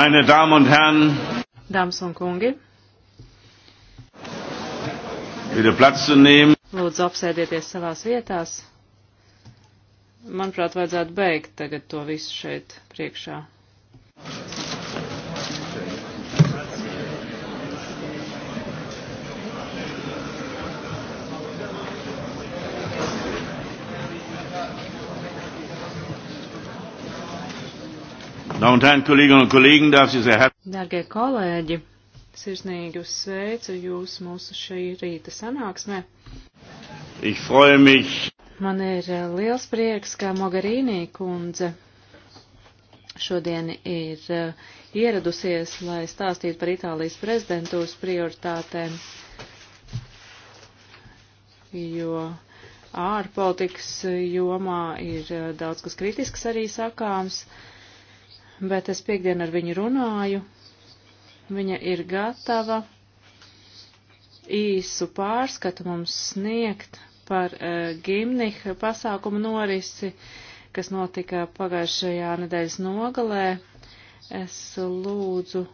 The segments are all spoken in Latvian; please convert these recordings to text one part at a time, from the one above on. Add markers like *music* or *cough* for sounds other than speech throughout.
Meine Damen und Herren, Dāmas un kungi, bitte Platz zu nehmen. Lūdzu, apsēdieties savās vietās. Manuprāt, vajadzētu beigt tagad to visu šeit priekšā. Dargie kolēģi, sirsnīgi sveicu jūs mūsu šī rīta sanāksmē. Man ir eh, liels prieks, ka Mogarīnī kundze šodien ir eh, ieradusies, lai stāstītu par Itālijas prezidentūras prioritātēm, jo ārpolitikas jomā ir eh, daudz kas kritisks arī sakāms. Uh, bet es piekdien ar viņu runāju. Viņa ir gatava īsu pārskatu mums sniegt par uh, eh, gimniha pasākumu norisi, kas notika pagājušajā nedēļas nogalē. Es lūdzu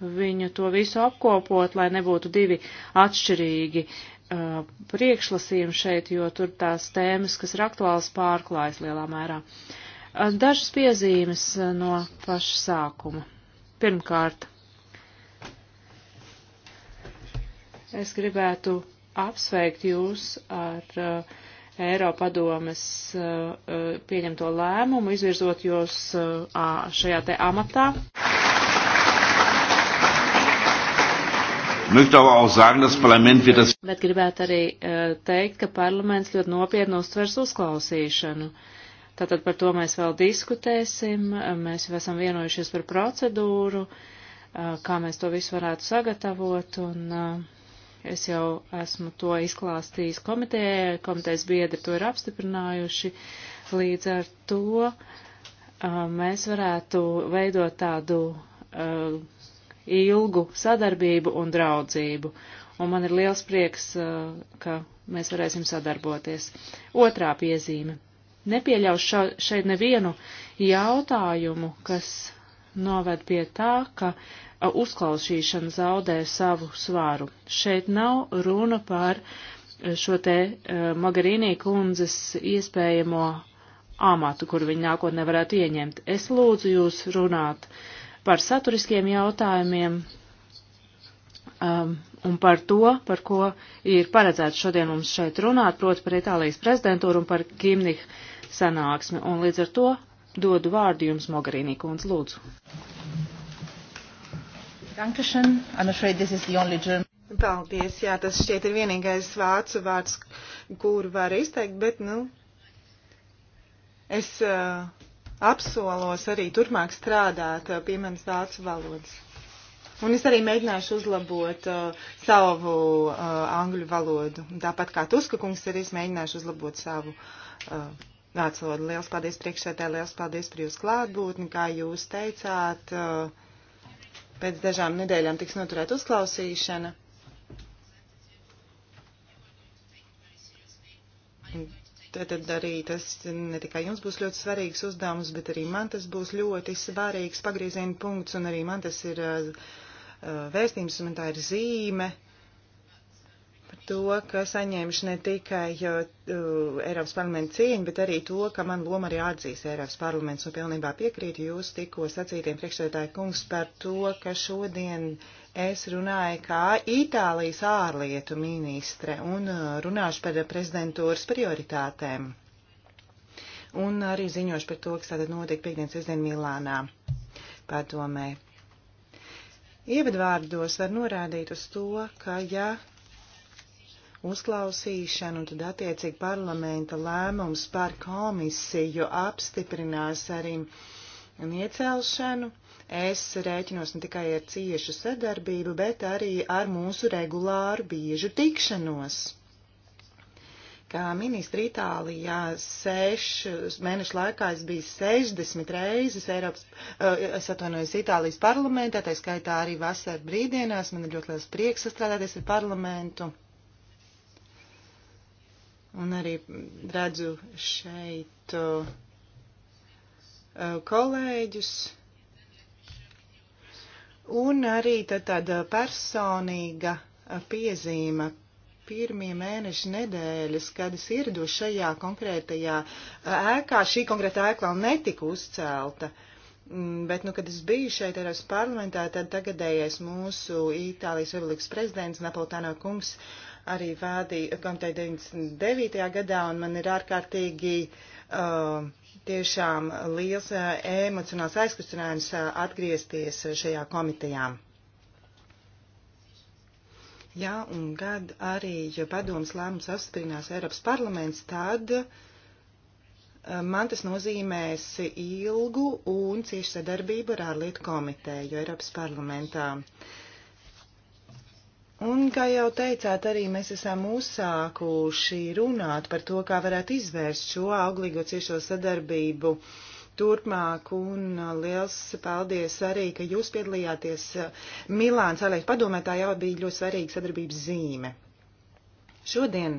viņu to visu apkopot, lai nebūtu divi atšķirīgi uh, priekšlasījumi šeit, jo tur tās tēmas, kas ir aktuāls, pārklājas lielā mērā. Uh, Dažas piezīmes eh, no paša sākuma. Pirmkārt, es gribētu apsveikt jūs ar uh, Eiropadomes uh, pieņemto lēmumu, izvirzot jūs uh, šajā te amatā. Bet gribētu arī teikt, ka parlaments ļoti nopietni uztvers uzklausīšanu. Uh, Tātad par to mēs vēl diskutēsim. Mēs jau esam vienojušies par procedūru, kā mēs to visu varētu sagatavot. Un, Es jau esmu to izklāstījis komitejai, komitejas biedri to ir apstiprinājuši. Līdz ar to mēs varētu veidot tādu ilgu sadarbību un draudzību. Un man ir liels prieks, ka mēs varēsim sadarboties. Otrā piezīme nepieļauš šo, šeit nevienu jautājumu, kas noved pie tā, ka uzklausīšana zaudē savu svāru. Šeit nav runa par šo te Magarīnī kundzes iespējamo amatu, kur viņa nākotnē varētu ieņemt. Es lūdzu jūs runāt par saturiskiem jautājumiem um, un par to, par ko ir paredzēts šodien mums šeit runāt, proti par Itālijas prezidentūru un par Kimnih sanāksmi, un līdz ar to dodu vārdu jums, Mogarīnī kundz, lūdzu. Dankeschön. I'm afraid this is the only German. Paldies, jā, tas šķiet ir vienīgais vācu vārds, kuru var izteikt, bet, nu, es uh, apsolos arī turpmāk strādāt uh, pie manas vācu valodas. Un es arī mēģināšu uzlabot uh, savu uh, angļu valodu. Tāpat kā Tuska kungs arī es mēģināšu uzlabot savu uh, Vārds Lodu, liels paldies priekšsētē, liels paldies par jūsu klātbūtni, kā jūs teicāt, uh, pēc dažām nedēļām tiks noturēt uzklausīšana. Tad arī tas ne tikai jums būs ļoti svarīgs uzdevums, bet arī man tas būs ļoti svarīgs pagrieziena punkts, un arī man tas ir uh, uh vēstījums, un tā ir zīme, uh, to, ka saņēmuši ne tikai uh, Eiropas parlamenta cieņu, bet arī to, ka man loma arī atzīs Eiropas parlaments. Un pilnībā piekrītu jūs tikko sacītiem priekšsēdētāju kungs par to, ka šodien es runāju kā Itālijas ārlietu ministre un runāšu par prezidentūras prioritātēm. Un arī ziņošu par to, kas tātad notiek piekdienas sestdien Milānā padomē. Ievadvārdos var norādīt uz to, ka ja uzklausīšanu, un tad attiecīgi parlamenta lēmums par komisiju apstiprinās arī iecelšanu. Es rēķinos ne tikai ar ciešu sadarbību, bet arī ar mūsu regulāru biežu tikšanos. Kā ministra Itālijā sešu mēnešu laikā es biju 60 reizes Eiropas, eh, es atvainojos Itālijas parlamentā, tā skaitā arī vasar brīdienās, man ir ļoti liels prieks sastrādāties ar parlamentu. Un arī redzu šeit uh, kolēģus. Un arī tad tāda personīga uh, piezīme, pirmie mēneši nedēļas, kad es ierados šajā konkrētajā uh, ēkā, šī konkrētā ēka vēl netika uzcelta. Mm, bet, nu, kad es biju šeit Eiropas parlamentā, tad tagadējais mūsu Itālijas Republikas prezidents Napolitāno kungs arī vādīju komiteju 99. gadā, un man ir ārkārtīgi uh, tiešām liels uh, emocionāls aizkustinājums uh, atgriezties šajā komitejā. Jā, un gad arī, ja padomas lēmums apstiprinās Eiropas parlaments, tad uh, man tas nozīmēs ilgu un ciešu sadarbību ar ārlietu komiteju Eiropas parlamentā. Uh, Un, kā jau teicāt, arī mēs esam uzsākuši runāt par to, kā varētu izvērst šo auglīgo ciešo sadarbību turpmāk, un uh, liels paldies arī, ka jūs piedalījāties uh, Milāns Alēk padomē, tā jau bija ļoti svarīga sadarbības zīme. Šodien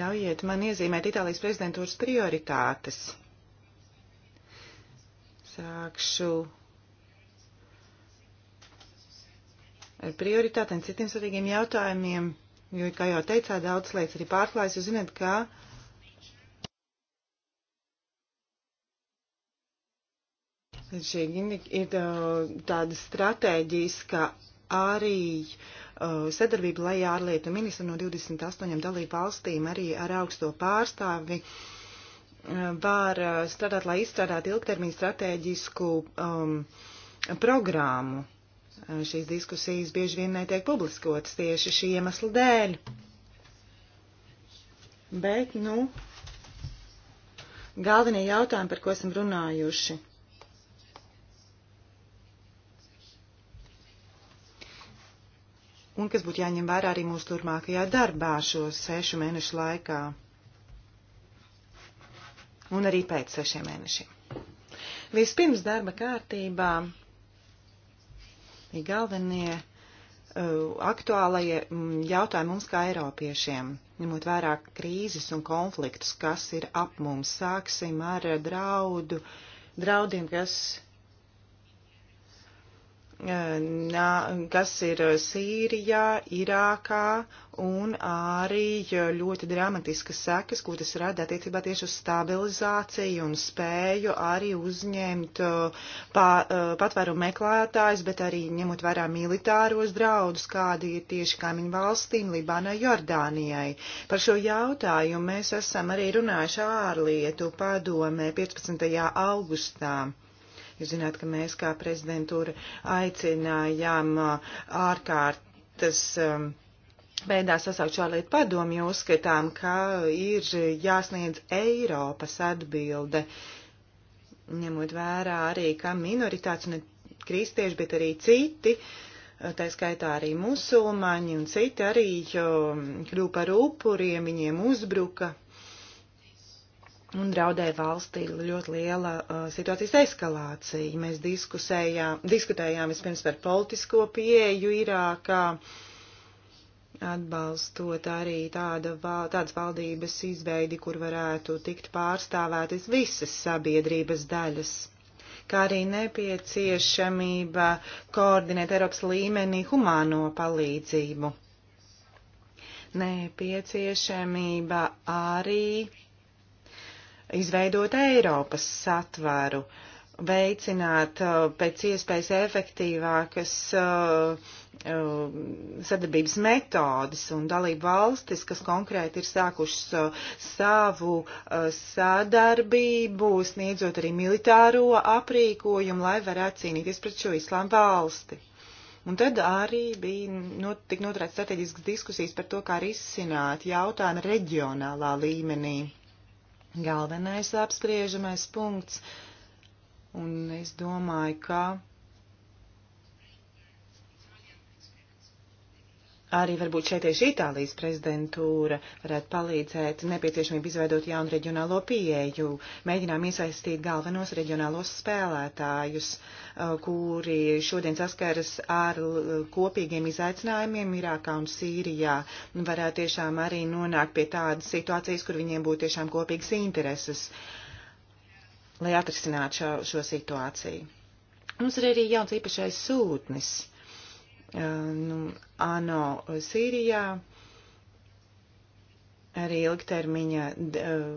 ļaujiet man iezīmēt Itālijas prezidentūras prioritātes. Sākšu ar prioritātēm, citiem svarīgiem jautājumiem, jo, kā jau teicāt, daudz lietas arī pārklājas. Jūs zināt, ka šī ir tāda stratēģiska arī uh, sadarbība, lai ārlietu ministri no 28 dalību valstīm arī ar augsto pārstāvi uh, var strādāt, lai izstrādātu ilgtermiņu stratēģisku um, programmu Eh, šīs diskusijas bieži vien netiek publiskotas tieši šī iemesla dēļ. Bet, nu, galvenie jautājumi, par ko esam runājuši. Un kas būtu jāņem vērā arī mūsu turmākajā darbā šo sešu mēnešu laikā. Un arī pēc sešiem mēnešiem. Vispirms darba kārtībā galvenie eh, aktuālajie mm, jautājumi mums kā Eiropiešiem, ņemot vērā krīzes un konfliktus, kas ir ap mums. Sāksim ar draudu, draudiem, kas kas ir Sīrijā, Irākā un arī ļoti dramatiskas sekas, ko tas rada attiecībā tieši uz stabilizāciju un spēju arī uzņemt pā, patvērumu meklētājs, bet arī ņemot vērā militāros draudus, kādi ir tieši kaimiņu valstīm, Libānai, Jordānijai. Par šo jautājumu mēs esam arī runājuši ārlietu padomē 15. augustā. Jūs zināt, ka mēs kā prezidentūra aicinājām uh, ārkārtas veidā um, sasaukt šo lietu padomu, jo uzskatām, ka ir jāsniedz Eiropas atbilde, ņemot vērā arī, ka minoritāts ne kristieši, bet arī citi uh, tā skaitā arī musulmaņi un citi arī um, kļūpa par upuriem, viņiem uzbruka un draudēja valstī ļoti liela uh, situācijas eskalācija. Mēs diskutējām vispirms par politisko pieeju Irākā, atbalstot arī tāda, val, tādas valdības izveidi, kur varētu tikt pārstāvētas visas sabiedrības daļas kā arī nepieciešamība koordinēt Eiropas līmenī humāno palīdzību. Nepieciešamība arī izveidot Eiropas satvaru, veicināt uh, pēc iespējas efektīvākas uh, uh, sadarbības metodas un dalību valstis, kas konkrēti ir sākušas savu sadarbību, sniedzot arī militāro aprīkojumu, lai varētu cīnīties pret šo islāma valsti. Un tad arī bija not, tik noturēts strateģiskas diskusijas par to, kā risināt jautājumu reģionālā līmenī galvenais apspriežamais punkts, un es domāju, ka arī varbūt šeit tieši Itālijas prezidentūra varētu palīdzēt nepieciešamību izveidot jaunu reģionālo pieeju. Mēģinām iesaistīt galvenos reģionālos spēlētājus, uh, kuri šodien saskaras ar uh, kopīgiem izaicinājumiem Irākā un Sīrijā. Varētu tiešām arī nonākt pie tādas situācijas, kur viņiem būtu tiešām kopīgas intereses, lai atrisinātu šo, šo situāciju. Mums ir arī jauns īpašais sūtnis Eh, nu, ANO Sīrijā, arī ilgtermiņa eh,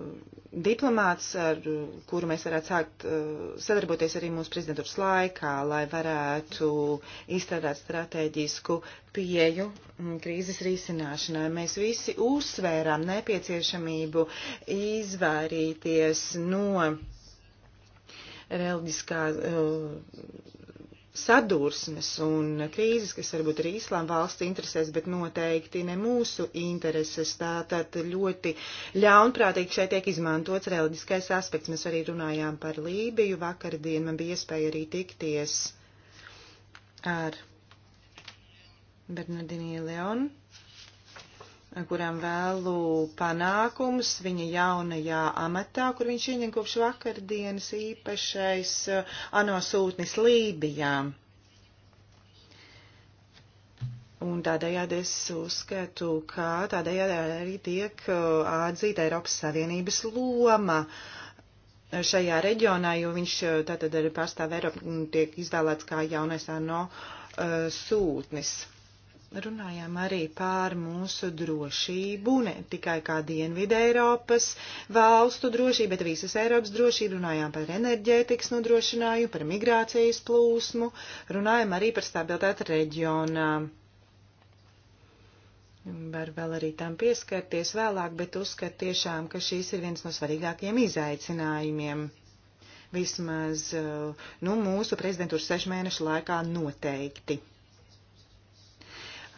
diplomāts, ar kuru mēs varētu sākt eh, sadarboties arī mūsu prezidentūras laikā, lai varētu izstrādāt strateģisku pieju mm, krīzes risināšanai. Mēs visi uzsvērām nepieciešamību izvairīties no reliģiskā uh, sadursmes un krīzes, kas varbūt ir Īslām valsts interesēs, bet noteikti ne mūsu intereses. Tātad ļoti ļaunprātīgi šeit tiek izmantots reliģiskais aspekts. Mēs arī runājām par Lībiju. Vakardien man bija iespēja arī tikties ar Bernardini Leonu kuram vēlu panākums viņa jaunajā amatā, kur viņš ieņem kopš vakardienas īpašais uh, anosūtnis Lībijā. Un tādējādi es uzskatu, ka tādējādi arī tiek uh, atzīta Eiropas Savienības loma šajā reģionā, jo viņš uh, tātad arī pārstāv Eiropu un tiek izvēlēts kā jaunais ANO uh, sūtnis runājām arī pār mūsu drošību, ne tikai kā Dienvidē Eiropas valstu drošību, bet visas Eiropas drošību, runājām par enerģētikas nodrošinājumu, par migrācijas plūsmu, runājām arī par stabilitāti reģionā. Var vēl arī tam pieskarties vēlāk, bet uzskat tiešām, ka šīs ir viens no svarīgākajiem izaicinājumiem. Vismaz, eh, nu, mūsu prezidentūras sešu mēnešu laikā noteikti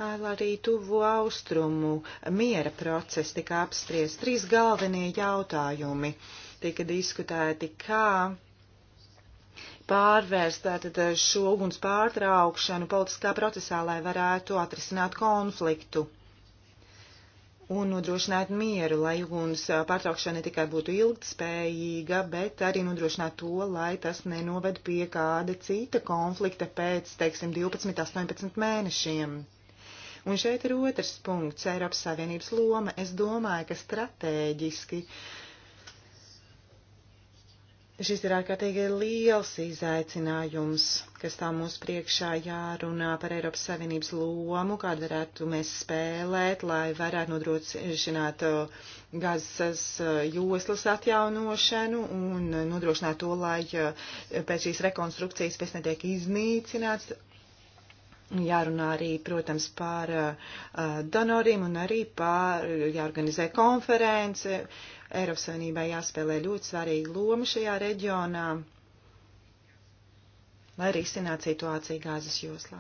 arī tuvu austrumu miera process tika apspriest. Trīs galvenie jautājumi tika diskutēti, kā pārvērst tātad šo uguns pārtraukšanu politiskā procesā, lai varētu atrisināt konfliktu un nodrošināt mieru, lai uguns pārtraukšana ne tikai būtu ilgtspējīga, bet arī nodrošināt to, lai tas nenoved pie kāda cita konflikta pēc, teiksim, 12-18 mēnešiem. Un šeit ir otrs punkts - Eiropas Savienības loma. Es domāju, ka stratēģiski šis ir ārkārtīgi liels izaicinājums, kas tā mūsu priekšā jārunā par Eiropas Savienības lomu, kādu varētu mēs spēlēt, lai varētu nodrošināt uh, gazas uh, joslas atjaunošanu un nodrošināt to, lai uh, pēc šīs rekonstrukcijas pēc netiek iznīcināts Jārunā arī, protams, par uh, donoriem un arī par jāorganizē konference. Eiropas Savienībai jāspēlē ļoti svarīga loma šajā reģionā, lai risinātu situāciju gāzes joslā.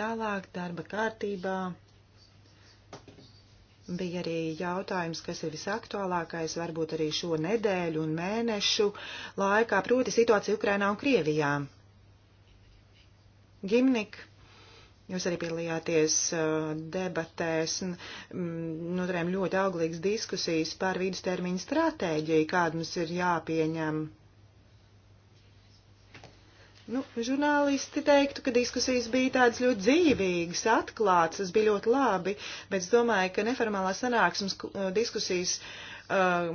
Tālāk darba kārtībā bija arī jautājums, kas ir visaktuālākais, varbūt arī šo nedēļu un mēnešu laikā, proti situācija Ukrainā un Krievijā. Gimnik. Jūs arī piedalījāties uh, debatēs un mm, noturējām ļoti auglīgas diskusijas par vidustermiņu stratēģiju, kādu mums ir jāpieņem. Nu, žurnālisti teiktu, ka diskusijas bija tādas ļoti dzīvīgas, atklātas, tas bija ļoti labi, bet es domāju, ka neformālā sanāksmes uh, diskusijas uh,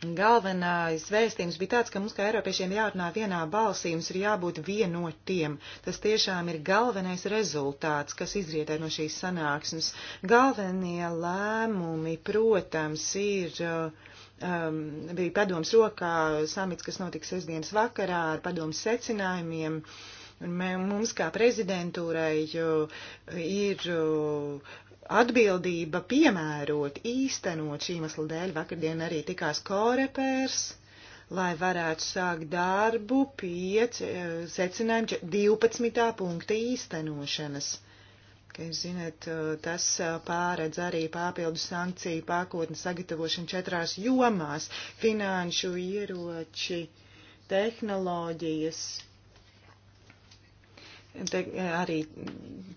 Galvenais vēstījums bija tāds, ka mums kā Eiropiešiem jārunā vienā balsī, mums ir jābūt vienotiem. Tas tiešām ir galvenais rezultāts, kas izrietē no šīs sanāksmes. Galvenie lēmumi, protams, ir. Uh, um, bija padoms rokā samits, kas notiks sestdienas vakarā ar padoms secinājumiem. Un mums kā prezidentūrai uh, ir uh, atbildība piemērot, īstenot šī masla dēļ. Vakardien arī tikās korepērs, lai varētu sākt darbu pie secinājuma 12. punkta īstenošanas. Kā jūs zināt, e, tas e, pāredz arī papildu sankciju pakotni sagatavošanu četrās jomās - finanšu ieroči, tehnoloģijas arī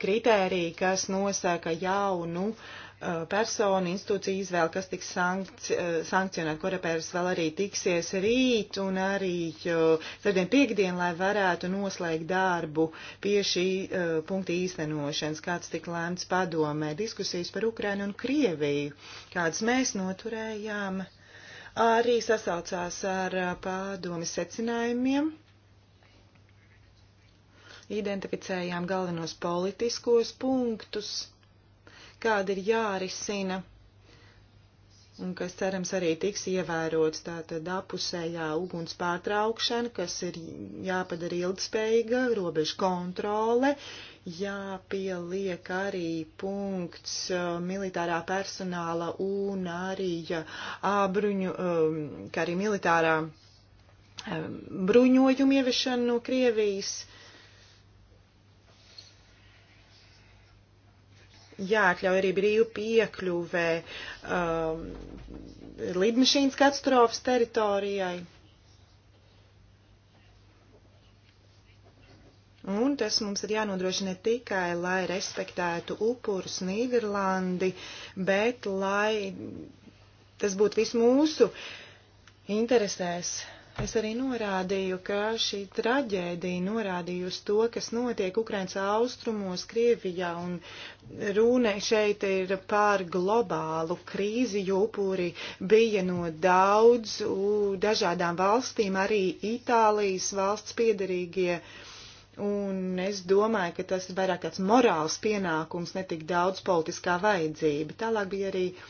kritēriji, kas nosaka jaunu uh, personu institūciju izvēli, kas tiks sankci uh, sankcionēt. Korepērs vēl arī tiksies rīt un arī uh, sardien piekdien, lai varētu noslēgt darbu pie šī punkta īstenošanas, kāds tika lēmts padomē, diskusijas par Ukrainu un Krieviju, kādas mēs noturējām, arī sasaucās ar pādomi secinājumiem identificējām galvenos politiskos punktus, kādi ir jārisina un kas cerams arī tiks ievērots tātad apusējā uguns pārtraukšana, kas ir jāpadara ilgspējīga, robežu kontrole, jāpieliek arī punkts uh, militārā personāla un arī ābruņu, um, kā arī militārā um, bruņojumu ieviešanu no Krievijas jāatļauj arī brīvu piekļuvē um, lidmašīnas katastrofas teritorijai. Un tas mums ir jānodrošina ne tikai, lai respektētu upurus Nīderlandi, bet lai tas būtu viss mūsu interesēs. Es arī norādīju, ka šī traģēdija norādīja uz to, kas notiek Ukrainas austrumos, Krievijā, un runa šeit ir par globālu krīzi, jo upuri bija no daudz dažādām valstīm, arī Itālijas valsts piedarīgie. Un es domāju, ka tas ir vairāk tāds morāls pienākums, ne tik daudz politiskā vajadzība. Tālāk bija arī uh,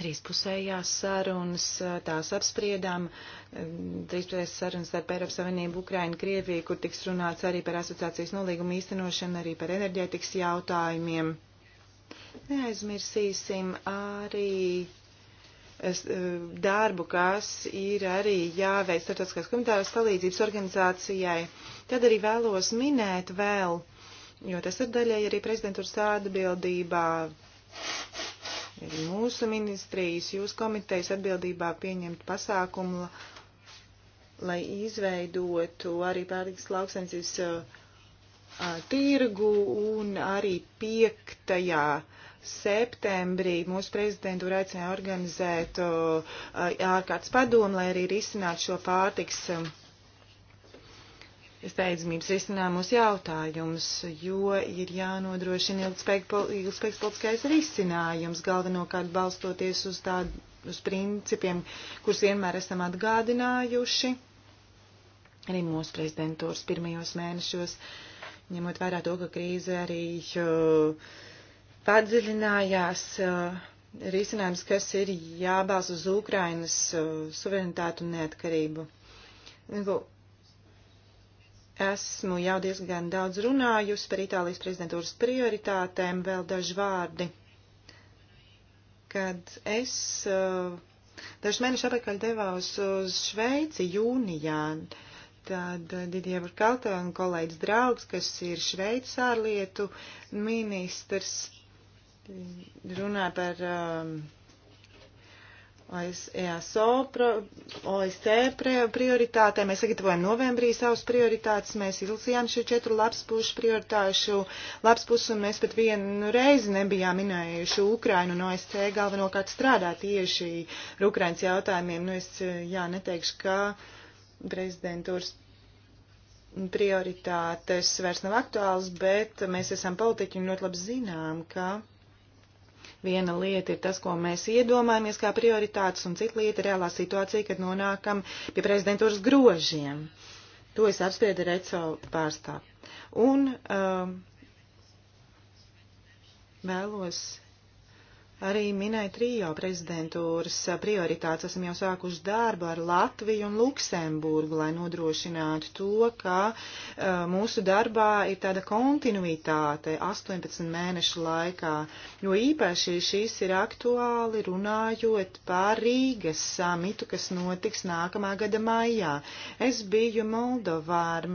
Trīspusējās sarunas, eh, tās apspriedām, eh, trīspusējās sarunas starp Eiropas Savienību, Ukrainu, Krieviju, kur tiks runāts arī par asociācijas nolīgumu īstenošanu, arī par enerģētikas jautājumiem. Neaizmirsīsim arī eh, darbu, kas ir arī jāveic starptautiskās komitāras palīdzības organizācijai. Tad arī vēlos minēt vēl, jo tas ir daļai arī prezidentūras atbildībā ir mūsu ministrijas, jūsu komitejas atbildībā pieņemt pasākumu, lai izveidotu arī pārtiks lauksensības tirgu un arī 5. septembrī mūsu prezidentūra aicināja organizēt ārkārtas padomu, lai arī risinātu šo pārtiks. A, steidzamības risināmos jautājumus, jo ir jānodrošina ilgspējīgs politiskais risinājums, galvenokārt balstoties uz, tādu, uz principiem, kurus vienmēr esam atgādinājuši arī mūsu prezidentūras pirmajos mēnešos, ņemot vērā to, ka krīze arī uh, padziļinājās. Uh, risinājums, kas ir jābāz uz Ukrainas uh, suverenitātu un neatkarību Esmu jau diezgan daudz runājusi par Itālijas prezidentūras prioritātēm, vēl daži vārdi. Kad es uh, dažus mēnešus apakaļ devos uz Šveici jūnijā, tad Didie Burkalton kolēģis draugs, kas ir Šveicas ārlietu ministrs, runā par um, ESO, OSC e prioritātēm. Mēs sagatavojam novembrī savus prioritātes, mēs izlasījām šo četru lapspušu prioritāšu lapspusu, un mēs pat vienu reizi nebijām minējuši Ukrainu, un OSC e galvenokārt strādā tieši ar Ukrainas jautājumiem. Nu, es, jā, neteikšu, ka prezidentūras prioritātes vairs nav aktuāls, bet mēs esam politiķi un ļoti labi zinām, ka Viena lieta ir tas, ko mēs iedomājamies kā prioritātes, un cita lieta ir reālā situācija, kad nonākam pie prezidentūras grožiem. To es apspriedu ar ECO pārstāvu. Un um, vēlos arī minēja trijo prezidentūras prioritātes. Esam jau sākuši darbu ar Latviju un Luksemburgu, lai nodrošinātu to, ka uh, mūsu darbā ir tāda kontinuitāte 18 mēnešu laikā, jo īpaši šīs ir aktuāli runājot par Rīgas samitu, kas notiks nākamā gada maijā. Es biju Moldovā ar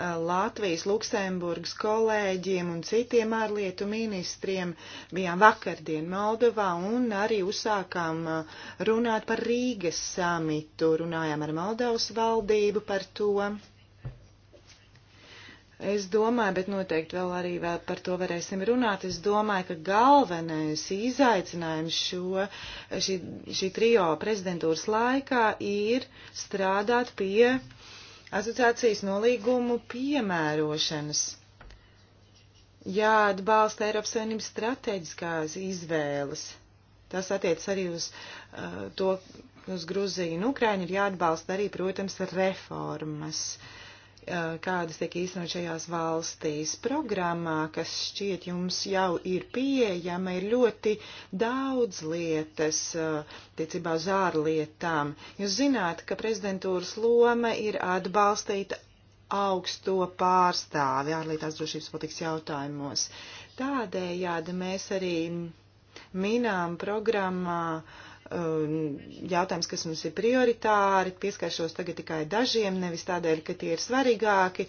Latvijas, Luksemburgas kolēģiem un citiem ārlietu ministriem. Bijām vakardien Moldovā un arī uzsākām uh, runāt par Rīgas samitu. Runājām ar Moldovas valdību par to. Es domāju, bet noteikti vēl arī vēl par to varēsim runāt. Es domāju, ka galvenais izaicinājums šo, šī, šī trio prezidentūras laikā ir strādāt pie uh, asociācijas nolīgumu piemērošanas. Jāatbalsta Eiropas Savienības strateģiskās izvēles. Tas attiec arī uz uh, to, uz Gruziju un Ukraiņu ir jāatbalsta arī, protams, reformas. Uh, kādas tiek īstenot šajās valstīs. Programmā, kas šķiet jums jau ir pieejama, ir ļoti daudz lietas tiecībā uz ārlietām. Jūs zināt, ka prezidentūras loma ir atbalstīt augsto pārstāvi ārlietās drošības politikas jautājumos. Tādējādi mēs arī minām programmā uh, Um, jautājums, kas mums ir prioritāri, pieskaršos tagad tikai dažiem, nevis tādēļ, ka tie ir svarīgāki,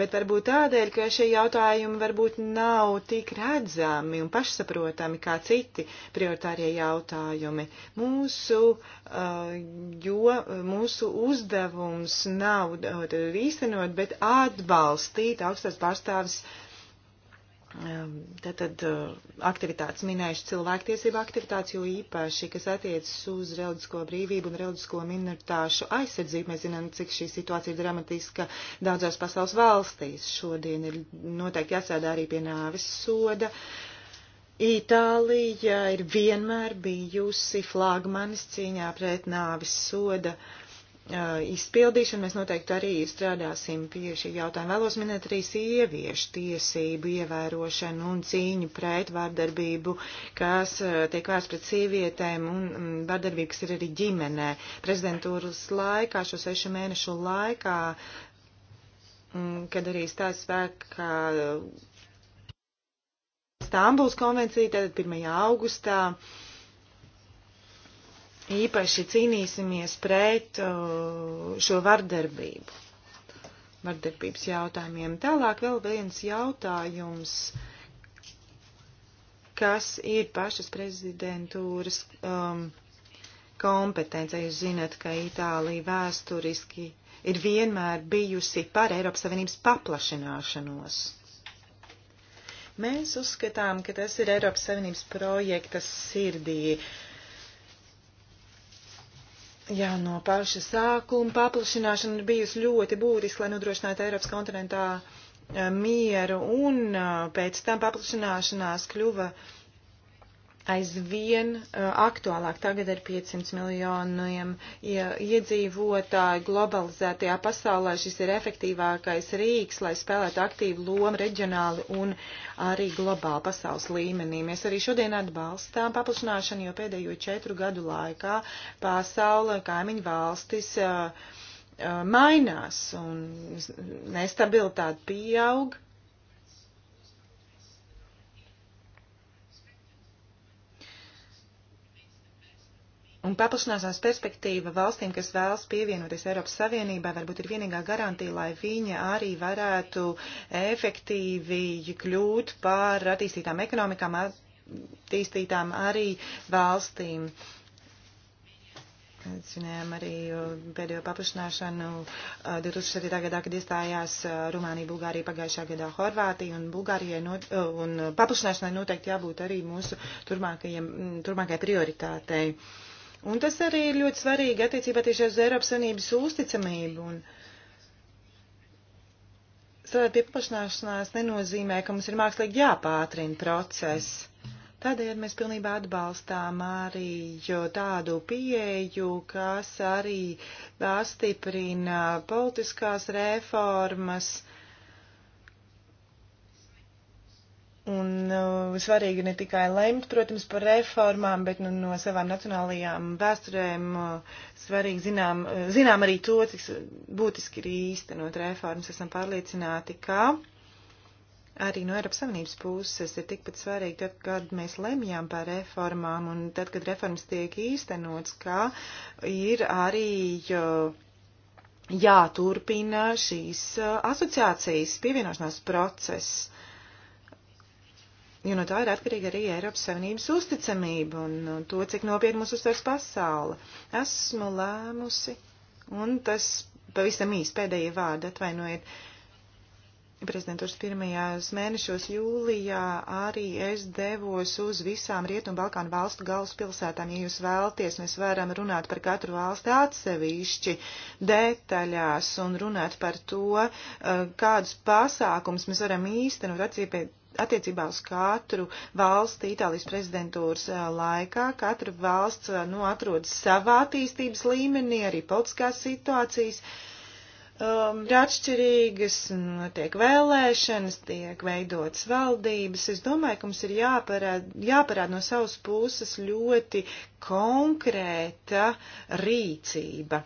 bet varbūt tādēļ, ka šie jautājumi varbūt nav tik redzami un pašsaprotami kā citi prioritārie jautājumi. Mūsu, uh, jo, mūsu uzdevums nav uh, īstenot, bet atbalstīt augstās pārstāvis uh, Ehm, Tātad eh, aktivitātes minējuši cilvēktiesība aktivitātes, jo īpaši, kas attiecas uz reliģisko brīvību un reliģisko minoritāšu aizsardzību, mēs zinām, cik šī situācija ir dramatiska daudzās pasaules valstīs. Šodien ir noteikti jāsēdā arī pie nāves soda. Itālija ir vienmēr bijusi flagmanis cīņā pret nāves soda. Uh, izpildīšanu, mēs noteikti arī strādāsim pie šī jautājuma. Vēlos minēt arī sieviešu tiesību ievērošanu un cīņu pret vardarbību, kas tiek vērsts pret sievietēm un mm, vardarbību, kas ir arī ģimenē. Prezidentūras laikā, šo sešu mēnešu laikā, mm, kad arī stāsts spēkā Stambuls konvencija, tad 1. augustā īpaši cīnīsimies pret uh, šo vardarbību, vardarbības jautājumiem. Tālāk vēl viens jautājums, kas ir pašas prezidentūras um, kompetence. Jūs zinat, ka Itālija vēsturiski ir vienmēr bijusi par Eiropas Savienības paplašināšanos. Mēs uzskatām, ka tas ir Eiropas Savienības projekta sirdī. Uh, Jā, no paša sākuma paplašināšana ir bijusi ļoti būtiska, lai nodrošinātu Eiropas kontinentā eh, mieru, un eh, pēc tam paplašināšanās kļuva uh, aizvien uh, aktuālāk tagad ar 500 miljoniem iedzīvotāju globalizētajā pasaulē. Šis ir efektīvākais rīks, lai spēlētu aktīvu lomu reģionāli un arī globāli pasaules līmenī. Mēs arī šodien atbalstām paplašināšanu, jo pēdējo četru gadu laikā pasaule kaimiņu valstis uh, uh, mainās un nestabilitāte pieaug Un paplašināsās perspektīva valstīm, kas vēlas pievienoties Eiropas Savienībai, varbūt ir vienīgā garantija, lai viņa arī varētu efektīvi kļūt par attīstītām ekonomikām, attīstītām arī valstīm. Zinām arī pēdējo paplašināšanu 2007. gadā, kad iestājās Rumānija, Bulgārija, pagājušā gadā Horvātija un Bulgārijai not, un paplašināšanai noteikti jābūt arī mūsu turmākajai prioritātei. Uh, Un tas arī ir ļoti svarīgi attiecībā tieši uz Eiropas Savienības uzticamību. Un strādāt pie paplašanāšanās nenozīmē, ka mums ir mākslīgi jāpātrina process. Tādēļ mēs pilnībā atbalstām arī tādu pieeju, kas arī pastiprina politiskās reformas Un uh, svarīgi ne tikai lemt, protams, par reformām, bet nu, no savām nacionālajām vēsturēm uh, svarīgi zinām, uh, zinām arī to, cik būtiski ir īstenot reformas. Esam pārliecināti, ka arī no Eiropas Savienības puses ir tikpat svarīgi, tad, kad mēs lemjām par reformām un tad, kad reformas tiek īstenots, ka ir arī. Uh, Jāturpina šīs uh, asociācijas pievienošanās process, jo no tā ir atkarīga arī Eiropas Savienības uzticamība un to, cik nopietni mūs uztvers pasaule. Esmu lēmusi, un tas pavisam īsti pēdējie vārdi atvainojiet. Prezidentūras pirmajās mēnešos jūlijā arī es devos uz visām Rietumu Balkānu valstu galvaspilsētām. Ja jūs vēlties, mēs varam runāt par katru valsti atsevišķi detaļās un runāt par to, eh, kādus pasākums mēs varam īstenot atcīpēt attiecībā uz katru valsti Itālijas prezidentūras laikā. Katra valsts nu, atrodas savā attīstības līmenī, arī politiskās situācijas. Um, ir atšķirīgas, tiek vēlēšanas, tiek veidotas valdības. Es domāju, ka mums ir jāparāda, jāparāda no savas puses ļoti konkrēta rīcība.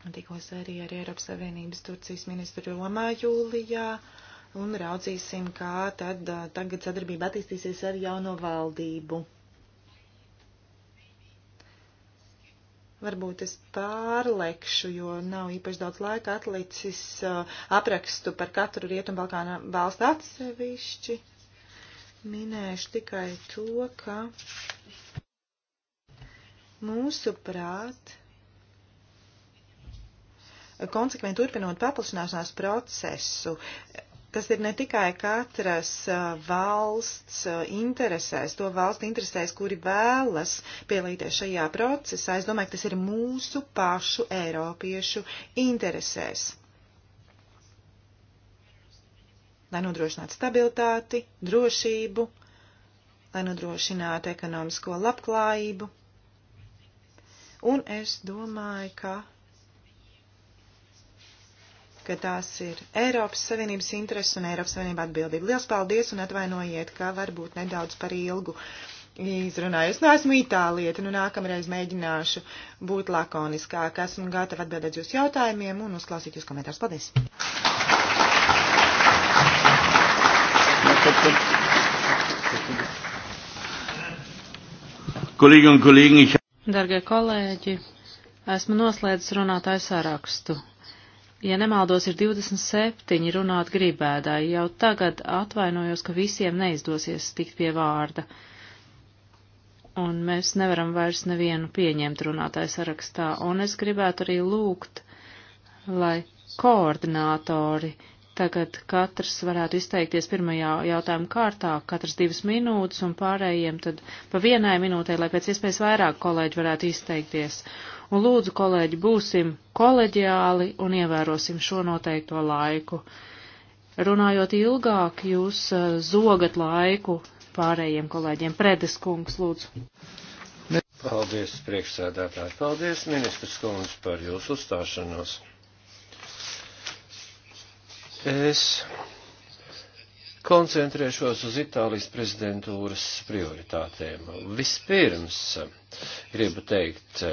Tikos arī ar Eiropas Savienības Turcijas ministru Romā jūlijā. Uh, un raudzīsim, kā tad tagad sadarbība attīstīsies ar jauno valdību. Varbūt es pārlekšu, jo nav īpaši daudz laika atlicis aprakstu par katru Rietumbalkāna valstu atsevišķi. Minēšu tikai to, ka mūsu prāt konsekventi turpinot paplašināšanās procesu, Tas ir ne tikai katras valsts interesēs, to valstu interesēs, kuri vēlas pielīties šajā procesā. Es domāju, ka tas ir mūsu pašu Eiropiešu interesēs. Lai nodrošinātu stabilitāti, drošību, lai nodrošinātu ekonomisko labklājību. Un es domāju, ka ka tās ir Eiropas Savienības intereses un Eiropas Savienība atbildība. Liels paldies un atvainojiet, ka varbūt nedaudz par ilgu izrunāju. Es neesmu nu, itālieti, nu nākamreiz mēģināšu būt lakoniskāk. Esmu gatava atbildēt jūsu jautājumiem un uzklausīt jūsu komentārus. Paldies! Kolēģi un kolēģi, Dargie kolēģi, esmu noslēdzis runātāju sārakstu ja nemaldos, ir 27 runāt gribēdāji. Jau tagad atvainojos, ka visiem neizdosies tikt pie vārda. Un mēs nevaram vairs nevienu pieņemt runātāju sarakstā. Un es gribētu arī lūgt, lai koordinātori Tagad katrs varētu izteikties pirmajā jautājuma kārtā, katrs divas minūtes, un pārējiem tad pa vienai minūtē, lai pēc iespējas vairāk kolēģi varētu izteikties. Un lūdzu, kolēģi, būsim koleģiāli un ievērosim šo noteikto laiku. Runājot ilgāk, jūs uh, zogat laiku pārējiem kolēģiem. Predes kungs, lūdzu. Paldies, priekšsēdētāji. Paldies, ministrs kundze, par jūsu uzstāšanos. Es koncentrēšos uz Itālijas prezidentūras prioritātēm. Vispirms gribu teikt,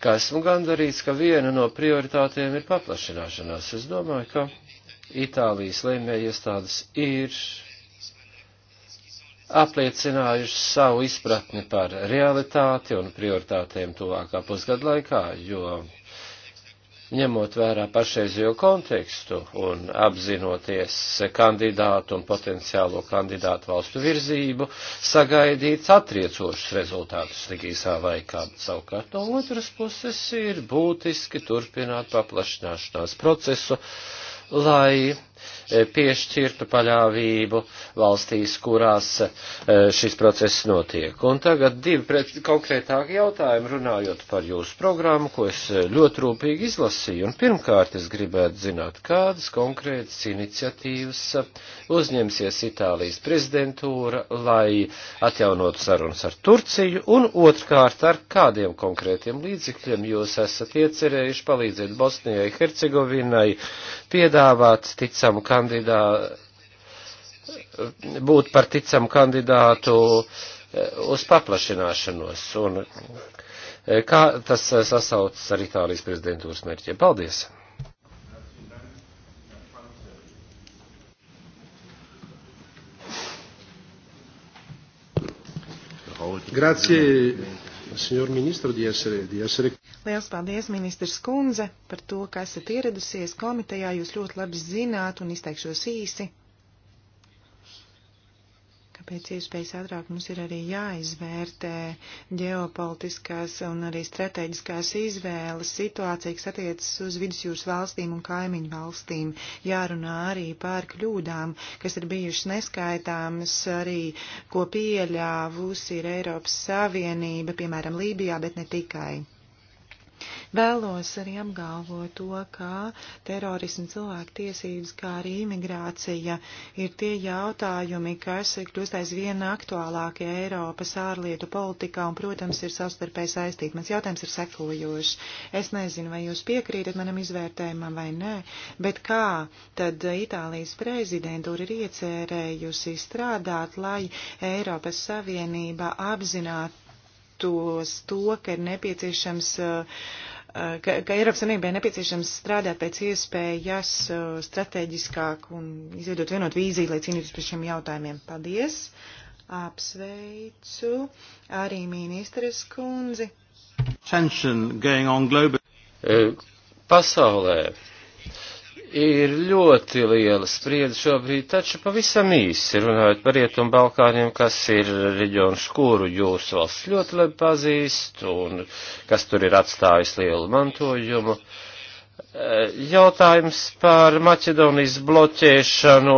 ka esmu gandarīts, ka viena no prioritātēm ir paplašināšanās. Es domāju, ka Itālijas lēmēja iestādes ir apliecinājuši savu izpratni par realitāti un prioritātēm tuvākā pusgada laikā, jo ņemot vērā pašreizējo kontekstu un apzinoties kandidātu un potenciālo kandidātu valstu virzību, sagaidīt atriecošus rezultātus tik īsā laikā. Savukārt no otras puses ir būtiski turpināt paplašināšanās procesu, lai E, piešķirtu paļāvību valstīs, kurās e, šis process notiek. Un tagad divi pret, konkrētāki jautājumi runājot par jūsu programmu, ko es e, ļoti rūpīgi izlasīju. Un pirmkārt, es gribētu zināt, kādas konkrētas iniciatīvas uzņemsies Itālijas prezidentūra, lai atjaunotu sarunas ar Turciju, un otrkārt, ar kādiem konkrētiem līdzekļiem jūs esat iecerējuši palīdzēt Bosnijai, Hercegovinai piedāvāt ticam ticamu kandidātu, būt par ticamu kandidātu eh, uz paplašināšanos. Un eh, kā tas eh, sasaucas ar Itālijas prezidentūras mērķiem? Paldies! Grazie signor ministro, di essere, di essere. Liels paldies, ministrs Kunze, par to, ka esat ieradusies komitejā. Jūs ļoti labi zināt un izteikšos īsi ka pēc iespējas ātrāk mums ir arī jāizvērtē ģeopolitiskās un arī strateģiskās izvēles situācija, kas attiecas uz vidusjūras valstīm un kaimiņu valstīm. Jārunā arī par kļūdām, kas ir bijušas neskaitāmas arī, ko pieļāvusi ir Eiropas Savienība, piemēram, Lībijā, bet ne tikai. Vēlos arī apgalvot to, ka terorismu cilvēku tiesības, kā arī imigrācija, ir tie jautājumi, kas kļūst aizvien aktuālākie Eiropas ārlietu politikā un, protams, ir savstarpēji saistīti. Mans jautājums ir sekojošs. Es nezinu, vai jūs piekrītat manam izvērtējumam vai nē, bet kā tad Itālijas prezidentūra ir iecerējusi strādāt, lai Eiropas Savienība apzinātu tos, to, ka ir nepieciešams uh, ka, ka Eiropas Savienībai nepieciešams strādāt pēc iespējas uh, strateģiskāk un izveidot vienotu vīziju, lai cīnītos par šiem jautājumiem. Paldies! Apsveicu arī ministres kundzi. Eh, pasaulē ir ļoti liela spriedze šobrīd, taču pavisam īsi runājot par Rietumu Balkāniem, kas ir reģions, kuru jūs valsts ļoti labi pazīst un kas tur ir atstājis lielu mantojumu. Uh, Eh, jautājums par Maķedonijas bloķēšanu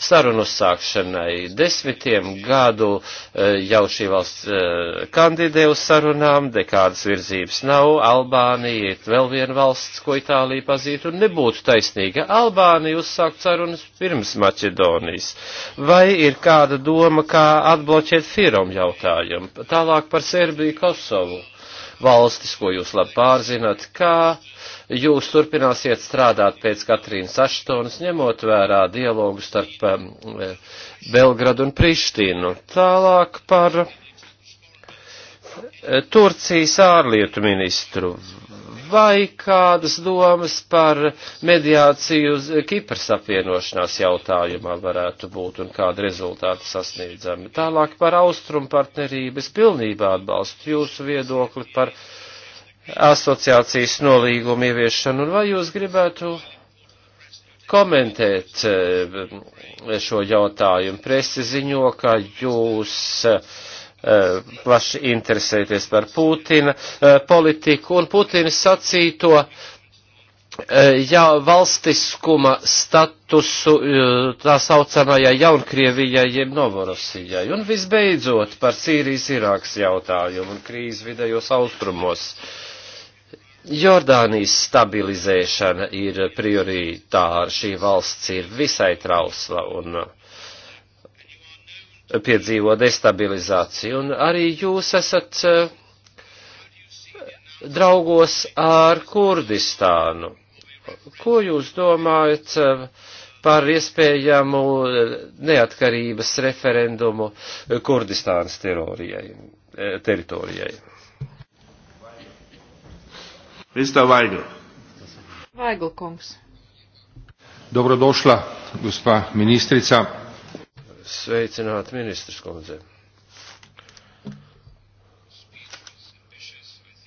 sarunu sākšanai. Desmitiem gadu eh, jau šī valsts eh, kandidē uz sarunām, dekādas virzības nav, Albānija ir vēl viena valsts, ko Itālija pazītu, un nebūtu taisnīga Albānija uzsākt sarunas pirms Maķedonijas. Vai ir kāda doma, kā atbloķēt Firom jautājumu? Tālāk par Serbiju, Kosovu valstis, ko jūs labi pārzināt, kā jūs turpināsiet strādāt pēc Katrīnas Aštonas, ņemot vērā dialogu starp um, e, Belgradu un Prištinu. Tālāk par e, Turcijas ārlietu ministru. Vai kādas domas par mediāciju uz Kipras apvienošanās jautājumā varētu būt un kādi rezultāti sasniedzami? Tālāk par austrumu partnerības pilnībā atbalstu jūsu viedokli par uh, asociācijas nolīgumu ieviešanu, un vai jūs gribētu komentēt eh, šo jautājumu? Presi ziņo, ka jūs eh, plaši interesēties par Putina eh, politiku, un Putins sacīto jā, valstiskuma statusu tā saucamajai Jaunkrievijai jeb Novorosijai. Un visbeidzot par Sīrijas Irāks jautājumu un krīzi vidējos austrumos. Uh, Jordānijas stabilizēšana ir prioritāra, šī valsts ir visai trausla un uh, piedzīvo destabilizāciju, un arī jūs esat uh, draugos ar Kurdistānu. Ko jūs domājat uh, par iespējamu neatkarības referendumu Kurdistānas terorijai, teritorijai? Mr. Vaigl. Vaigl kungs. Dobrodošla, gospa ministrica. Sveicināt ministrs kundze.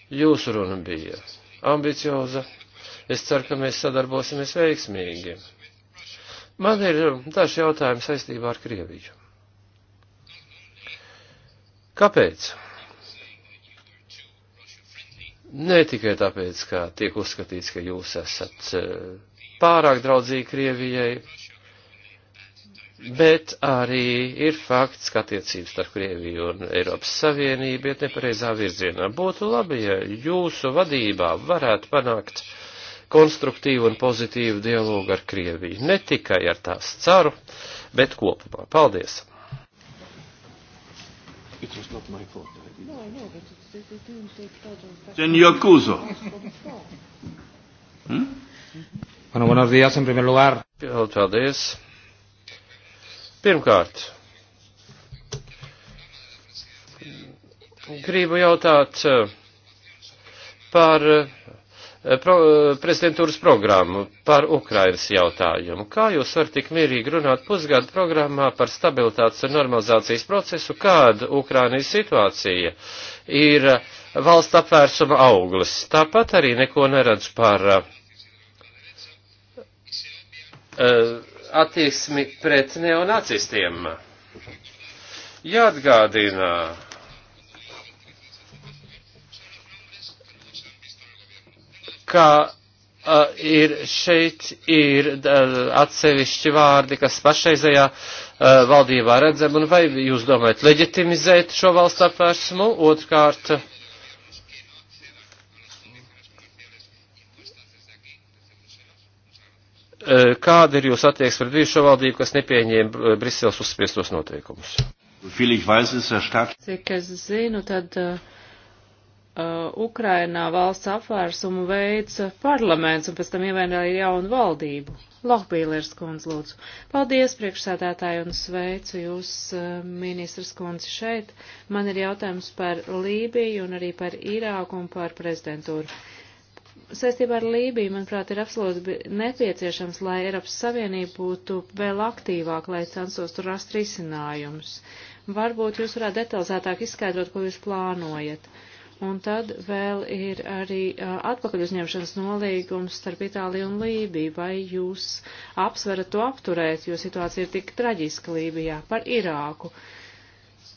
Jūsu runa bija ambicioza. Es ceru, ka mēs sadarbosimies veiksmīgi. Man ir daži jautājumi saistībā ar Krieviju. Kāpēc? Ne tikai tāpēc, ka tiek uzskatīts, ka jūs esat eh, pārāk draudzīgi Krievijai, bet arī ir fakts, ka attiecības starp Krieviju un Eiropas Savienību iet nepareizā virzienā. Būtu labi, ja jūsu vadībā varētu panākt konstruktīvu un pozitīvu dialogu ar Krieviju, ne tikai ar tās ceru, bet kopumā. Paldies! It was not my fault. I didn't. No, I know, but it's, they, they didn't take part of Then you accuse hmm? Bueno, buenos días, en primer lugar. Paldies. Pirmkārt, gribu jautāt eh, par eh, Eh, pro, eh, prezidentūras programmu par Ukrainas jautājumu. Kā jūs varat tik mierīgi runāt pusgadu programmā par stabilitātes un normalizācijas procesu, kāda Ukrainas situācija ir valsts apvērsuma auglis? Tāpat arī neko neredz par uh, attieksmi pret neonacistiem. Jāatgādina ka uh, ir šeit ir uh, atsevišķi vārdi, kas pašreizajā uh, valdībā redzam, un vai jūs domājat leģitimizēt šo valsts apvērsumu? Otrkārt, uh, kāda ir jūsu attieksme pret bijušo valdību, kas nepieņēma uh, Briseles uzspiestos noteikumus? Cik es zinu, tad uh, uh, Ukrainā valsts apvērsumu veids parlaments un pēc tam ievēlēja jaunu valdību. Lohbīlers kundz, lūdzu. Paldies, priekšsēdētāji, un sveicu jūs, uh, ministrs kundzi, šeit. Man ir jautājums par Lībiju un arī par Irāku un par prezidentūru. Saistībā ar Lībiju, manuprāt, ir absolūti nepieciešams, lai Eiropas Savienība būtu vēl aktīvāk, lai censtos tur rast risinājumus. Varbūt jūs varētu detalizētāk izskaidrot, ko jūs plānojat. Uh, Un tad vēl ir arī atpakaļ uzņemšanas nolīgums starp Itāliju un Lībiju. Vai jūs apsverat to apturēt, jo situācija ir tik traģiska Lībijā par Irāku?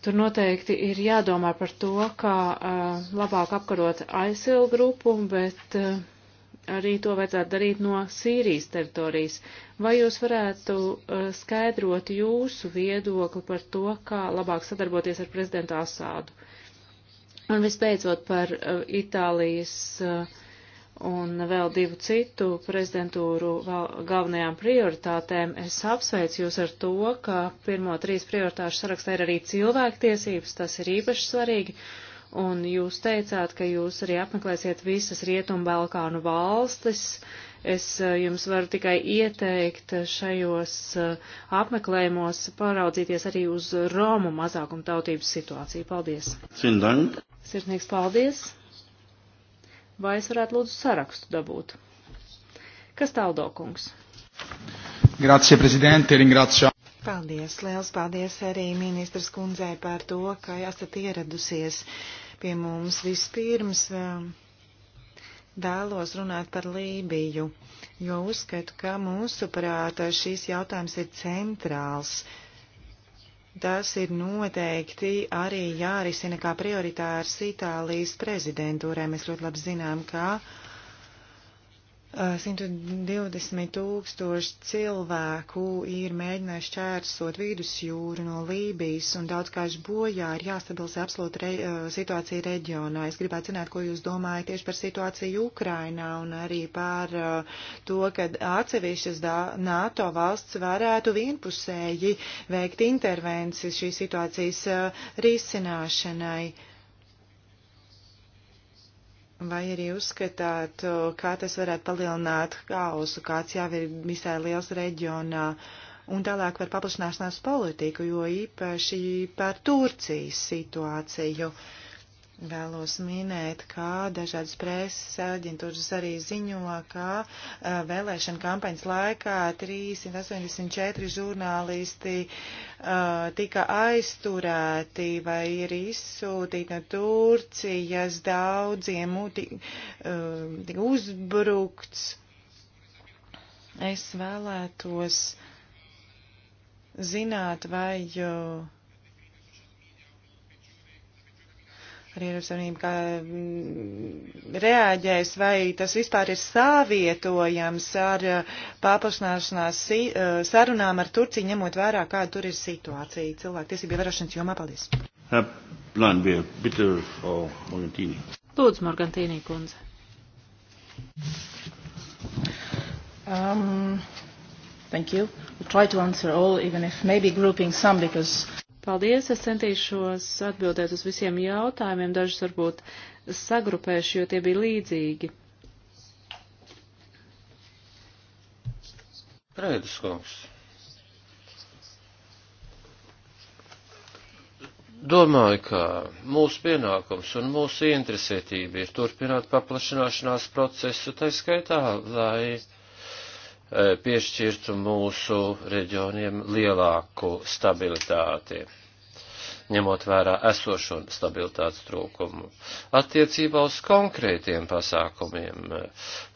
Tur noteikti ir jādomā par to, kā uh, labāk apkarot ISIL grupu, bet uh, arī to vajadzētu darīt no Sīrijas teritorijas. Vai jūs varētu uh, skaidrot jūsu viedokli par to, kā labāk sadarboties ar prezidentu Asādu? Uh, Un visbeidzot par uh, Itālijas uh, un vēl divu citu prezidentūru galvenajām prioritātēm, es apsveicu jūs ar to, ka pirmo trīs prioritāšu sarakstā ir arī cilvēktiesības, tas ir īpaši svarīgi un jūs teicāt, ka jūs arī apmeklēsiet visas Rietumbalkānu valstis, Es eh, jums varu tikai ieteikt eh, šajos eh, apmeklējumos paraudzīties arī uz Romu mazākumtautības situāciju. Paldies! Cindank. Sirsnīgs paldies! Vai es varētu lūdzu sarakstu dabūt? Kas tāldo, kungs? Grazie, prezidente, ringrazio. Paldies, liels paldies arī ministras kundzei par to, ka esat ieradusies pie mums vispirms. Um, vēlos runāt par Lībiju, jo uzskatu, ka mūsuprāt šīs jautājums ir centrāls. Tas ir noteikti arī jārisina kā prioritārs Itālijas prezidentūrē. Mēs ļoti labi zinām, ka uh, 120 eh, tūkstoši cilvēku ir mēģinājuši čērsot vidusjūru no Lībijas un daudzkārši bojā ir jāstabilizē absolūta re, eh, situācija reģionā. Es gribētu zināt, ko jūs domājat tieši par situāciju Ukrainā un arī par eh, to, ka atsevišķas NATO valsts varētu vienpusēji veikt intervences šīs situācijas risināšanai. Vai arī uzskatāt, kā tas varētu palielināt kausu, kāds jau ir visai liels reģionā, un tālāk par paplašināšanās politiku, jo īpaši par Turcijas situāciju. Uh, Vēlos minēt, ka dažādas preses aģentūras arī ziņo, ka uh, vēlēšana kampaņas laikā 384 žurnālisti uh, tika aizturēti vai ir izsūtīti no Turcijas daudziem, tika uh, uzbrukts. Es vēlētos zināt, vai. Uh, ar Eiropas Savienību, kā mm, reaģēs, vai tas vispār ir sāvietojams ar uh, paplašināšanās uh, sarunām ar Turciju, ņemot vērā, kāda tur ir situācija cilvēktiesību ievērošanas jomā. Paldies! Lānbija, bitte, Frau Morgantīni. Lūdzu, Morgantīni kundze. Um, thank you. We'll try to answer all, even if maybe grouping some, because Paldies, es centīšos atbildēt uz visiem jautājumiem, dažus varbūt sagrupēšu, jo tie bija līdzīgi. Prēdus kungs. Domāju, ka mūsu pienākums un mūsu interesētība ir turpināt paplašināšanās procesu, tai skaitā, lai E, piešķirtu mūsu reģioniem lielāku stabilitāti, ņemot vērā esošo stabilitātes trūkumu. Attiecībā uz konkrētiem pasākumiem e,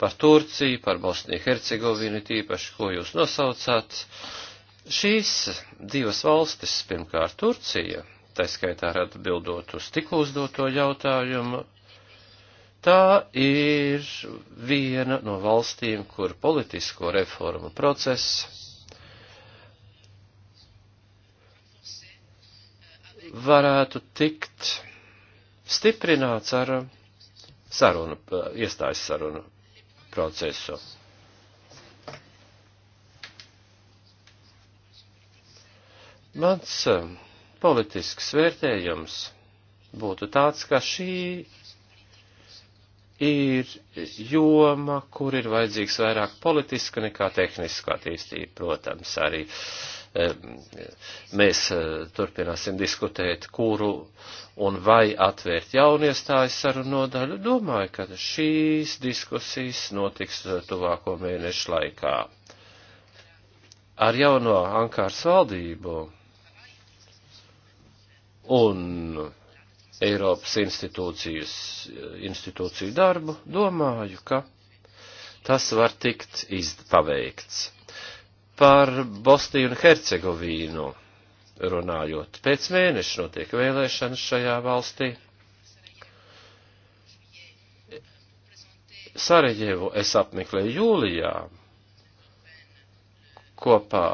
par Turciju, par Bosniju Hercegovinu, tīpaši, ko jūs nosaucāt, šīs divas valstis, pirmkārt Turcija, taiskaitā ar atbildot uz tikko uzdoto jautājumu, Tā ir viena no valstīm, kur politisko reformu process varētu tikt stiprināts ar sarunu, iestājas sarunu procesu. Mans eh, politisks vērtējums būtu tāds, ka šī ir joma, kur ir vajadzīgs vairāk politiska nekā tehniska attīstība. Protams, arī mēs eh, turpināsim diskutēt, kuru un vai atvērt jauniestājas sarunu nodaļu. Domāju, ka šīs diskusijas notiks tuvāko mēnešu laikā. Ar jauno Ankāras valdību un Eiropas institūciju darbu, domāju, ka tas var tikt paveikts. Par Bosniju un Hercegovīnu runājot, pēc mēneša notiek vēlēšanas šajā valstī. Sarajevu es apmeklēju jūlijā kopā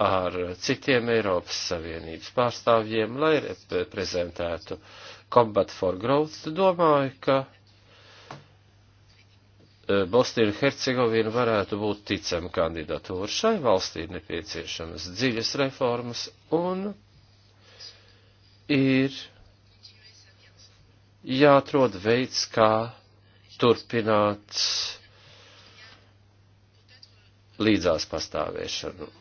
ar citiem Eiropas Savienības pārstāvjiem, lai reprezentētu Combat for Growth, domāju, ka e, Bosnija un Hercegovina varētu būt ticama kandidatūra. Šai valstī ir nepieciešamas dziļas reformas un ir jāatrod veids, kā turpināt līdzās pastāvēšanu.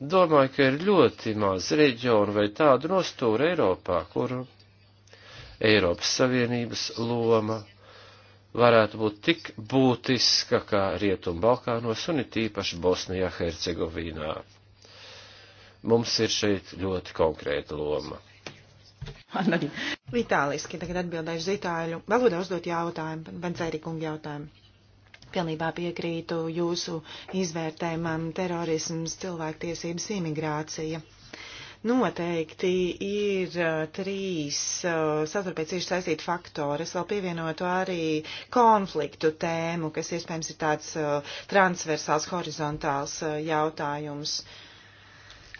Domāju, ka ir ļoti maz reģionu vai tādu nostūru Eiropā, kur Eiropas Savienības loma varētu būt tik būtiska kā Rietumbalkānos un it īpaši Bosnijā, Hercegovīnā. Mums ir šeit ļoti konkrēta loma. Itāliski tagad atbildēšu uz itāļu valodā uzdot jautājumu, Benzēri kungu jautājumu. Pilnībā piekrītu jūsu izvērtējumam terorisms, cilvēktiesības, imigrācija. Noteikti ir uh, trīs uh, savstarpēcīši saistīti faktori. Es vēl pievienotu arī konfliktu tēmu, kas iespējams ir tāds uh, transversāls, horizontāls jautājums. Uh,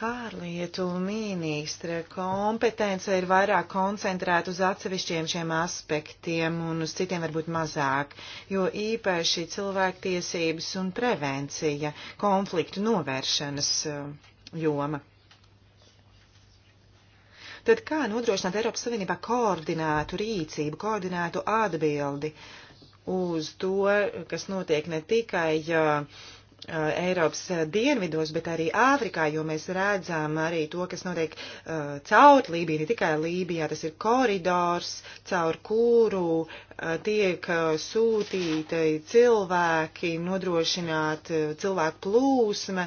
Ārlietu ministra kompetence ir vairāk koncentrēta uz atsevišķiem šiem aspektiem un uz citiem varbūt mazāk, jo īpaši cilvēktiesības un prevencija, konfliktu novēršanas eh, joma. Tad kā nodrošināt Eiropas Savienībā koordinētu rīcību, koordinētu atbildi uz to, kas notiek ne tikai uh, Eh, Eiropas dienvidos, bet arī Āfrikā, jo mēs redzam arī to, kas notiek uh, caur Lībiju, ne tikai Lībijā, tas ir koridors, caur kuru uh, tiek uh, sūtīti cilvēki, nodrošināt uh, cilvēku plūsma.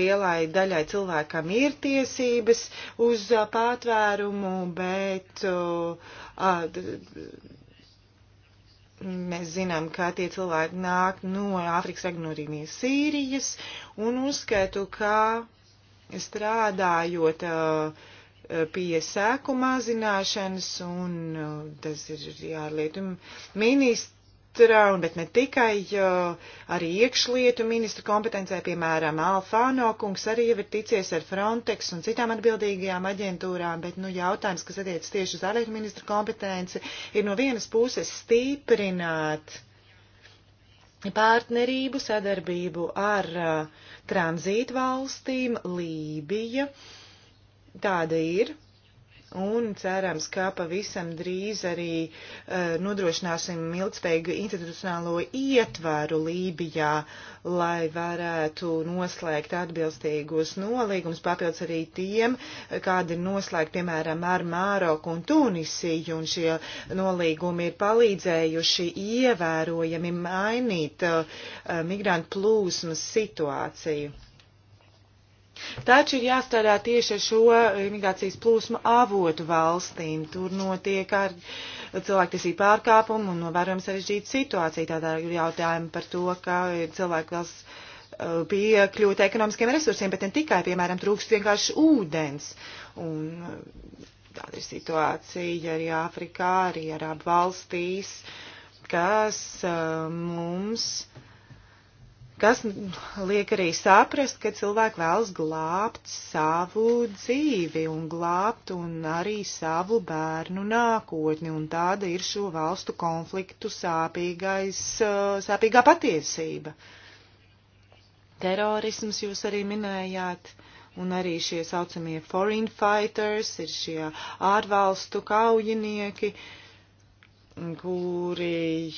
Lielai daļai cilvēkam ir tiesības uz uh, pātvērumu, bet uh, uh, Mēs zinām, ka tie cilvēki nāk no Āfrikas Ragnorīnijas Sīrijas un uzskatu, ka strādājot uh, pie sēku mazināšanas, un uh, tas ir arī ārlietu ministrs otrā, un bet ne tikai, jo arī iekšlietu ministra kompetencē, piemēram, Alfāno kungs arī jau ir ticies ar Frontex un citām atbildīgajām aģentūrām, bet, nu, jautājums, kas attiecas tieši uz ārlietu ministra kompetenci, ir no vienas puses stiprināt partnerību, sadarbību ar uh, tranzītu valstīm, Lībija, tāda ir un cerams, ka pavisam drīz arī uh, nodrošināsim ilgspējīgu institucionālo ietvaru Lībijā, lai varētu noslēgt atbilstīgos nolīgums, papildus arī tiem, kādi ir noslēgti, piemēram, ar Māroku un Tunisiju, un šie nolīgumi ir palīdzējuši ievērojami mainīt uh, migrantu plūsmas situāciju. Taču ir jāstrādā tieši ar šo eh, imigrācijas plūsmu avotu valstīm. Tur notiek ar cilvēktiesību pārkāpumu un novērojam sarežģītu situāciju. Tādā ir jautājumi par to, ka cilvēki vēl eh, piekļūt ekonomiskiem resursiem, bet ne tikai, piemēram, trūkst vienkārši ūdens. Un eh, tāda ir situācija arī Āfrikā, arī Arābu valstīs, kas mums kas liek arī saprast, ka cilvēki vēlas glābt savu dzīvi un glābt un arī savu bērnu nākotni, un tāda ir šo valstu konfliktu sāpīgais, eh, sāpīgā patiesība. Terorisms jūs arī minējāt, un arī šie saucamie foreign fighters ir šie ārvalstu kaujinieki. Uh, kuri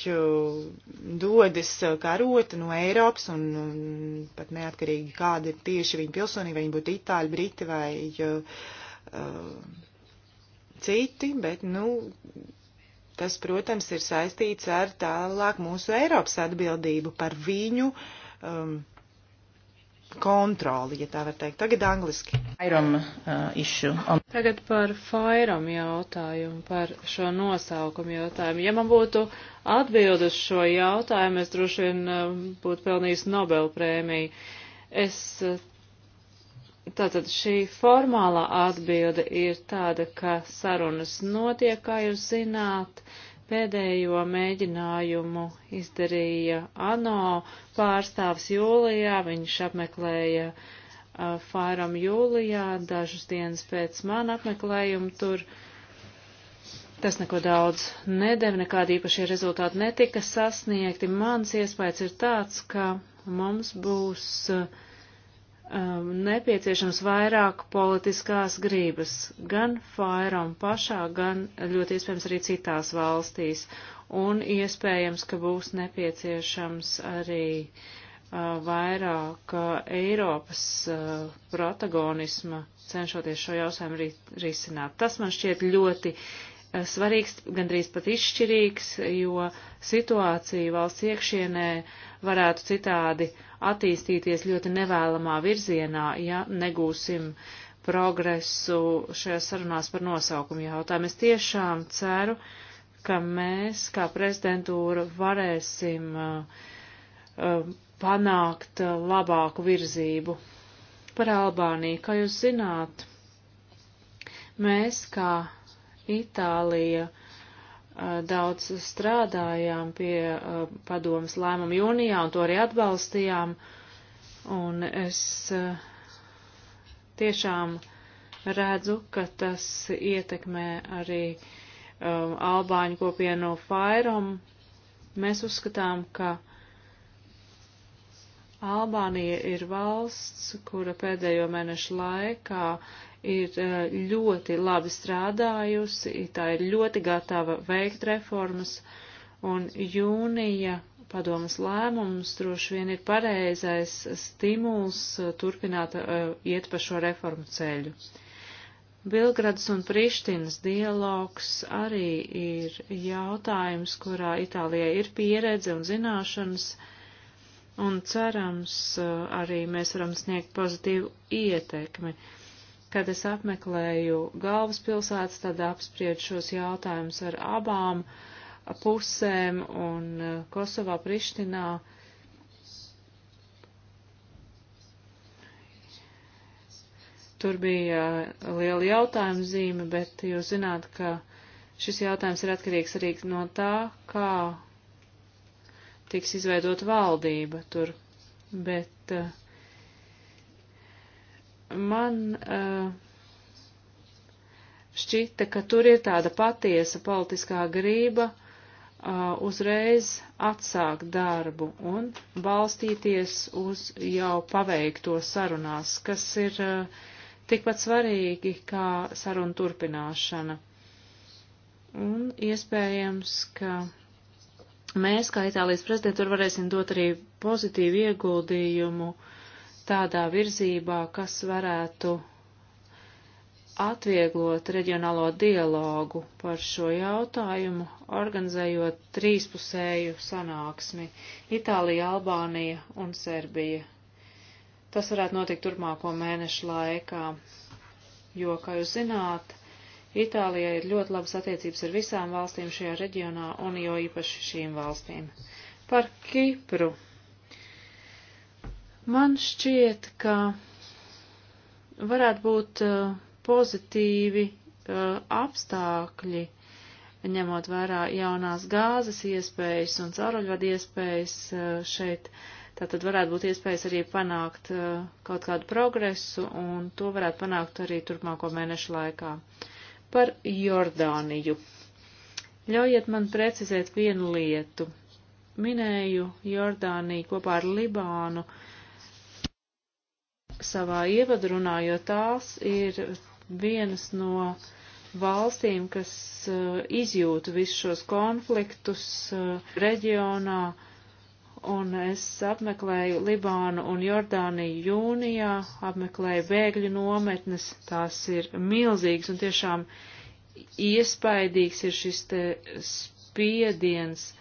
dodas eh, karot no Eiropas un, un pat neatkarīgi kāda ir tieši viņa pilsonība, vai viņi būtu itāļi, briti vai uh, citi, bet, nu, tas, protams, ir saistīts ar tālāk mūsu Eiropas atbildību par viņu um, kontroli, ja tā var teikt. Tagad angliski. Fairam, uh, On... Um, Tagad par fairam jautājumu, par šo nosaukumu jautājumu. Ja man būtu atbild uz šo jautājumu, es droši vien uh, būtu pelnījis Nobel prēmiju. Es, uh, tātad šī formālā atbilde ir tāda, ka sarunas notiek, kā jūs zināt. Uh, Pēdējo mēģinājumu izdarīja ANO pārstāvs jūlijā, viņš apmeklēja uh, Fāram jūlijā, dažas dienas pēc man apmeklējuma tur. Tas neko daudz nedēļ, nekādi īpašie rezultāti netika sasniegti. Mans iespējas ir tāds, ka mums būs uh, um, nepieciešams vairāk politiskās grības gan Fairam pašā, gan ļoti iespējams arī citās valstīs. Un iespējams, ka būs nepieciešams arī uh, vairāk uh, Eiropas uh, protagonisma cenšoties šo jautājumu ri risināt. Tas man šķiet ļoti uh, svarīgs, gandrīz pat izšķirīgs, jo situācija valsts iekšienē varētu citādi attīstīties ļoti nevēlamā virzienā, ja negūsim progresu šajās sarunās par nosaukumu jautājumu. Es tiešām ceru, ka mēs, kā prezidentūra, varēsim uh, uh, panākt uh, labāku virzību. Par Albāniju, kā jūs zināt, mēs, kā Itālija, uh, daudz strādājām pie padomas lēmumu jūnijā un to arī atbalstījām. Un es tiešām redzu, ka tas ietekmē arī um, Albāņu kopienu Fairom. Mēs uzskatām, ka Albānija ir valsts, kura pēdējo mēnešu laikā ir eh, ļoti labi strādājusi, tā ir ļoti gatava veikt reformas, un jūnija padomas lēmums droši vien ir pareizais stimuls eh, turpināt uh, iet pa šo reformu ceļu. Bilgrads un Prištinas dialogs arī ir jautājums, kurā Itālijai ir pieredze un zināšanas, un cerams arī mēs varam sniegt pozitīvu ietekmi. Uh, Kad es apmeklēju galvaspilsētas, tad apspriedu šos jautājumus ar abām pusēm un eh, Kosovā, Prištinā. Tur bija eh, liela jautājuma zīme, bet jūs zināt, ka šis jautājums ir atkarīgs arī no tā, kā tiks izveidot valdība tur. Bet uh, man uh, šķita, ka tur ir tāda patiesa politiskā grība uh, uzreiz atsākt darbu un balstīties uz jau paveikto sarunās, kas ir uh, tikpat svarīgi kā saruna turpināšana. Un iespējams, ka mēs, kā Itālijas prezidentūra, varēsim dot arī pozitīvu ieguldījumu uh, tādā virzībā, kas varētu atvieglot reģionālo dialogu par šo jautājumu, organizējot trīspusēju sanāksmi - Itālija, Albānija un Serbija. Tas varētu notikt turpmāko mēnešu laikā, jo, kā jūs zināt, Itālijai ir ļoti labas attiecības ar visām valstīm šajā reģionā un jo īpaši šīm valstīm. Par Kipru Man šķiet, ka varētu būt uh, pozitīvi uh, apstākļi, ņemot vērā jaunās gāzes iespējas un cauruļvadu iespējas uh, šeit. Tātad varētu būt iespējas arī panākt kaut kādu progresu, un to varētu panākt arī turpmāko mēnešu laikā. Par Jordāniju. Ļaujiet man precizēt vienu lietu. Minēju Jordāniju kopā ar Libānu savā ievadrunā, jo tās ir vienas no valstīm, kas uh, izjūta visus šos konfliktus uh, reģionā, un es apmeklēju Libānu un Jordāniju jūnijā, apmeklēju bēgļu nometnes, tās ir milzīgas un tiešām iespaidīgs ir šis te spiediens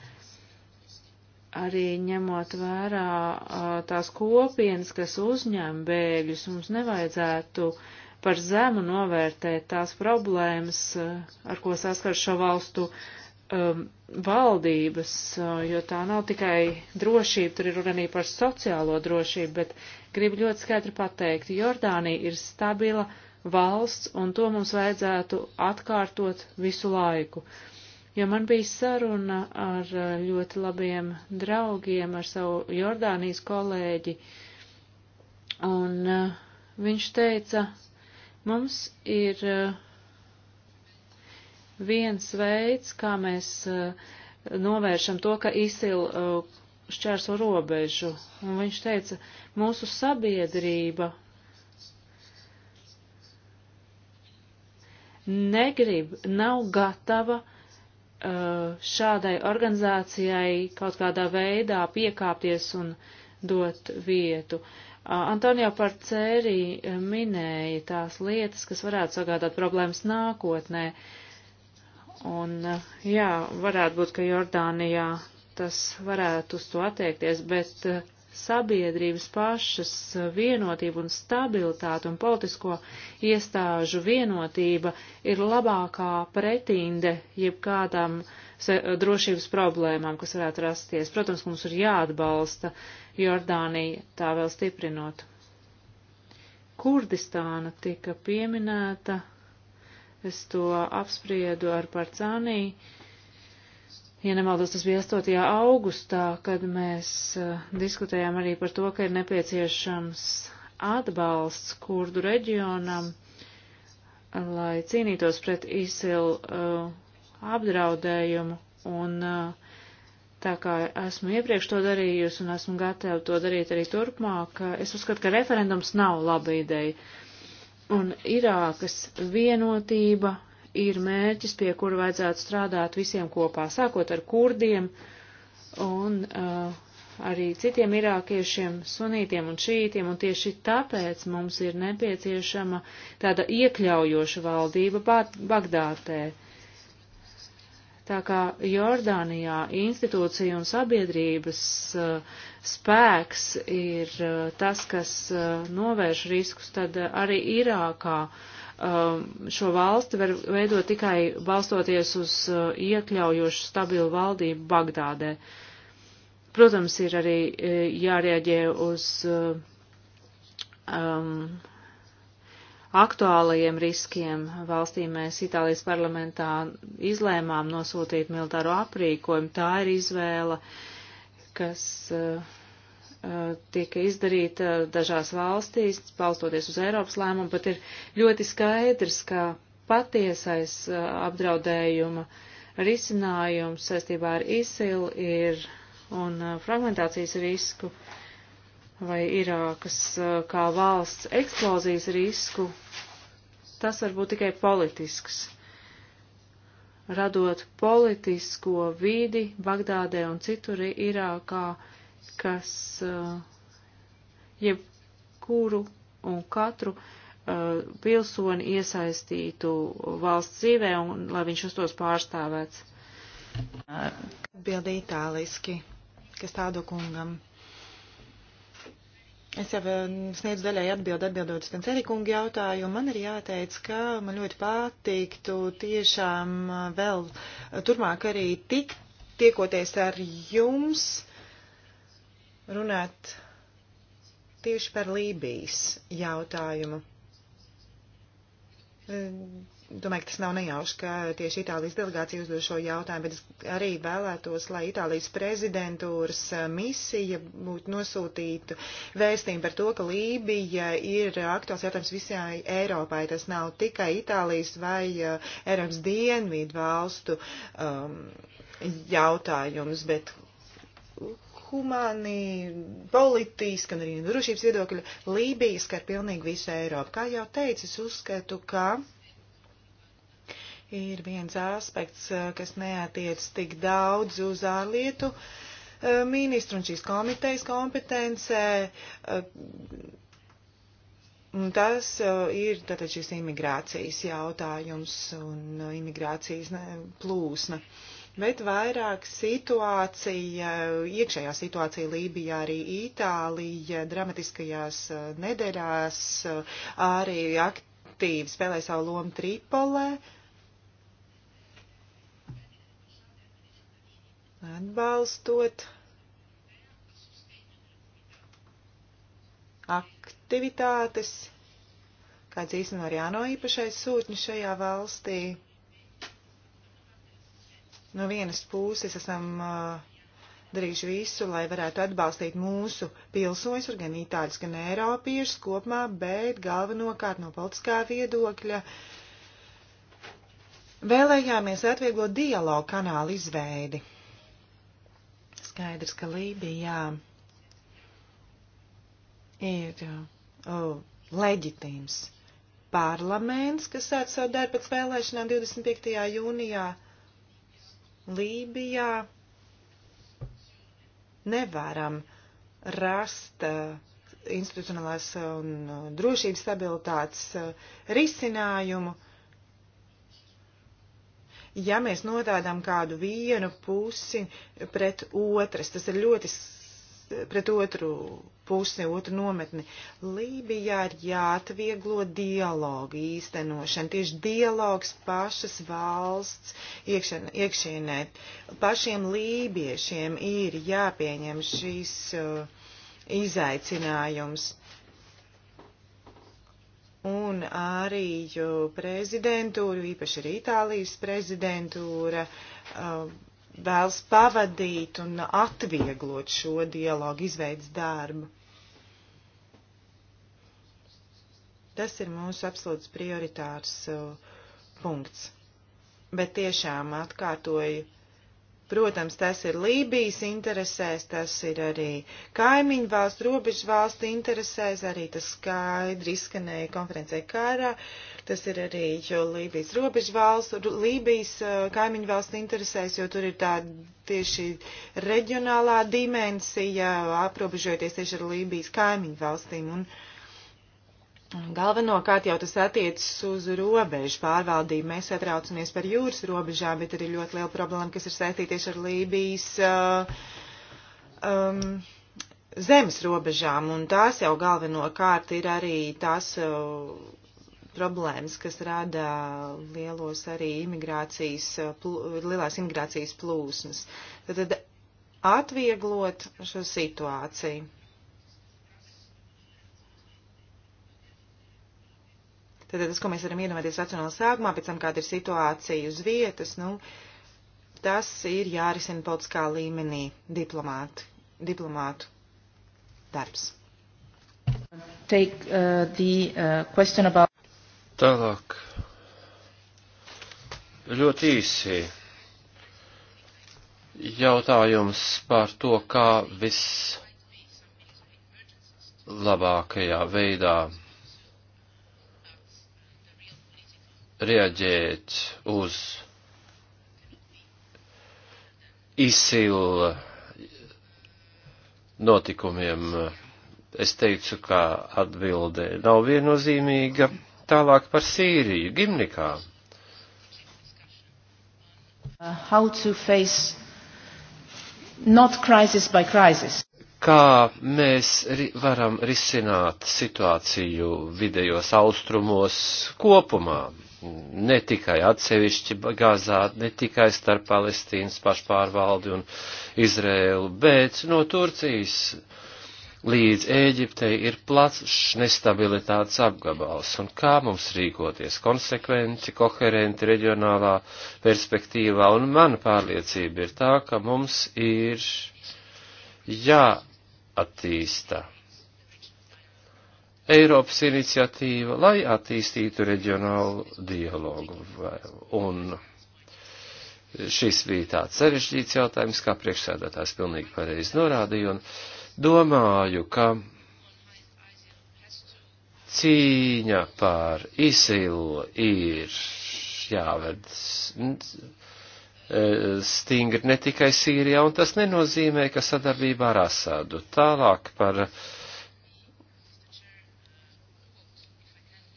arī ņemot vērā tās kopienas, kas uzņem bēgļus, mums nevajadzētu par zemu novērtēt tās problēmas, ar ko saskar šo valstu um, valdības, jo tā nav tikai drošība, tur ir arī par sociālo drošību, bet gribu ļoti skaidri pateikt, Jordānija ir stabila valsts, un to mums vajadzētu atkārtot visu laiku. Uh, jo man bija saruna ar eh, ļoti labiem draugiem, ar savu Jordānijas kolēģi, un eh, viņš teica, mums ir eh, viens veids, kā mēs novēršam to, ka izsil šķērso robežu, un viņš teica, mūsu sabiedrība negrib, nav gatava uh, Uh, šādai organizācijai kaut kādā veidā piekāpties un dot vietu. Uh, Antonio Parceri minēja tās lietas, kas varētu sagādāt problēmas nākotnē. Un, uh, jā, varētu būt, ka Jordānijā tas varētu uz to attiekties, bet sabiedrības pašas vienotība un stabilitāte un politisko iestāžu vienotība ir labākā pretinde jebkādām drošības problēmām, kas varētu rasties. Protams, mums ir jāatbalsta Jordānija tā vēl stiprinot. Kurdistāna tika pieminēta, es to apspriedu ar Parcāniju Ja nemaldos, tas bija 8. augustā, kad mēs uh, diskutējām arī par to, ka ir nepieciešams atbalsts kurdu reģionam, lai cīnītos pret izsilu uh, eh, apdraudējumu. Un uh, tā kā esmu iepriekš to darījusi un esmu gatava to darīt arī turpmāk, es uzskatu, ka referendums nav laba ideja. Un Irākas vienotība ir mērķis, pie kura vajadzētu strādāt visiem kopā, sākot ar kurdiem un uh, arī citiem irākiešiem, sunītiem un šītiem, un tieši tāpēc mums ir nepieciešama tāda iekļaujoša valdība Bagdātē. Tā kā Jordānijā institūcija un sabiedrības uh, spēks ir uh, tas, kas uh, novērš riskus, tad uh, arī Irākā uh, Um, šo valsti var veidot tikai balstoties uz uh, iekļaujošu stabilu valdību Bagdādē. Protams, ir arī uh, jārēģē uz uh, um, aktuālajiem riskiem valstī. Mēs Itālijas parlamentā izlēmām nosūtīt militāro aprīkojumu. Tā ir izvēle, kas uh, tika izdarīta dažās valstīs, balstoties uz Eiropas lēmumu, bet ir ļoti skaidrs, ka patiesais apdraudējuma risinājums saistībā ar ISIL ir un fragmentācijas risku vai Irākas kā valsts eksplozijas risku, tas var būt tikai politisks, radot politisko vidi Bagdādē un citur Irākā. Ir kas eh, jebkuru un katru eh, pilsoni iesaistītu valsts dzīvē un lai viņš uztos pārstāvēts. Bildi itāliski, kas tādu kungam. Es jau eh, sniedzu daļai atbildi, atbildot uz Kancerikungu jautājumu. Man arī jāteic, ka man ļoti patīktu tiešām vēl turmāk arī tik tiekoties ar jums runāt tieši par Lībijas jautājumu. E, domāju, ka tas nav nejauši, ka tieši Itālijas delegācija uzdod šo jautājumu, bet es arī vēlētos, lai Itālijas prezidentūras misija būtu nosūtīta vēstījumu par to, ka Lībija ir aktuāls jautājums visai Eiropai. Tas nav tikai Itālijas vai e, Eiropas dienvidu valstu um, jautājums, bet. Uh humāni, politiski un arī drošības viedokļa Lībijas, kā ar pilnīgi visu Eiropu. Kā jau teicu, es uzskatu, ka ir viens aspekts, kas neatiec tik daudz uz ārlietu eh, ministru un šīs komitejas kompetencē. Eh, un tas eh, ir tātad šis imigrācijas jautājums un imigrācijas plūsma. Uh, bet vairāk situācija, iekšējā situācija Lībijā, arī Itālija, dramatiskajās eh, nedēļās, eh, arī aktīvi spēlē savu lomu Tripolē. Atbalstot aktivitātes, kāds īstenībā arī ANO īpašais sūtņi šajā valstī. No vienas puses esam uh, darījuši visu, lai varētu atbalstīt mūsu pilsoņus, gan itāļus, gan eiropiešus kopumā, bet galvenokārt no politiskā viedokļa vēlējāmies atvieglot dialogu kanālu izveidi. Skaidrs, ka Lībijā ir oh, leģitīms parlaments, kas sāk savu darbu pēc vēlēšanām 25. jūnijā. Lībijā nevaram rast eh, institucionālās eh, un eh, drošības stabilitātes risinājumu, ja mēs notādām kādu vienu pusi pret otras. Tas ir ļoti pret otru pusi, otru nometni. Lībijā ir jāatvieglo dialogu īstenošana, tieši dialogs pašas valsts iekšana, iekšienē. Pašiem lībiešiem ir jāpieņem šis uh, izaicinājums. Un arī uh, prezidentūra, īpaši arī Itālijas prezidentūra, uh, vēlas pavadīt un atvieglot šo dialogu izveidas darbu. Tas ir mūsu absolūts prioritārs uh, punkts. Bet tiešām atkārtoju, Protams, tas ir Lībijas interesēs, tas ir arī kaimiņu valsts, robežu valsts interesēs, arī tas skaidri izskanēja konferencē kārā, tas ir arī Lībijas robežu valsts, Lībijas uh, kaimiņu valsts interesēs, jo tur ir tā tieši reģionālā dimensija, aprobežojoties tieši ar Lībijas kaimiņu valstīm. Un, uh, Galvenokārt jau tas attiecas uz robežu pārvaldību. Mēs satraucamies par jūras robežām, bet arī ļoti liela problēma, kas ir saistīties ar Lībijas uh, um, zemes robežām, un tās jau galvenokārt ir arī tās uh, problēmas, kas rada lielos arī imigrācijas, uh, plū, lielās imigrācijas plūsmas. Tad, tad atvieglot šo situāciju. Tātad tas, ko mēs varam iedomāties nacionālā sākumā, pēc tam kāda ir situācija uz vietas, nu, tas ir jārisina politiskā līmenī diplomātu, diplomātu darbs. Take, uh, the, uh, about... Tālāk. Ļoti īsi jautājums par to, kā vislabākajā veidā reaģēt uz izsilu notikumiem. Es teicu, ka atbilde nav viennozīmīga. Tālāk par Sīriju, Gimnikā. Uh, how to face not crisis by crisis kā mēs ri varam risināt situāciju vidējos austrumos kopumā, ne tikai atsevišķi Gazā, ne tikai starp Palestīnas pašpārvaldi un Izrēlu, bet no Turcijas līdz Ēģiptei ir plašs nestabilitātes apgabals, un kā mums rīkoties konsekvenci, koherenti reģionālā perspektīvā, un mana pārliecība ir tā, ka mums ir jā jāattīsta. Eiropas iniciatīva, lai attīstītu reģionālu dialogu. Un šis bija tāds sarežģīts jautājums, kā priekšsēdētājs pilnīgi pareizi norādīja, un domāju, ka cīņa par izsilu ir jāved Eh, stingri ne tikai Sīrijā, un tas nenozīmē, ka sadarbībā ar Asādu. Tālāk par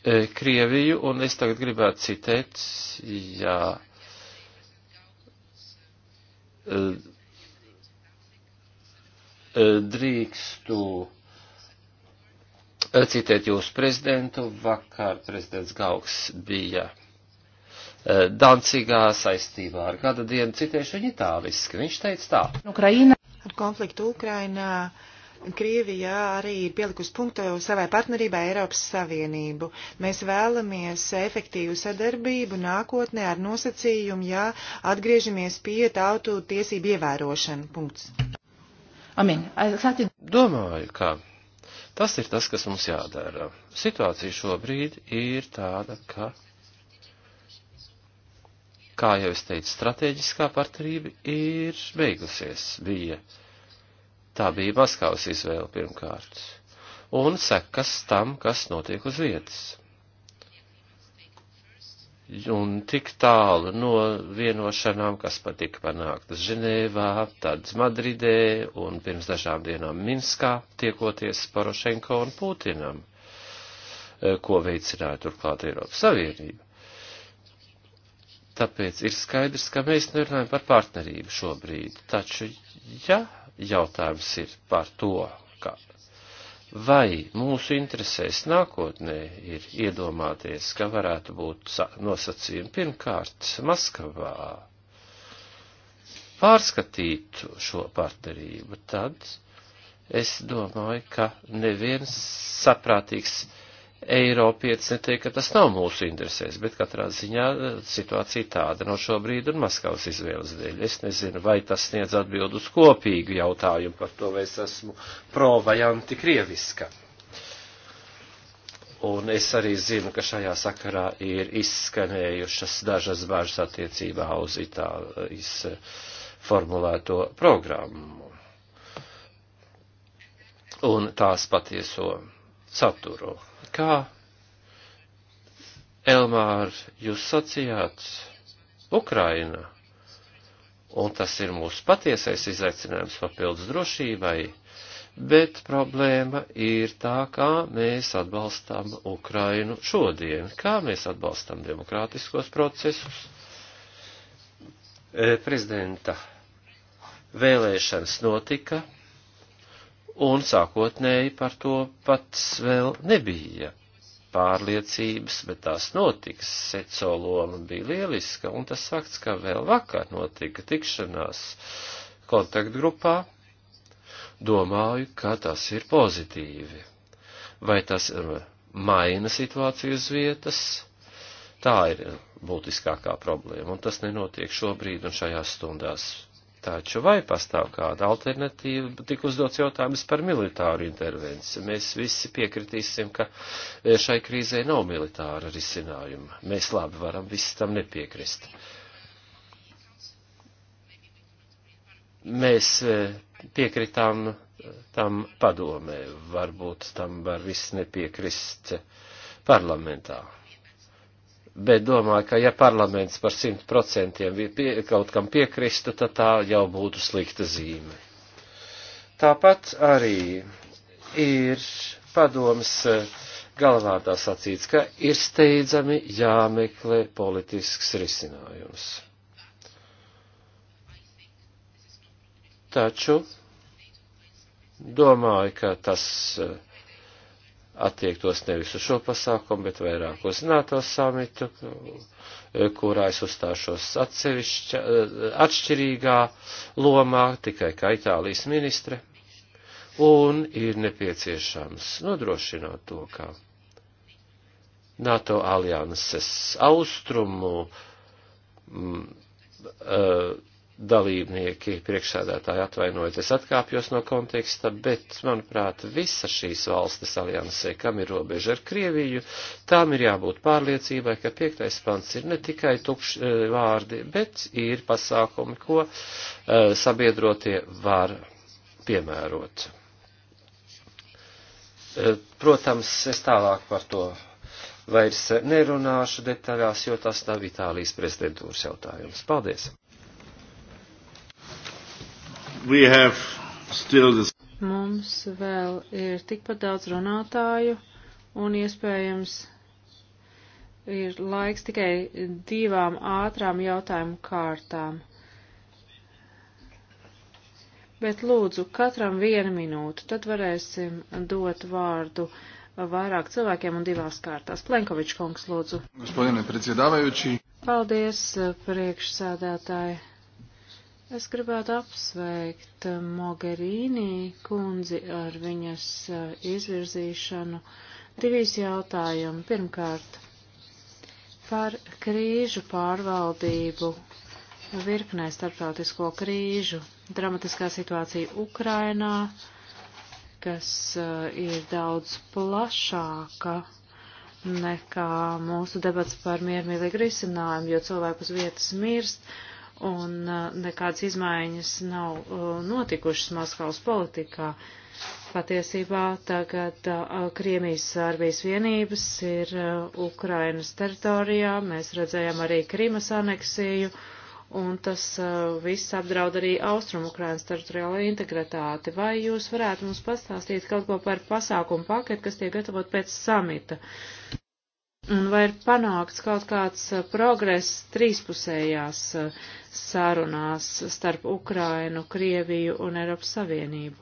eh, Krieviju, un es tagad gribētu citēt, jā, eh, drīkstu citēt jūsu prezidentu, vakar prezidents Gauks bija Eh, Dancigā saistībā ar gada dienu citēšu viņu itāliski. Viņš teica tā. Ukraina ar konfliktu Ukrainā. Krievija arī ir pielikusi punktu savai partnerībai Eiropas Savienību. Mēs vēlamies efektīvu sadarbību nākotnē ar nosacījumu, ja atgriežamies pie tautu tiesību ievērošanu. Punkts. Amin. Domāju, ka tas ir tas, kas mums jādara. Situācija šobrīd ir tāda, ka Kā jau es teicu, strateģiskā partnerība ir beigusies. Bija. Tā bija Maskavas izvēle pirmkārt. Un sekas tam, kas notiek uz vietas. Un tik tālu no vienošanām, kas patika panāktas Ženēvā, tad Madridē un pirms dažām dienām Minskā, tiekoties Porošenko un Putinam eh, ko veicināja turklāt Eiropas Savienība. Tāpēc ir skaidrs, ka mēs nerunājam par partnerību šobrīd. Taču, ja jautājums ir par to, ka vai mūsu interesēs nākotnē ir iedomāties, ka varētu būt nosacījumi pirmkārt Maskavā pārskatītu šo partnerību, tad es domāju, ka neviens saprātīgs Eiropietis netiek, ka tas nav mūsu interesēs, bet katrā ziņā eh, situācija tāda no šobrīd un Maskavas izvēles dēļ. Es nezinu, vai tas sniedz atbild uz kopīgu jautājumu par to, vai es esmu pro vai antikrieviska. Un es arī zinu, ka šajā sakarā ir izskanējušas dažas bažas attiecībā uz Itālijas eh, formulēto programmu un tās patieso saturu kā Elmār jūs sacījāt, Ukraina, un tas ir mūsu patiesais izaicinājums papildus drošībai, bet problēma ir tā, kā mēs atbalstam Ukrainu šodien, kā mēs atbalstam demokrātiskos procesus. Eh, prezidenta vēlēšanas notika, un sākotnēji par to pats vēl nebija pārliecības, bet tās notiks. Seco loma bija lieliska, un tas fakts, ka vēl vakar notika tikšanās kontaktgrupā, domāju, ka tas ir pozitīvi. Vai tas maina situāciju uz vietas? Tā ir būtiskākā problēma, un tas nenotiek šobrīd un šajās stundās. Taču vai pastāv kāda alternatīva, tik uzdots jautājums par militāru intervenciju. Mēs visi piekritīsim, ka e, šai krīzē nav militāra risinājuma. Mēs labi varam visi tam nepiekrist. Mēs e, piekritām e, tam padomē, varbūt tam var viss nepiekrist parlamentā bet domāju, ka ja parlaments par 100% kaut kam piekristu, tad tā jau būtu slikta zīme. Tāpat arī ir padoms eh, galvādā sacīts, ka ir steidzami jāmeklē politisks risinājums. Taču domāju, ka tas uh, attiektos nevis uz šo pasākumu, bet vairāk uz NATO samitu, kurā es uzstāšos atsevišķa, atšķirīgā lomā, tikai kā Itālijas ministre, un ir nepieciešams nodrošināt to, ka NATO alianses austrumu m, mm, m, eh, dalībnieki, priekšsēdētāji atvainojas, es atkāpjos no konteksta, bet, manuprāt, visa šīs valstis aliansē, kam ir robeža ar Krieviju, tām ir jābūt pārliecībai, ka piektais pants ir ne tikai tukši e, vārdi, bet ir pasākumi, ko uh, sabiedrotie var piemērot. Uh, protams, es tālāk par to vairs nerunāšu detaļās, jo tas nav Itālijas prezidentūras jautājums. Paldies! this... Mums vēl ir tikpat daudz runātāju un iespējams ir laiks tikai divām ātrām jautājumu kārtām. Bet lūdzu, katram vienu minūtu, tad varēsim dot vārdu vairāk cilvēkiem un divās kārtās. Plenkovičs kungs, lūdzu. Gospodine predsjedavajuči. Paldies, priekšsādātāji. Es gribētu apsveikt eh, Mogherīnī kundzi ar viņas eh, izvirzīšanu. Divīs jautājumi. Pirmkārt, par krīžu pārvaldību virknē starptautisko krīžu. Dramatiskā situācija Ukrainā, kas eh, ir daudz plašāka nekā mūsu debats par miermīlīgu risinājumu, jo cilvēku uz vietas mirst un uh, nekādas izmaiņas nav uh, notikušas Maskavas politikā. Patiesībā tagad uh, Krievijas sārbijas vienības ir Ukrainas teritorijā, mēs redzējām arī Krimas aneksiju un tas uh, viss apdraud arī Austrumukrānas teritoriālo integritāti. Vai jūs varētu mums pastāstīt kaut ko par pasākumu paketu, kas tiek gatavot pēc samita? Un vai ir panākts kaut kāds uh, progress trīspusējās uh, sarunās starp Ukrainu, Krieviju un Eiropas Savienību?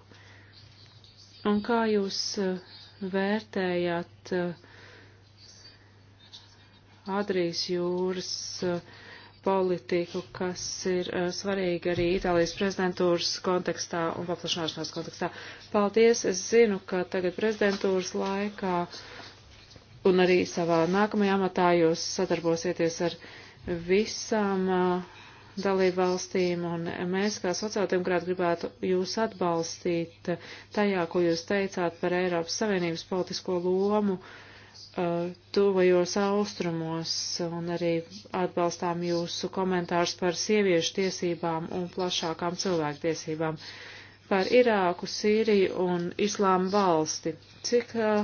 Un kā jūs uh, vērtējat Adrijas jūras politiku, kas ir svarīga arī Itālijas prezidentūras kontekstā un paplašināšanās kontekstā? Paldies! Es zinu, ka tagad prezidentūras laikā uh, un arī savā nākamajā amatā jūs sadarbosieties ar visām dalību valstīm, un mēs kā sociāldemokrāti gribētu jūs atbalstīt tajā, ko jūs teicāt par Eiropas Savienības politisko lomu tuvajos austrumos, un arī atbalstām jūsu komentārs par sieviešu tiesībām un plašākām cilvēktiesībām par Irāku, Sīriju un Islāma valsti. Cik uh,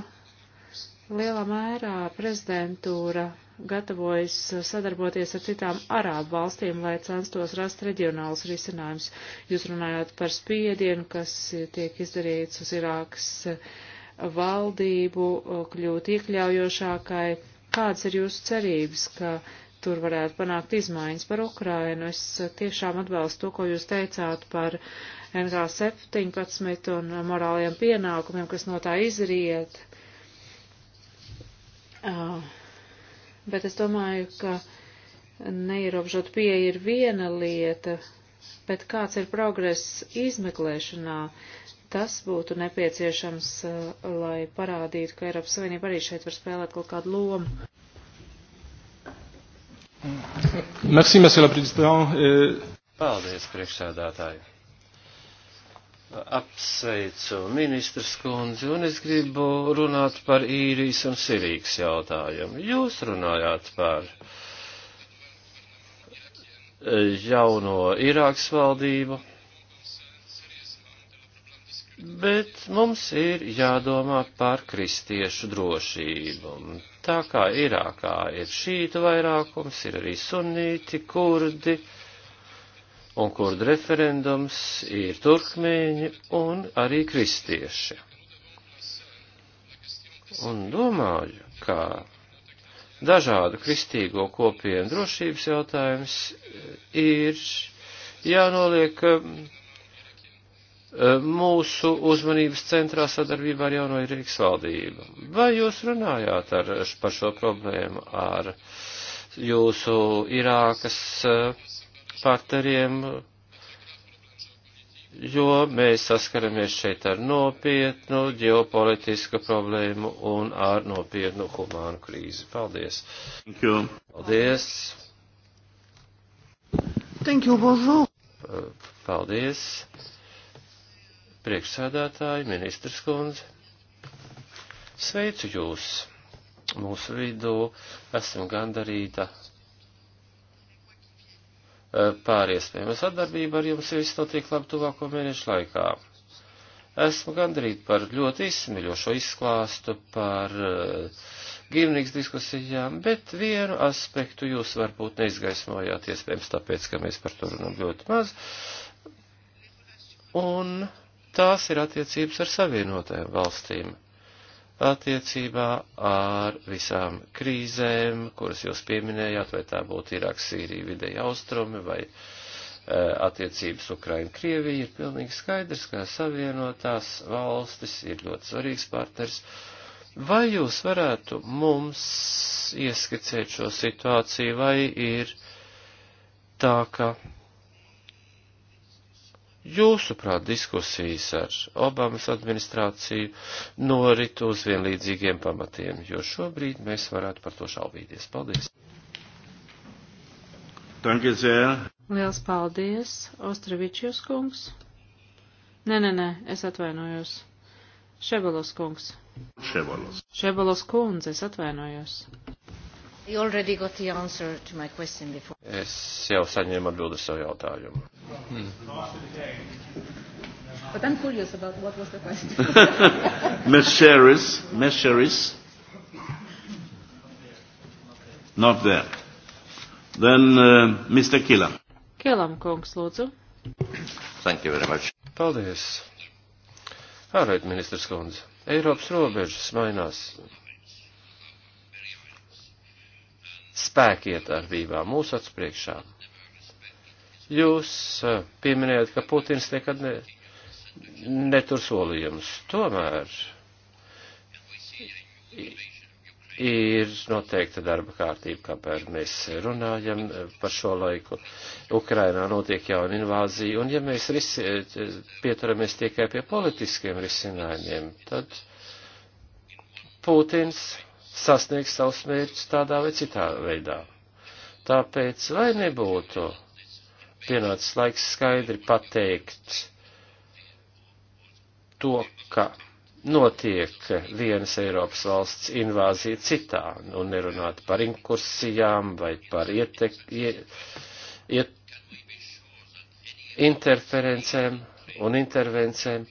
Lielā mērā prezidentūra gatavojas sadarboties ar citām arābu valstīm, lai censtos rast reģionālus risinājumus. Jūs runājāt par spiedienu, kas tiek izdarīts uz Irākas valdību, kļūt iekļaujošākai. Kādas ir jūsu cerības, ka tur varētu panākt izmaiņas par Ukrainu? Es tiešām atbalstu to, ko jūs teicāt par NK17 un morāliem pienākumiem, kas no tā izriet Bet es domāju, ka neierobežot pieeja ir viena lieta, bet kāds ir progress izmeklēšanā, tas būtu nepieciešams, lai parādītu, ka Eiropas Savienība arī šeit var spēlēt kaut kādu lomu. Merci, monsieur le président. Paldies, priekšsēdētāji. Apsveicu ministrs kundzi, un es gribu runāt par īrijas un sirīgas jautājumu. Jūs runājāt par jauno Irākas valdību, bet mums ir jādomā par kristiešu drošību. Tā kā Irākā ir šīta vairākums, ir arī sunīti, kurdi un kur referendums ir turkmēņi un arī kristieši. Un domāju, ka dažādu kristīgo kopienu drošības jautājums eh, ir jānoliek eh, mūsu uzmanības centrā sadarbībā ar jauno Rīgas valdību. Vai jūs runājāt ar, par šo problēmu ar jūsu Irākas eh, partneriem, jo mēs saskaramies šeit ar nopietnu ģeopolitisku problēmu un ar nopietnu humānu krīzi. Paldies! Thank you. Paldies! Thank you, bonjour! Paldies! Priekšsēdētāji, ministrs kundze! Sveicu jūs! Mūsu vidū esam gandarīta Eh, pār iespējamo sadarbību ar jums, ja viss notiek labi tuvāko mēnešu laikā. Esmu gandrīt par ļoti izsmiļošo izklāstu par uh, eh, gimnīgas diskusijām, bet vienu aspektu jūs varbūt neizgaismojāt, iespējams tāpēc, ka mēs par to runājam ļoti maz. Un tās ir attiecības ar savienotajām valstīm attiecībā ar visām krīzēm, kuras jūs pieminējāt, vai tā būtu Irāks, Sīrija, Vidēja Austrumi vai e, attiecības Ukraina-Krievija, ir pilnīgi skaidrs, ka savienotās valstis ir ļoti svarīgs partners. Vai jūs varētu mums ieskicēt šo situāciju, vai ir tā, ka jūsuprāt, diskusijas ar Obamas administrāciju norit uz vienlīdzīgiem pamatiem, jo šobrīd mēs varētu par to šaubīties. Paldies! Danke sehr. Liels paldies, Ostravičjus kungs. Nē, nē, nē, es atvainojos. Šebalos kungs. Šebalos. Šebalos kundze, es atvainojos. Es jau saņēmu atbildi uz savu jautājumu. Hmm. But I'm curious about what was the question. *laughs* Mesheris, Mesheris. Not there. Then uh, Mr. Kilam. Kilam kungs, lūdzu. Thank you very much. Paldies. Ārlietu ministrs kundze. Eiropas robežas mainās spēkiet ar vībā mūsu acu priekšā. Jūs eh, pieminējat, ka Putins nekad ne, netur solījumus. Tomēr ir noteikta darba kārtība, kāpēc mēs runājam par šo laiku. Ukrainā notiek jauna invāzija, un ja mēs risi, pieturamies tikai pie politiskiem risinājumiem, tad Putins sasniegs savus mērķus tādā vai citā veidā. Tāpēc vai nebūtu pienācis laiks skaidri pateikt to, ka notiek vienas Eiropas valsts invāzija citā, un nerunāt par inkursijām vai par ietek, iet, iet, interferencēm un intervencēm,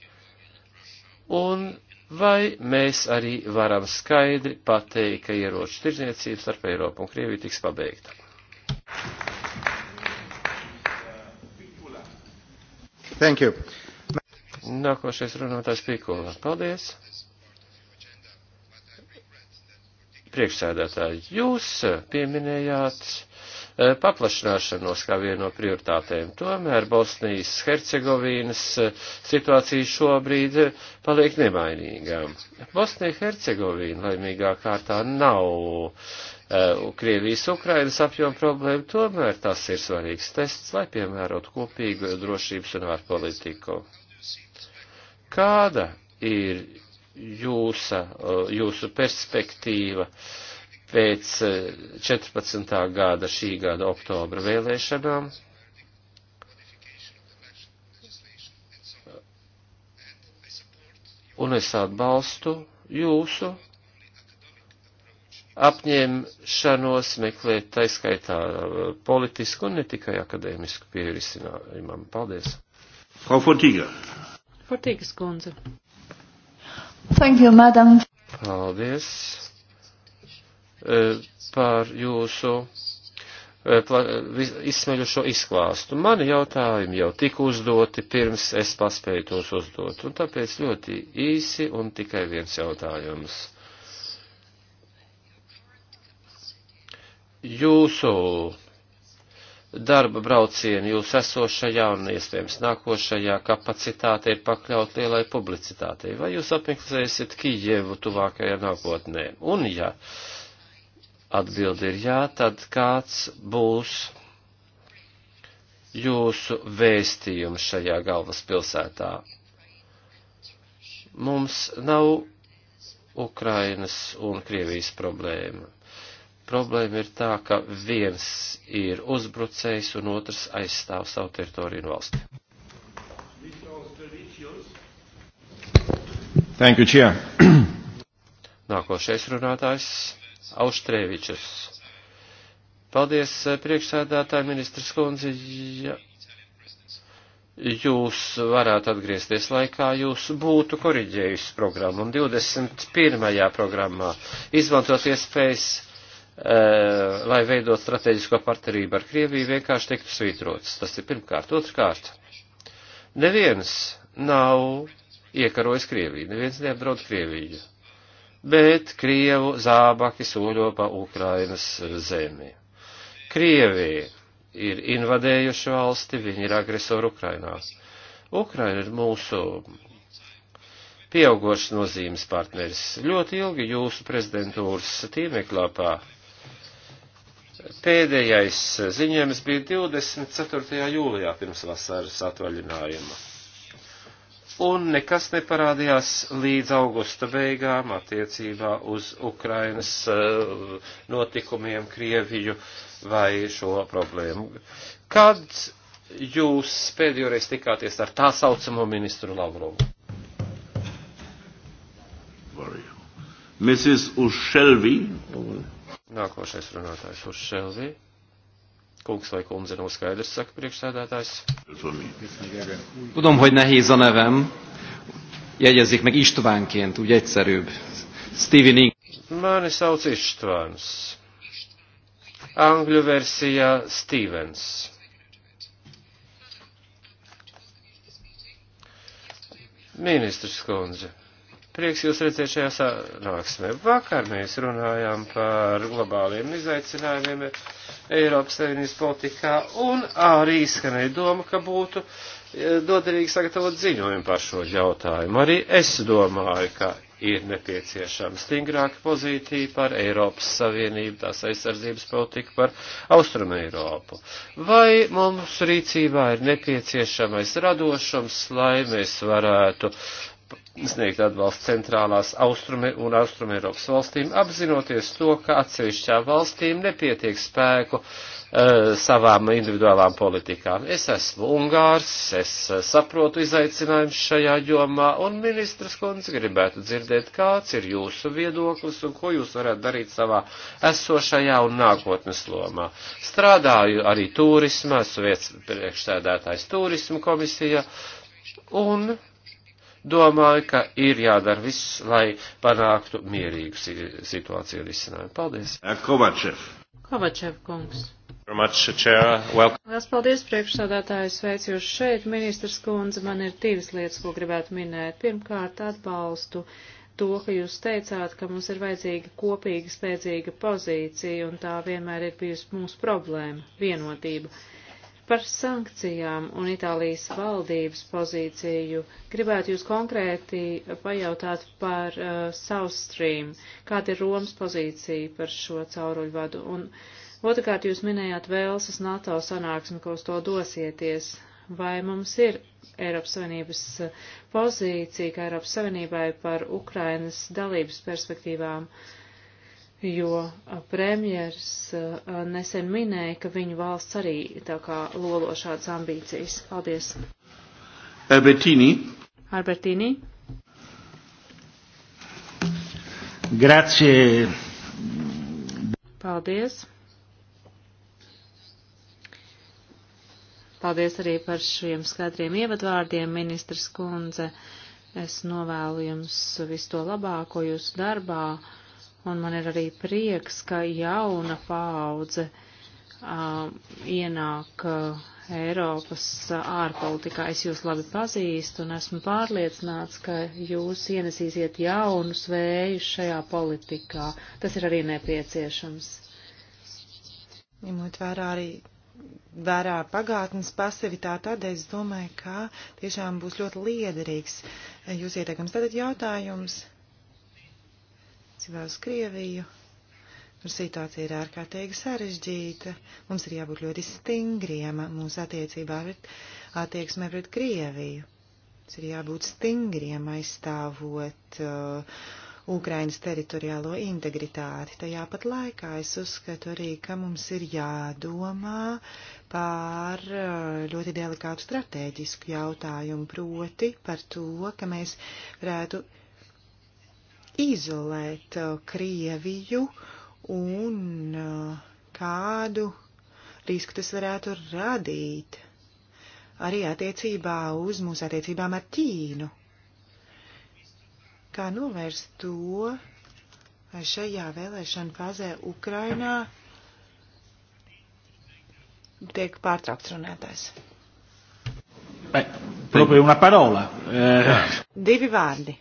un Vai mēs arī varam skaidri pateikt, ka ieroču tirdzniecība starp Eiropu un Krieviju tiks pabeigta? Thank you. Nākošais runātājs Pīkola. Paldies. Priekšsēdētāji, jūs pieminējāt E, paplašināšanos kā vienu no prioritātēm. Tomēr Bosnijas Hercegovīnas e, situācija šobrīd e, paliek nemainīga. Bosnija Hercegovīna laimīgā kārtā nav Krievijas Ukrainas apjoma problēma, tomēr tas ir svarīgs tests, lai piemērot kopīgu drošības un ārpolitiku. Kāda ir jūsa, jūsu perspektīva? Uh, pēc 14. Eh, gada šī gada oktobra vēlēšanām. Un es atbalstu jūsu apņemšanos meklēt taiskaitā eh, politisku un ne tikai akadēmisku pievisinājumam. Paldies! Frau Fortīga. Fortīgas kundze. Thank you, madam. Paldies E, par jūsu e, e, izsmeļošo izklāstu. Mani jautājumi jau tika uzdoti pirms es paspēju tos uzdot, un tāpēc ļoti īsi un tikai viens jautājums. Jūsu darba braucieni jūs esošajā un iespējams nākošajā kapacitāte ir pakļaut lielai publicitātei, vai jūs apmeklēsiet Kijevu tuvākajā nākotnē? Un ja. Uh, Atbildi ir jā, tad kāds būs jūsu vēstījums šajā galvaspilsētā? Mums nav Ukrainas un Krievijas problēma. Problēma ir tā, ka viens ir uzbrucējs un otrs aizstāv savu teritoriju un valsti. Thank you, Chair. *clears throat* Nākošais runātājs. Auštrēvičus. Paldies, eh, priekšsēdētāji ministrs Kundze. Ja jūs varētu atgriezties laikā, jūs būtu koriģējusi programmu. Un 21. programmā izmantot iespējas, e, lai veidot strateģisko partnerību ar Krieviju, vienkārši tiktu svītrots. Tas ir pirmkārt. Otrkārt, neviens nav iekarojis Krieviju, neviens neapdraud Krieviju bet Krievu zābaki soļo pa Ukrainas zemi. Krievija ir invadējuši valsti, viņi ir agresori Ukrainā. Ukraina ir mūsu pieaugošs nozīmes partneris. Ļoti ilgi jūsu prezidentūras tīmeklāpā pēdējais ziņojums bija 24. jūlijā pirms vasaras atvaļinājuma un nekas neparādījās līdz augusta beigām attiecībā uz Ukrainas eh, notikumiem, Krieviju vai šo problēmu. Kad jūs pēdējoreiz tikāties ar tā saucamo ministru Lavrovu? Mrs. Ušelvi. Nākošais runātājs Ušelvi kungs vai kundze nav skaidrs, saka priekšsēdētājs. Tudom, hogy nehéz a nevem. Jegyezzék meg Istvánként, úgy egyszerűbb. Steven Ing. Mani sauc Istváns. Angļu versijā Stevens. Ministrs kundze. Prieks jūs redzēt šajā sanāksmē. Vakar mēs runājām par globāliem izaicinājumiem Eiropas Savienības politikā un arī izskanēja doma, ka būtu doderīgi e, sagatavot ziņojumu par šo jautājumu. Arī es domāju, ka ir nepieciešama stingrāka pozīcija par Eiropas Savienību, tās aizsardzības politiku par Austrumu Eiropu. Vai mums rīcībā ir nepieciešamais radošums, lai mēs varētu sniegt atbalstu centrālās austrumi un austrumi Eiropas valstīm, apzinoties to, ka atsevišķā valstīm nepietiek spēku uh, savām individuālām politikām. Es esmu Ungārs, es eh, saprotu izaicinājumus šajā jomā, un ministrs kundze gribētu dzirdēt, kāds ir jūsu viedoklis un ko jūs varētu darīt savā esošajā un nākotnes lomā. Strādāju arī turismā, esmu vietas priekšsēdētājs turismu komisijā, un domāju, ka ir jādara viss, lai panāktu mierīgu situāciju risinājumu. Paldies! Kovačev! Kovačev kungs! Lielas paldies, priekšsādātājs, sveicu jūs šeit, ministrs kundze, man ir divas lietas, ko gribētu minēt. Pirmkārt, atbalstu to, ka jūs teicāt, ka mums ir vajadzīga kopīga, spēcīga pozīcija, un tā vienmēr ir bijusi mūsu problēma - vienotība. Uh, Par sankcijām un Itālijas valdības pozīciju gribētu jūs konkrēti pajautāt par uh, South Stream. Kāda ir Romas pozīcija par šo cauruļvadu? Un otrkārt jūs minējāt Velsas NATO sanāksmi, ko uz to dosieties. Vai mums ir Eiropas Savienības uh, pozīcija, kā Eiropas Savienībai par Ukrainas dalības perspektīvām? Uh, jo premjers nesen minēja, ka viņu valsts arī tā kā lolo šādas ambīcijas. Paldies. Albertīni. Albertīni. Grazie. Paldies. Paldies arī par šiem skaidriem ievadvārdiem, ministrs kundze. Es novēlu jums visu to labāko jūsu darbā un man ir arī prieks, ka jauna paudze uh, ienāk uh, Eiropas ārpolitikā. Es jūs labi pazīstu un esmu pārliecināts, ka jūs ienesīsiet jaunus vējus šajā politikā. Tas ir arī nepieciešams. Ņemot vērā arī vērā pagātnes pasivitāti, tad es domāju, ka tiešām būs ļoti liederīgs jūs ieteikums. Tātad jautājums Cībā uz Krieviju. Tur situācija ir ārkārtīgi sarežģīta. Mums ir jābūt ļoti stingriem mūsu attiecībā ar attieksmē pret Krieviju. Mums ir jābūt stingriem aizstāvot uh, Ukrainas teritoriālo integritāti. Tajā pat laikā es uzskatu arī, ka mums ir jādomā par uh, ļoti delikātu strateģisku jautājumu, proti par to, ka mēs varētu izolēt uh, Krieviju un uh, kādu risku tas varētu radīt arī attiecībā uz mūsu attiecībām ar Ķīnu. Kā novērst to šajā vēlēšana fazē Ukrainā tiek pārtraukts runātājs. Proprio una parola. Eh. Divi vārdi.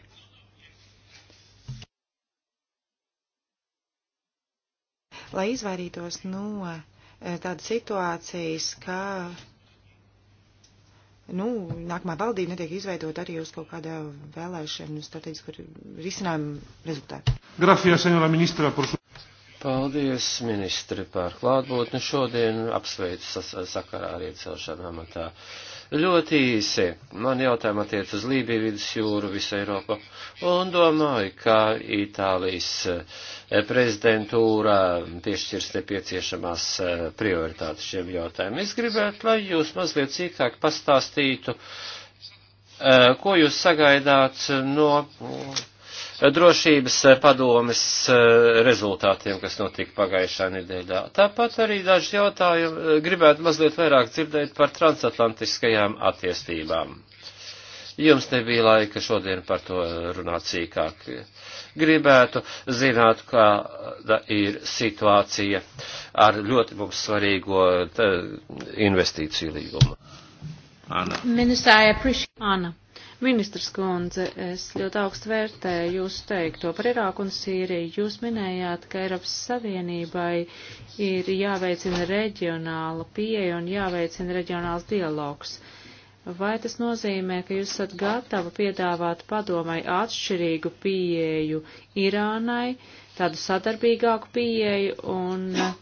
lai izvairītos no eh, tādas situācijas, ka nu, nākamā valdība netiek izveidot arī uz kaut kāda vēlēšanu strateģisku risinājumu rezultātu. Gracias, senora ministra, por su... Paldies, ministri, par klātbūtni šodien. Apsveicu sakarā arī celšanu amatā. Ļoti īsi. Man jautājumi attiec uz Lībiju, Vidusjūru, visu Eiropu. Un domāju, ka Itālijas eh, prezidentūra piešķirs nepieciešamās eh, prioritātes šiem jautājumiem. Es gribētu, lai jūs mazliet cīkāk pastāstītu, eh, ko jūs sagaidāt no drošības eh, padomes eh, rezultātiem, kas notika pagājušā nedēļā. Tāpat arī daži jautājumi eh, gribētu mazliet vairāk dzirdēt par transatlantiskajām attiestībām. Jums nebija laika šodien par to runāt sīkāk. Gribētu zināt, kāda ir situācija ar ļoti mums svarīgo investīciju līgumu. Anna. Minister, I appreciate Anna. Ministrs kundze, es ļoti augstu vērtēju jūsu teikto par Irāku un Sīriju. Jūs minējāt, ka Eiropas Savienībai ir jāveicina reģionāla pieeja un jāveicina reģionāls dialogs. Vai tas nozīmē, ka jūs esat gatava piedāvāt padomai atšķirīgu pieeju Irānai, tādu sadarbīgāku pieeju un uh,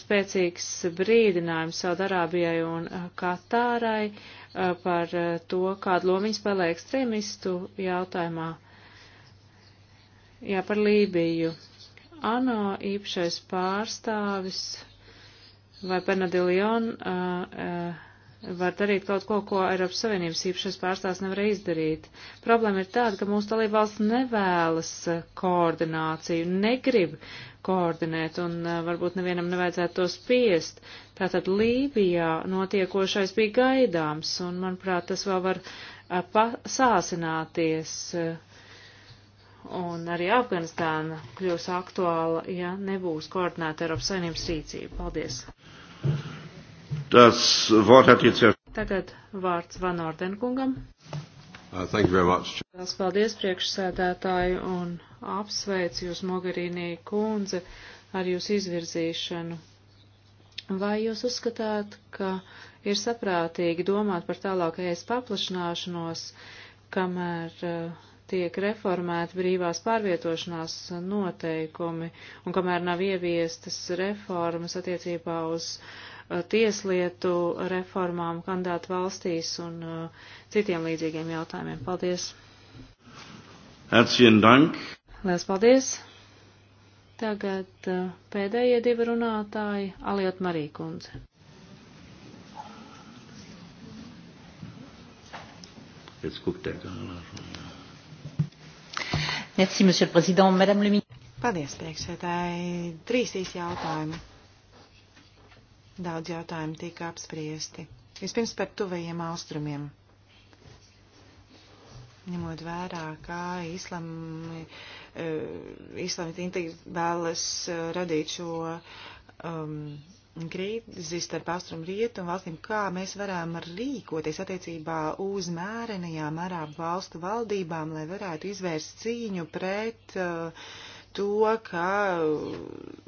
spēcīgs brīdinājums Saudarābijai un uh, Katārai? Uh, Uh, par uh, to, kādu lomu viņi spēlē ekstrēmistu jautājumā. Jā, par Lībiju. ANO īpašais pārstāvis vai Penadilion uh, uh, var darīt kaut ko, ko Eiropas Savienības īpašais pārstāvs nevarēja izdarīt. Problēma ir tāda, ka mūsu dalībvalsts nevēlas eh, koordināciju, negrib koordinēt, un eh, varbūt nevienam nevajadzētu to spiest. Tātad Lībijā notiekošais bija gaidāms, un, manuprāt, tas vēl var eh, pasāsināties. Un arī Afganistāna kļūs aktuāla, ja nebūs koordinēta Eiropas Savienības rīcība. Paldies! Das Wort hat jetzt Herr. Tagad vārds Van Ordenkungam. Uh, thank you very much. Tās paldies priekšsēdētāji un apsveicu jūs, Mogarīnī kundze, ar jūs izvirzīšanu. Vai jūs uzskatāt, ka ir saprātīgi domāt par tālākais paplašināšanos, kamēr uh, tiek reformēti brīvās pārvietošanās noteikumi un kamēr nav ieviestas reformas attiecībā uz uh, Eh, tieslietu reformām kandidātu valstīs un eh, citiem līdzīgiem jautājumiem. Paldies! Herzlichen Dank! Lielas paldies! Tagad eh, pēdējie divi runātāji - Aliot Marija kundze. Merci, monsieur le président, madame le ministre. Paldies, priekšsēdēji. Trīs īsi jautājumi. Daudz jautājumu tika apspriesti. Vispirms par tuvajiem austrumiem. Ņemot vērā, kā islami, e, islami tinti vēlas e, radīt šo um, krīzi starp austrumu rietumu valstīm, kā mēs varam rīkoties attiecībā uz mērenajām arābu valstu valdībām, lai varētu izvērst cīņu pret uh, to, ka uh,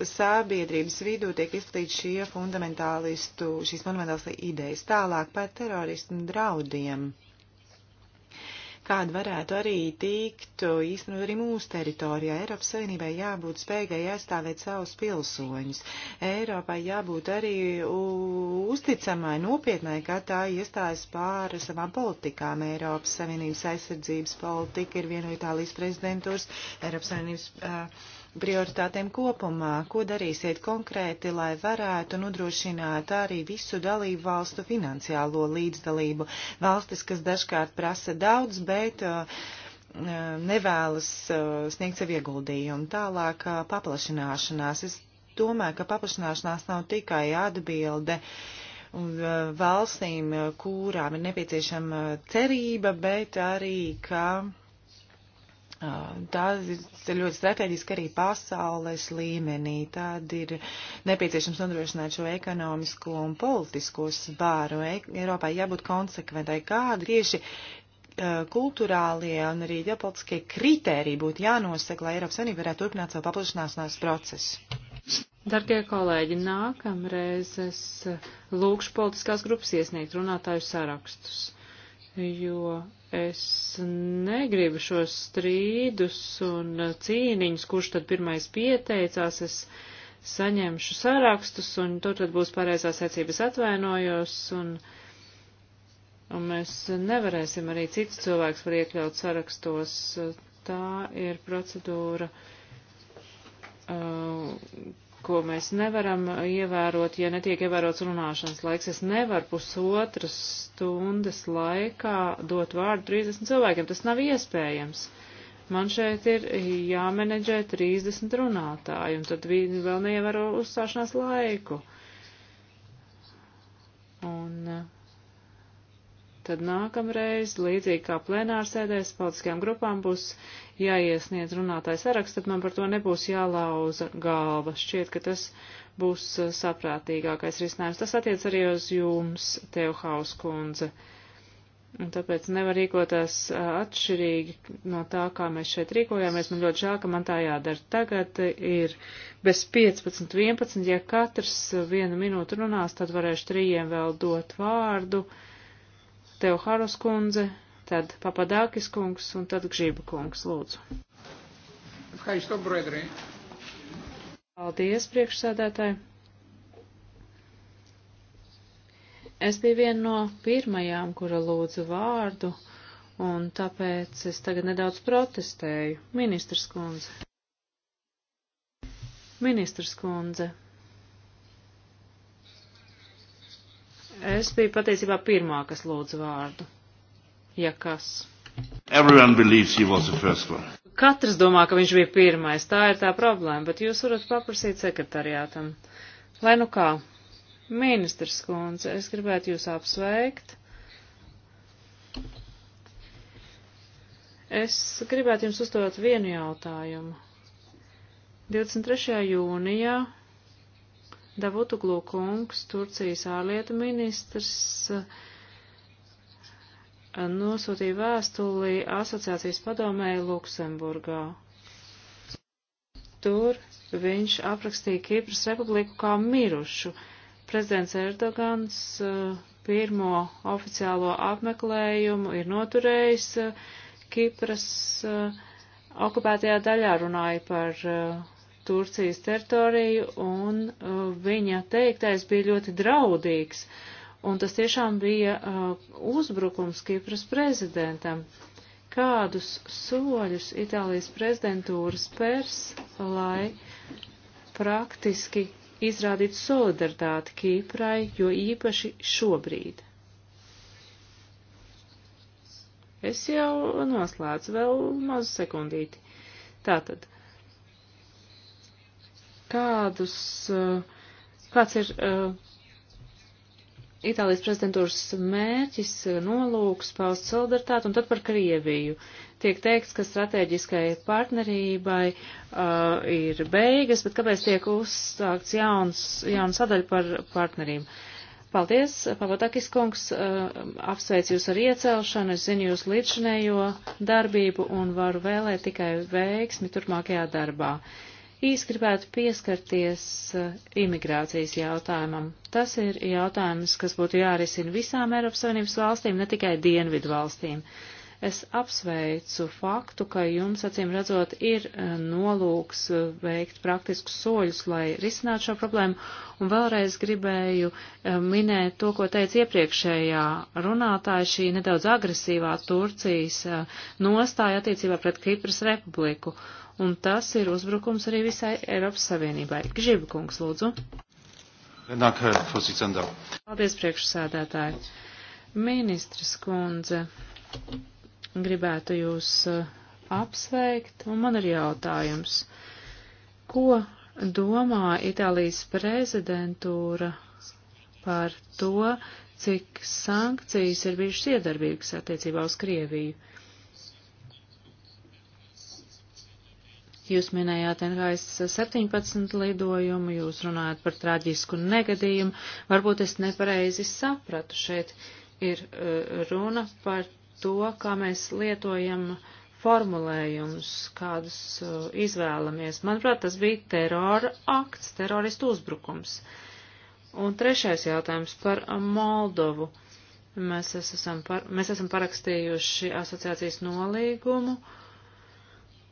sabiedrības vidū tiek izplatīti šie fundamentālistu, šīs fundamentālistu idejas tālāk par terorismu draudiem kāda varētu arī tikt nu, īstenot nu, arī mūsu teritorijā. Eiropas Savienībai jābūt spējīgai aizstāvēt savus pilsoņus. Eiropai jābūt arī uzticamai, nopietnai, kā tā iestājas pār savām politikām. Eiropas Savienības aizsardzības politika ir viena no Itālijas prezidentūras Eiropas Savienības. Uh, prioritātēm kopumā, ko darīsiet konkrēti, lai varētu nodrošināt arī visu dalību valstu finansiālo līdzdalību. Valstis, kas dažkārt prasa daudz, bet uh, uh nevēlas uh, sniegt sev ieguldījumu. Tālāk uh, paplašināšanās. Es domāju, ka paplašināšanās nav tikai atbilde uh, valstīm, uh, kurām ir nepieciešama cerība, bet arī, ka Tā ir ļoti strateģiski arī pasaules līmenī. Tad ir nepieciešams nodrošināt šo ekonomisko un politisko svāru. E, Eiropai jābūt konsekventai. Kādi tieši kultūrālie un arī ģeopolitiskie kriteriji būtu jānosaka, lai Eiropas Savienība varētu turpināt savu paplašanāšanās procesu? Dargie kolēģi, nākamreiz es lūkšu politiskās grupas iesniegt runātāju sarakstus jo es negribu šos strīdus un cīniņus, kurš tad pirmais pieteicās, es saņemšu sārakstus, un tur tad būs pareizā secības atvainojos, un, un mēs nevarēsim arī citus cilvēkus var iekļaut sarakstos. Tā ir procedūra, uh, ko mēs nevaram ievērot, ja netiek ievērots runāšanas laiks. Es nevaru pusotras stundas laikā dot vārdu 30 cilvēkiem. Tas nav iespējams. Man šeit ir jāmenedžē 30 runātāji, un tad viņi vēl neievēro uzstāšanās laiku. tad nākamreiz, līdzīgi kā plenārsēdēs, politiskajām grupām būs jāiesniedz runātājs saraksts, tad man par to nebūs jālauza galva. Šķiet, ka tas būs uh, saprātīgākais risinājums. Tas attiec arī uz jums, Teuhaus kundze. Un tāpēc nevar rīkoties uh, atšķirīgi no tā, kā mēs šeit rīkojāmies. Man ļoti žēl, ka man tā jādara. Tagad ir bez 15, 11. Ja katrs vienu minūtu runās, tad varēšu trījiem vēl dot vārdu. Uh, Teoharos kundze, tad Papadākis kungs un tad Gžība kungs, lūdzu. Paldies, priekšsēdētāji. Es biju viena no pirmajām, kura lūdzu vārdu, un tāpēc es tagad nedaudz protestēju. Ministrs kundze. Ministrs kundze, Es biju patiesībā pirmā, kas lūdza vārdu. Ja kas. Katrs domā, ka viņš bija pirmais. Tā ir tā problēma, bet jūs varat paprasīt sekretariātam. Lai nu kā, ministrs kundze, es gribētu jūs apsveikt. Es gribētu jums uzdot vienu jautājumu. 23. jūnijā Davutuglu kungs, Turcijas ārlietu ministrs, eh, nosūtīja vēstuli asociācijas padomēju Luksemburgā. Tur viņš aprakstīja Kipras republiku kā mirušu. Prezidents Erdogans eh, pirmo oficiālo apmeklējumu ir noturējis eh, Kipras okupētajā daļā, runāja par Turcijas teritoriju, un uh, viņa teiktais bija ļoti draudīgs, un tas tiešām bija uh, uzbrukums Kipras prezidentam. Kādus soļus Itālijas prezidentūra spērs, lai praktiski izrādītu solidaritāti Kiprai, jo īpaši šobrīd? Es jau noslēdzu vēl mazu sekundīti. Tātad, kādus, eh, kāds ir eh, Itālijas prezidentūras mērķis, nolūks, paust solidaritāti, un tad par Krieviju. Tiek teikts, ka strateģiskai partnerībai uh, ir beigas, bet kāpēc tiek uzsākts jauns, jauna sadaļa par partnerību? Paldies, Pavatakis kungs, uh, apsveicu jūs ar iecelšanu, es zinu jūs līdzinējo darbību un varu vēlēt tikai veiksmi turpmākajā darbā. Uh, Īs gribētu pieskarties eh, imigrācijas jautājumam. Tas ir jautājums, kas būtu jārisina visām Eiropas Savienības valstīm, ne tikai Dienvidu valstīm. Es apsveicu faktu, ka jums, acīm redzot, ir eh, nolūks eh, veikt praktiskus soļus, lai risinātu šo problēmu. Un vēlreiz gribēju minēt to, ko teica iepriekšējā runātāja, šī nedaudz agresīvā Turcijas nostāja attiecībā pret Kipras republiku un tas ir uzbrukums arī visai Eiropas Savienībai. Gžiba kungs, lūdzu. Eh, Paldies, priekšsēdētāji. Ministres kundze, gribētu jūs eh, apsveikt, un man ir jautājums, ko domā Itālijas prezidentūra par to, cik sankcijas ir bijušas iedarbīgas attiecībā uz Krieviju? Jūs minējāt NHS 17 lidojumu, jūs runājat par traģisku negadījumu. Varbūt es nepareizi sapratu. Šeit ir eh, runa par to, kā mēs lietojam formulējumus, kādus eh, izvēlamies. Manuprāt, tas bija terora akts, teroristu uzbrukums. Un trešais jautājums par Moldovu. Mēs esam, par, mēs esam parakstījuši asociācijas nolīgumu. Uh,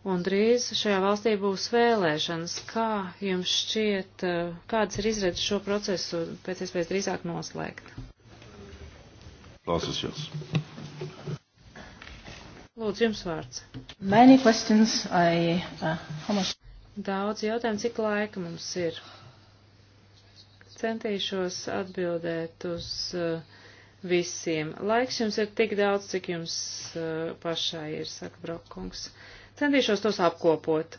Un drīz šajā valstī būs vēlēšanas. Kā jums šķiet, eh, kādas ir izredzes šo procesu pēc iespējas drīzāk noslēgt? Klausos jūs. Lūdzu, jums vārds. Many questions. I, uh, how much... Daudz jautājumu, cik laika mums ir. Centīšos atbildēt uz uh, visiem. Laiks jums ir tik daudz, cik jums uh, pašai ir, saka Brokkungs. Uh, Centīšos tos apkopot.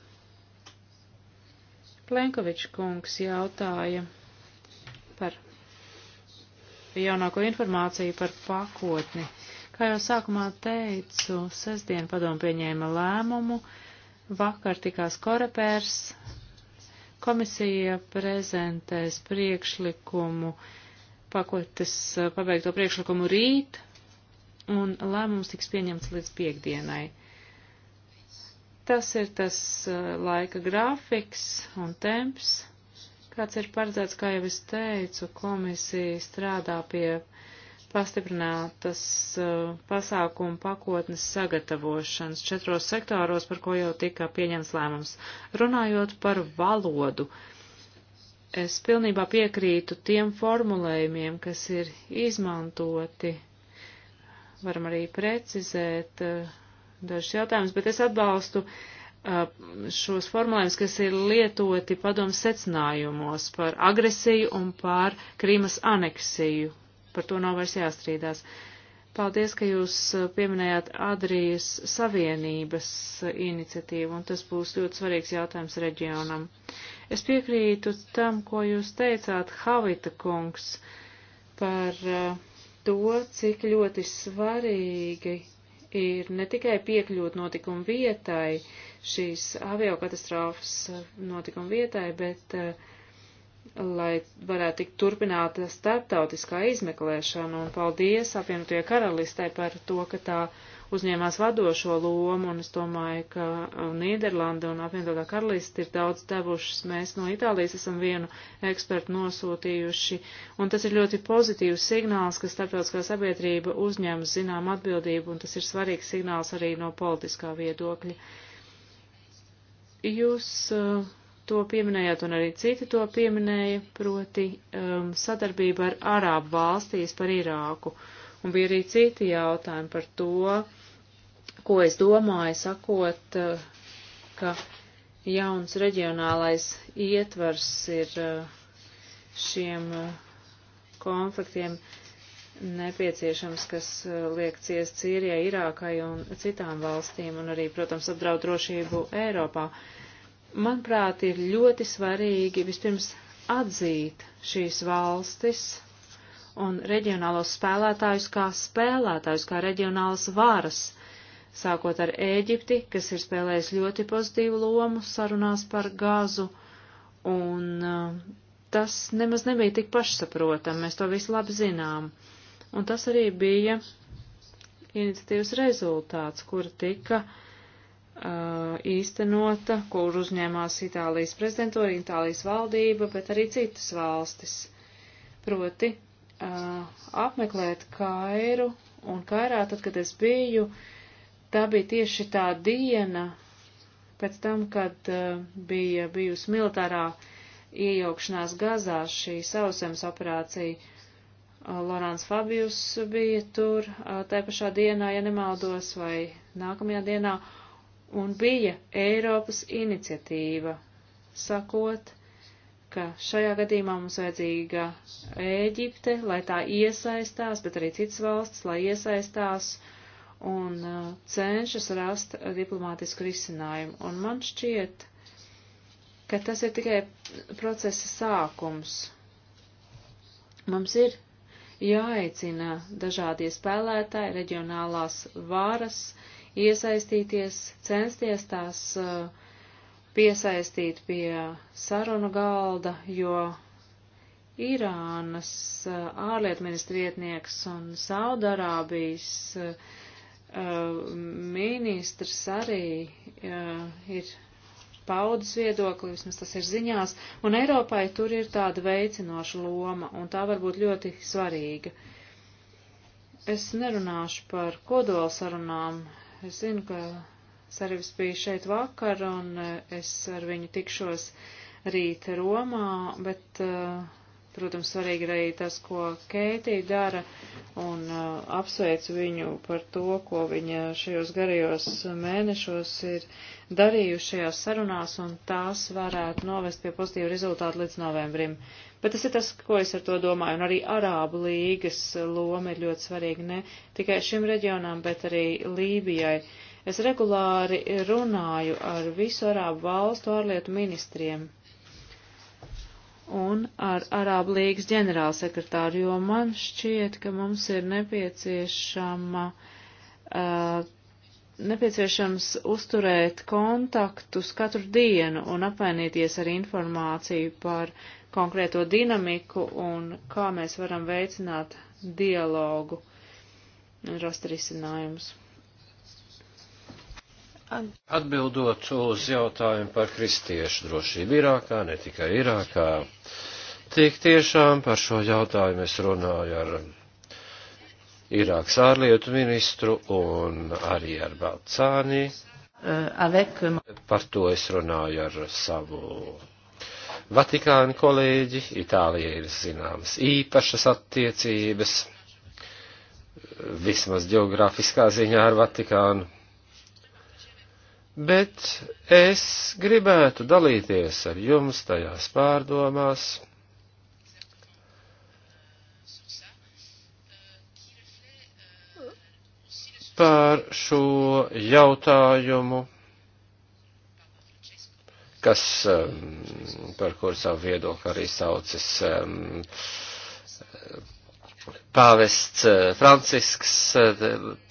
Plenkovičs kungs jautāja par jaunāko informāciju par pakotni. Kā jau sākumā teicu, sestdien padomu pieņēma lēmumu, vakar tikās korepērs, komisija prezentēs priekšlikumu, pakotnes pabeigto priekšlikumu rīt, un lēmums tiks pieņemts līdz piekdienai. Tas ir tas eh, laika grafiks un temps, kāds ir paredzēts, kā jau es teicu, komisija strādā pie pastiprinātas eh, pasākumu pakotnes sagatavošanas četros sektoros, par ko jau tika pieņems lēmums. Runājot par valodu, es pilnībā piekrītu tiem formulējumiem, kas ir izmantoti. Varam arī precizēt, uh, dažus jautājumus, bet es atbalstu uh, šos formulējumus, kas ir lietoti padomu secinājumos par agresiju un par Krīmas aneksiju. Par to nav vairs jāstrīdās. Paldies, ka jūs uh, pieminējāt Adrijas Savienības uh, iniciatīvu, un tas būs ļoti svarīgs jautājums reģionam. Es piekrītu tam, ko jūs teicāt, Havita kungs, par uh, to, cik ļoti svarīgi ir ne tikai piekļūt notikumu vietai, šīs aviokatastrofas notikumu vietai, bet eh, lai varētu tikt turpināta starptautiskā izmeklēšana. Un paldies apvienotie karalistē par to, ka tā uzņēmās vadošo lomu, un es domāju, ka uh, Nīderlanda un apvienotā karalista ir daudz devušas. Mēs no Itālijas esam vienu ekspertu nosūtījuši, un tas ir ļoti pozitīvs signāls, ka starptautiskā sabiedrība uzņem zinām atbildību, un tas ir svarīgs signāls arī no politiskā viedokļa. Jūs uh, to pieminējāt, un arī citi to pieminēja, proti um, sadarbība ar Arābu valstīs par Irāku. Un bija arī citi jautājumi par to, ko es domāju, sakot, eh, ka jauns reģionālais ietvars ir eh, šiem eh, konfliktiem nepieciešams, kas liek ciest Sīrijai, Irākai un citām valstīm un arī, protams, apdraud drošību Eiropā. Manuprāt, ir ļoti svarīgi vispirms atzīt šīs valstis un reģionālos spēlētājus kā spēlētājus, kā reģionālas varas sākot ar Ēģipti, kas ir spēlējis ļoti pozitīvu lomu sarunās par gāzu, un uh, tas nemaz nebija tik pašsaprotam, mēs to visu labi zinām. Un tas arī bija iniciatīvas rezultāts, kur tika uh, īstenota, kur uzņēmās Itālijas prezidentūra, Itālijas valdība, bet arī citas valstis. Proti uh, apmeklēt Kairu, un Kairā, tad, kad es biju, uh, Tā bija tieši tā diena pēc tam, kad uh, bija bijusi militārā iejaukšanās Gazā šī sausems operācija. Uh, Lorāns Fabijus bija tur uh, tajā pašā dienā, ja nemaldos, vai nākamajā dienā, un bija Eiropas iniciatīva, sakot, ka šajā gadījumā mums vajadzīga Ēģipte, lai tā iesaistās, bet arī citas valsts, lai iesaistās uh, un uh, cenšas rast diplomātisku risinājumu. Un man šķiet, ka tas ir tikai procesa sākums. Mums ir jāaicina dažādie spēlētāji, reģionālās varas, iesaistīties, censties tās uh, piesaistīt pie sarunu galda, jo Irānas uh, ārlietu ministrietnieks un Saudarābijas uh, Uh, ministrs arī uh, ir paudas viedokli, vismaz tas ir ziņās, un Eiropai tur ir tāda veicinoša loma, un tā var būt ļoti svarīga. Es nerunāšu par kodolsarunām. Es zinu, ka Sarivs bija šeit vakar, un uh, es ar viņu tikšos rīt Romā, bet uh, Protams, svarīgi ir arī tas, ko Keitija dara, un uh, apsveicu viņu par to, ko viņa šajos garajos mēnešos ir darījusi šajās sarunās, un tās varētu novest pie pozitīva rezultāta līdz novembrim. Bet tas ir tas, ko es ar to domāju, un arī Arābu līgas loma ir ļoti svarīga ne tikai šim reģionam, bet arī Lībijai. Es regulāri runāju ar visu Arābu valstu ārlietu ministriem un ar Arābu līgas ģenerālsekretāru, jo man šķiet, ka mums ir nepieciešama, uh, nepieciešams uzturēt kontaktus katru dienu un apmainīties ar informāciju par konkrēto dinamiku un kā mēs varam veicināt dialogu un rast risinājumus. Atbildot uz jautājumu par kristiešu drošību Irākā, ne tikai Irākā, tik tiešām par šo jautājumu es runāju ar Irākas ārlietu ministru un arī ar Balcāni. Uh, par to es runāju ar savu Vatikāna kolēģi. Itālijai ir zināmas īpašas attiecības, vismaz geogrāfiskā ziņā ar Vatikānu bet es gribētu dalīties ar jums tajās pārdomās, par šo jautājumu, kas, um, par kur savu viedokli arī saucas um, pāvests eh, Francisks, eh,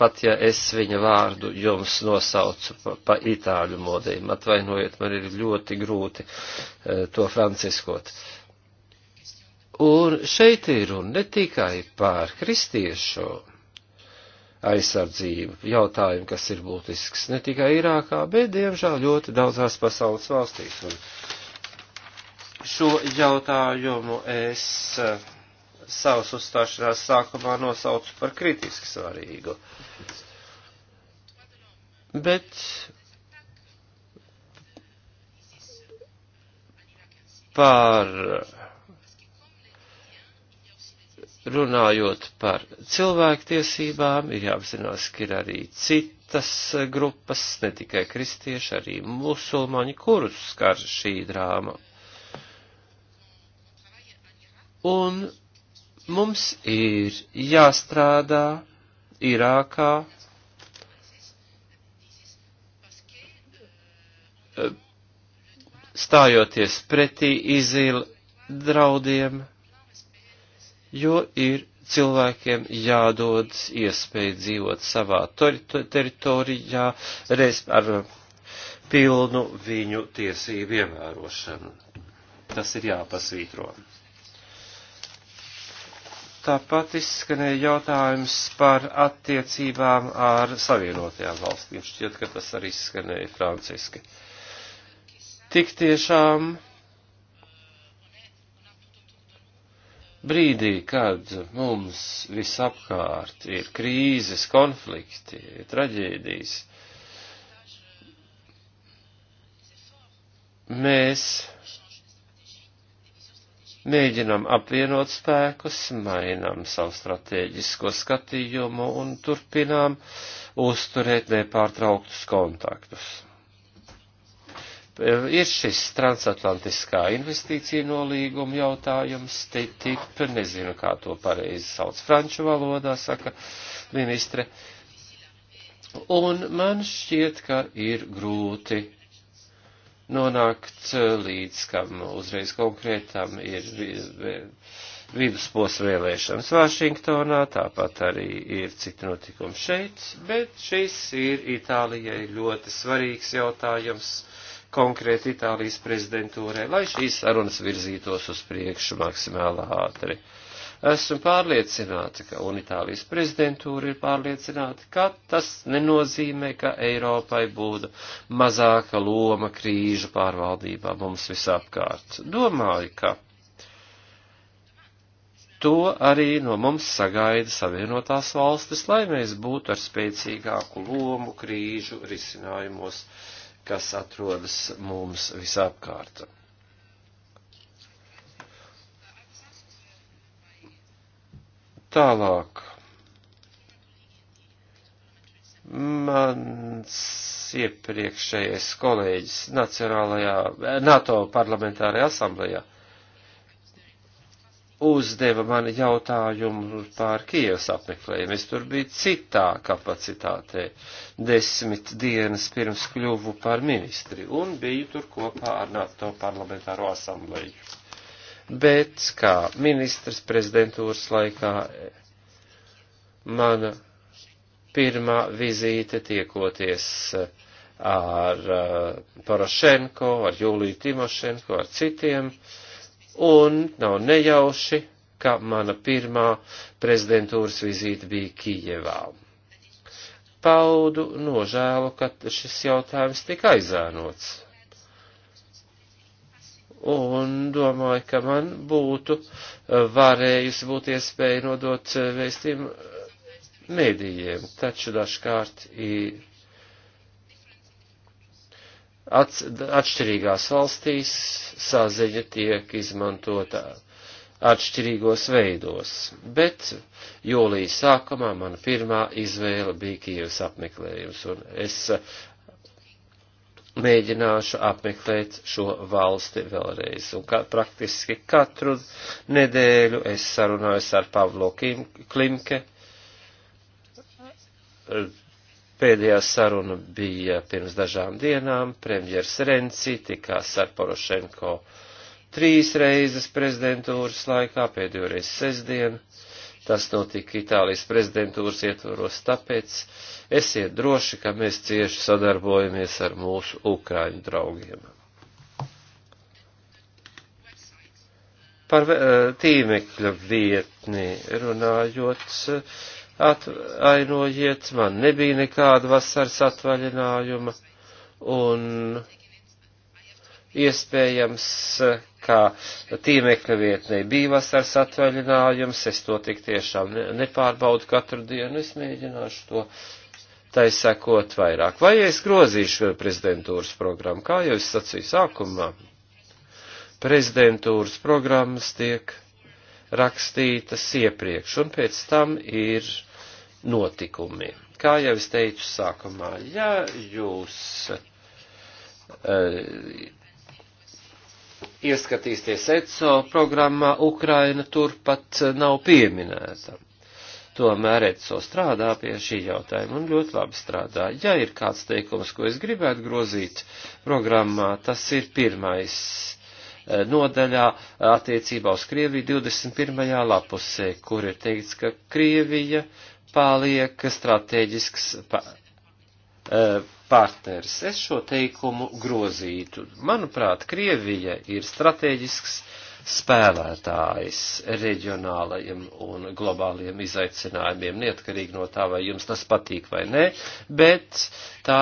pat ja es viņa vārdu jums nosaucu pa, pa itāļu modēm, atvainojiet, man ir ļoti grūti eh, to franciskot. Un šeit ir un ne tikai pār kristiešu aizsardzību jautājumu, kas ir būtisks ne tikai Irākā, bet, diemžēl, ļoti daudzās pasaules valstīs. Un šo jautājumu es. Uh, savas uzstāšanās sākumā nosaucu par kritiski svarīgu. Bet par runājot par cilvēktiesībām, ir jāapzinās, ka ir arī citas grupas, ne tikai kristieši, arī musulmaņi, kurus skar šī drāma. Un Mums ir jāstrādā Irākā eh, stājoties pretī izil draudiem, jo ir cilvēkiem jādod iespēja dzīvot savā teritorijā ar pilnu viņu tiesību ievērošanu. Tas ir jāpasvītro. Tāpat izskanēja jautājums par attiecībām ar savienotajām valstīm. Šķiet, ka tas arī izskanēja franciski. Tik tiešām brīdī, kad mums visapkārt ir krīzes, konflikti, traģēdijas, mēs mēģinam apvienot spēkus, mainām savu strateģisko skatījumu un turpinām uzturēt nepārtrauktus kontaktus. Ir šis transatlantiskā investīcija nolīguma jautājums, te tip, nezinu, kā to pareizi sauc franču valodā, saka ministre. Un man šķiet, ka ir grūti nonākt eh, līdz, kam uzreiz konkrētam ir vidusposma vēlēšanas Vašingtonā, tāpat arī ir citi notikumi šeit, bet šis ir Itālijai ļoti svarīgs jautājums konkrēti Itālijas prezidentūrai, lai šīs sarunas virzītos uz priekšu maksimāli ātri. Esmu pārliecināta, ka un Itālijas prezidentūra ir pārliecināta, ka tas nenozīmē, ka Eiropai būtu mazāka loma krīžu pārvaldībā mums visapkārt. Domāju, ka to arī no mums sagaida savienotās valstis, lai mēs būtu ar spēcīgāku lomu krīžu risinājumos, kas atrodas mums visapkārt. Tālāk. Mans iepriekšējais kolēģis Nacionālajā eh, NATO parlamentārajā asamblējā uzdeva man jautājumu par Kievas apmeklējumu. Es tur biju citā kapacitātē desmit dienas pirms kļuvu par ministri un biju tur kopā ar NATO parlamentāro asamblēju bet kā ministrs prezidentūras laikā mana pirmā vizīte tiekoties ar eh, Porošenko, ar Jūliju Timošenko, ar citiem, un nav nejauši, ka mana pirmā prezidentūras vizīte bija Kijevā. Paudu nožēlu, ka šis jautājums tika aizēnots un domāju, ka man būtu eh, varējusi būt iespēja nodot eh, vēstījumu eh, mēdījiem, taču dažkārt ir atšķirīgās valstīs saziņa tiek izmantotā atšķirīgos veidos, bet jūlijas sākumā mana pirmā izvēle bija Kievas apmeklējums, un es mēģināšu apmeklēt šo valsti vēlreiz. Un kā, praktiski katru nedēļu es sarunājos ar Pavlo Kim, Klimke. Pēdējā saruna bija pirms dažām dienām. Premjers Renci tikās ar Porošenko trīs reizes prezidentūras laikā, pēdējo reizi sestdien. Tas notika Itālijas prezidentūras ietvaros, tāpēc esiet droši, ka mēs cieši sadarbojamies ar mūsu ukraiņu draugiem. Par eh, tīmekļa vietni runājot, atvainojiet, man nebija nekāda vasaras atvaļinājuma un iespējams kā tīmekļa vietnei bija vasaras atvaļinājums, es to tik tiešām nepārbaudu katru dienu, es mēģināšu to tai sekot vairāk. Vai es grozīšu prezidentūras programmu, kā jau es sacīju sākumā, prezidentūras programmas tiek rakstītas iepriekš, un pēc tam ir notikumi. Kā jau es teicu sākumā, ja jūs uh, ieskatīsties ECO programmā, Ukraina turpat nav pieminēta. Tomēr ECO strādā pie šī jautājuma un ļoti labi strādā. Ja ir kāds teikums, ko es gribētu grozīt programmā, tas ir pirmais e, nodaļā attiecībā uz Krieviju 21. lapusē, kur ir teikts, ka Krievija paliek strateģisks. Pa, uh, partneris. Es šo teikumu grozītu. Manuprāt, Krievija ir strateģisks spēlētājs reģionālajiem un globāliem izaicinājumiem, neatkarīgi no tā, vai jums tas patīk vai nē, bet tā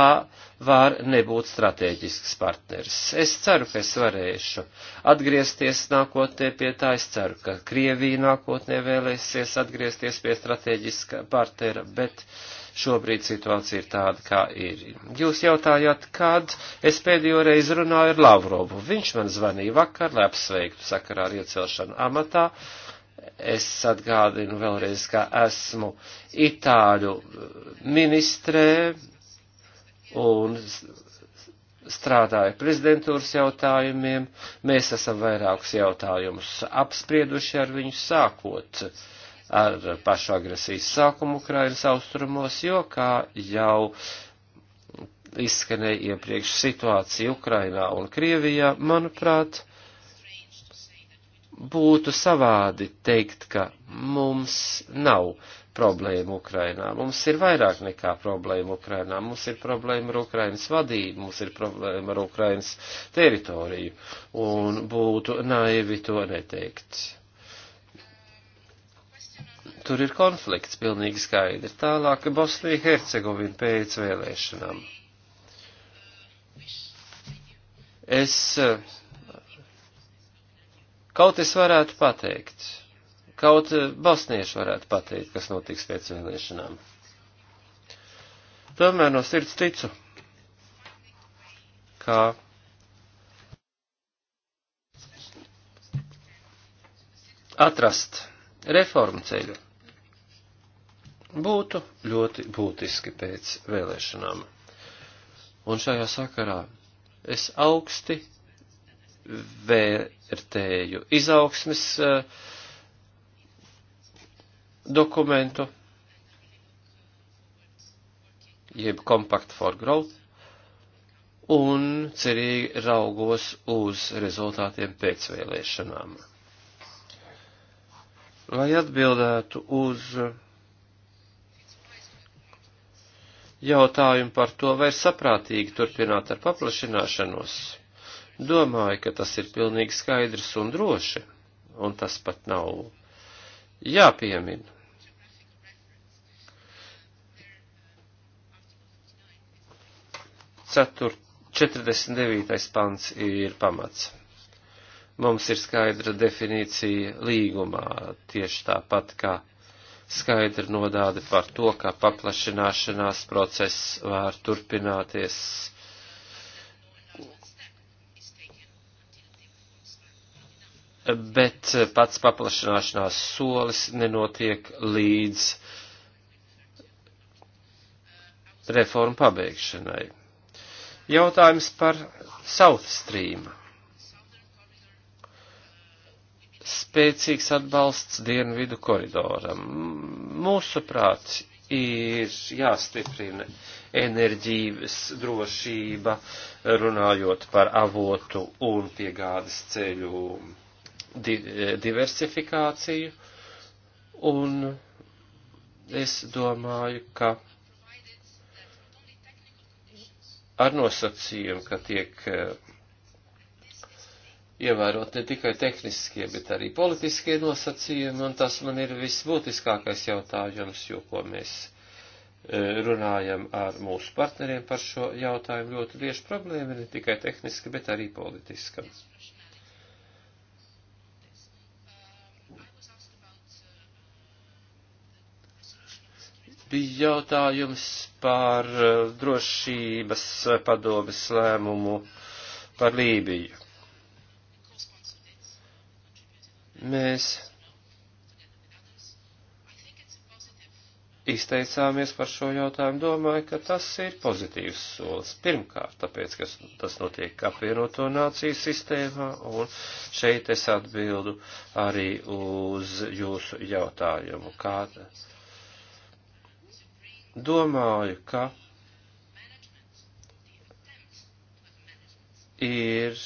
var nebūt strateģisks partners. Es ceru, ka es varēšu atgriezties nākotnē pie tā, es ceru, ka Krievija nākotnē vēlēsies atgriezties pie strateģiska partnera, bet uh, šobrīd situācija ir tāda, kā ir. Jūs jautājāt, kad es pēdējo reizi runāju ar Lavrovu. Viņš man zvanīja vakar, lai apsveiktu sakarā ar iecelšanu amatā. Es atgādinu vēlreiz, ka esmu Itāļu eh, ministrē un strādāju prezidentūras jautājumiem. Mēs esam vairākus jautājumus apsprieduši ar viņu sākot. Uh, ar pašu agresijas sākumu Ukrainas austrumos, jo, kā jau izskanēja iepriekš situācija Ukrainā un Krievijā, manuprāt, būtu savādi teikt, ka mums nav problēma Ukrainā. Mums ir vairāk nekā problēma Ukrainā. Mums ir problēma ar Ukrainas vadību, mums ir problēma ar Ukrainas teritoriju. Un būtu naivi to neteikt tur ir konflikts pilnīgi skaidri. Tālāk Bosnija Hercegovina pēc vēlēšanām. Es eh, kaut es varētu pateikt, kaut eh, bosnieši varētu pateikt, kas notiks pēc vēlēšanām. Tomēr no sirds ticu, ka atrast reformu ceļu būtu ļoti būtiski pēc vēlēšanām. Un šajā sakarā es augsti vērtēju izaugsmes eh, dokumentu, jeb Compact for Growth, un cerīgi raugos uz rezultātiem pēc vēlēšanām. Lai atbildētu uz jautājumu par to, vai ir saprātīgi turpināt ar paplašināšanos, domāju, ka tas ir pilnīgi skaidrs un droši, un tas pat nav jāpiemina. Ceturt, 49. pants ir pamats. Mums ir skaidra definīcija līgumā, tieši tāpat kā skaidra nodāde par to, ka paplašināšanās process var turpināties. Bet pats paplašināšanās solis nenotiek līdz reformu pabeigšanai. Jautājums par South Stream. spēcīgs atbalsts dienvidu koridoram. Mūsuprāt, ir jāstiprina enerģijas drošība, runājot par avotu un piegādes ceļu di diversifikāciju. Un es domāju, ka ar nosacījumu, ka tiek ievērot ne tikai tehniskie, bet arī politiskie nosacījumi, un tas man ir visbūtiskākais jautājums, jo ko mēs e, runājam ar mūsu partneriem par šo jautājumu, ļoti bieži problēma ir ne tikai tehniska, bet arī politiska. bija jautājums par e, drošības padomes lēmumu par Lībiju. mēs izteicāmies par šo jautājumu, domāju, ka tas ir pozitīvs solis. Pirmkārt, tāpēc, ka tas notiek apvienoto nāciju sistēmā, un šeit es atbildu arī uz jūsu jautājumu. Kāda? Domāju, ka ir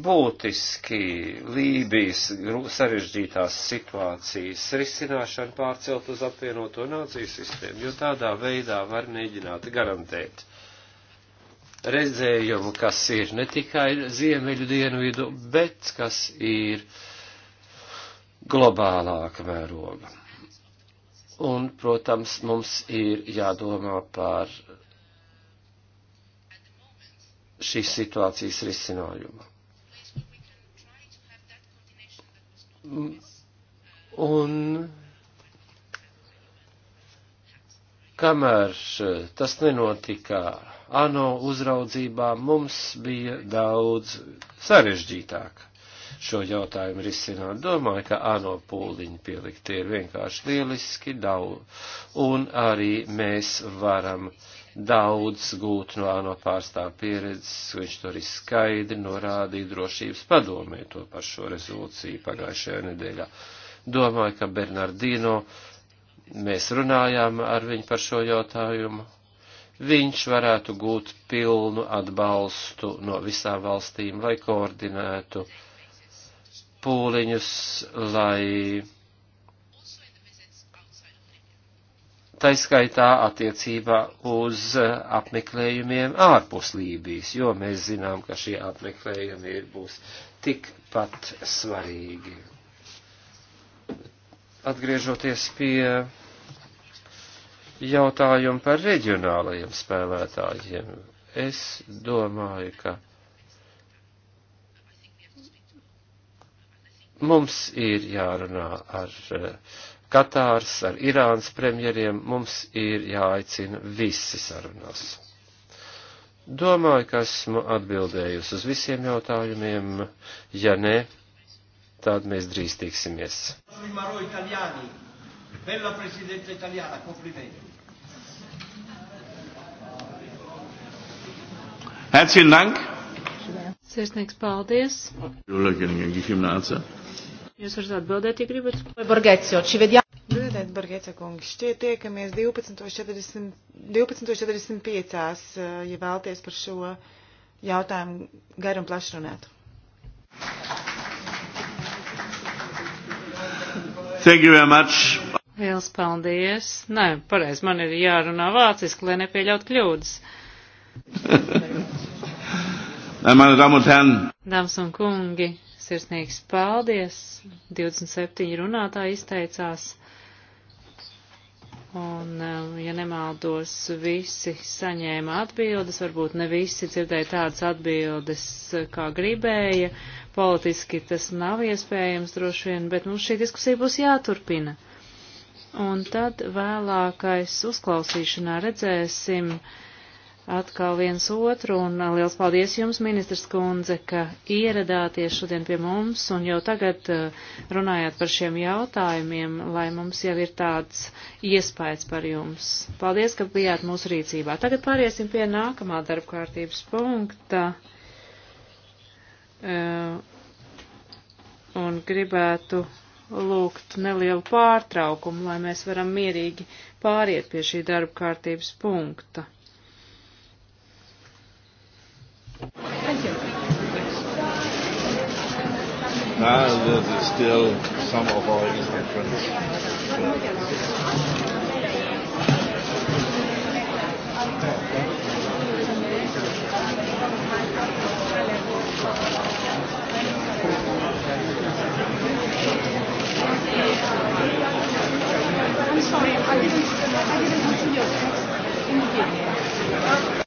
būtiski Lībijas sarežģītās situācijas risināšanu pārcelt uz apvienoto nāciju sistēmu, jo tādā veidā var mēģināt garantēt redzējumu, kas ir ne tikai ziemeļu dienvidu, bet kas ir globālāka mēroga. Un, protams, mums ir jādomā par šīs situācijas risinājumu Un kamēr tas nenotika ANO uzraudzībā, mums bija daudz sarežģītāk šo jautājumu risināt. Domāju, ka ANO pūliņi pielikti ir vienkārši lieliski daudz, un arī mēs varam uh, daudz gūt no ANO pārstāv pieredzes, viņš to arī skaidri norādīja drošības padomē to par šo rezolūciju pagājušajā nedēļā. Domāju, ka Bernardino, mēs runājām ar viņu par šo jautājumu, viņš varētu gūt pilnu atbalstu no visām valstīm, lai koordinētu pūliņus, lai taiskaitā attiecībā uz eh, apmeklējumiem ārpus Lībijas, jo mēs zinām, ka šie apmeklējumi būs tikpat svarīgi. Atgriežoties pie jautājumu par reģionālajiem spēlētājiem, es domāju, ka mums ir jārunā ar uh, Katārs, ar Irānas premjeriem mums ir jāaicina visi sarunās. Domāju, ka esmu atbildējusi uz visiem jautājumiem. Ja nē, tad mēs drīz tiksimies. Bella Presidente italiana, complimenti. Herzlichen Dank. Sirsnīgs paldies. Jūs varat atbildēt, ja gribat. Borgēcio, Edbergēca kungs, šķiet tiekamies 12.45, 12 eh, ja vēlties par šo jautājumu garu un plašu runāt. Thank you very much. Liels paldies. Nē, pareiz, man ir jārunā vāciski, lai nepieļaut kļūdas. *laughs* Dāmas un kungi, sirsnīgs paldies. 27 runātāji izteicās. Un, eh, ja nemaldos, visi saņēma atbildes, varbūt ne visi dzirdēja tādas atbildes, eh, kā gribēja. Politiski tas nav iespējams droši vien, bet mums nu, šī diskusija būs jāturpina. Un tad vēlākais uzklausīšanā redzēsim, uh, atkal viens otru, un uh, liels paldies jums, ministrs kundze, ka ieradāties šodien pie mums, un jau tagad uh, runājāt par šiem jautājumiem, lai mums jau ir tāds iespējas par jums. Paldies, ka bijāt mūsu rīcībā. Tagad pāriesim pie nākamā darba kārtības punkta. Uh, un gribētu lūgt nelielu pārtraukumu, lai mēs varam mierīgi pāriet pie šī darba kārtības punkta. Now ah, there is still some of our Eastern friends. I'm sorry, I didn't, I didn't see your text in the beginning.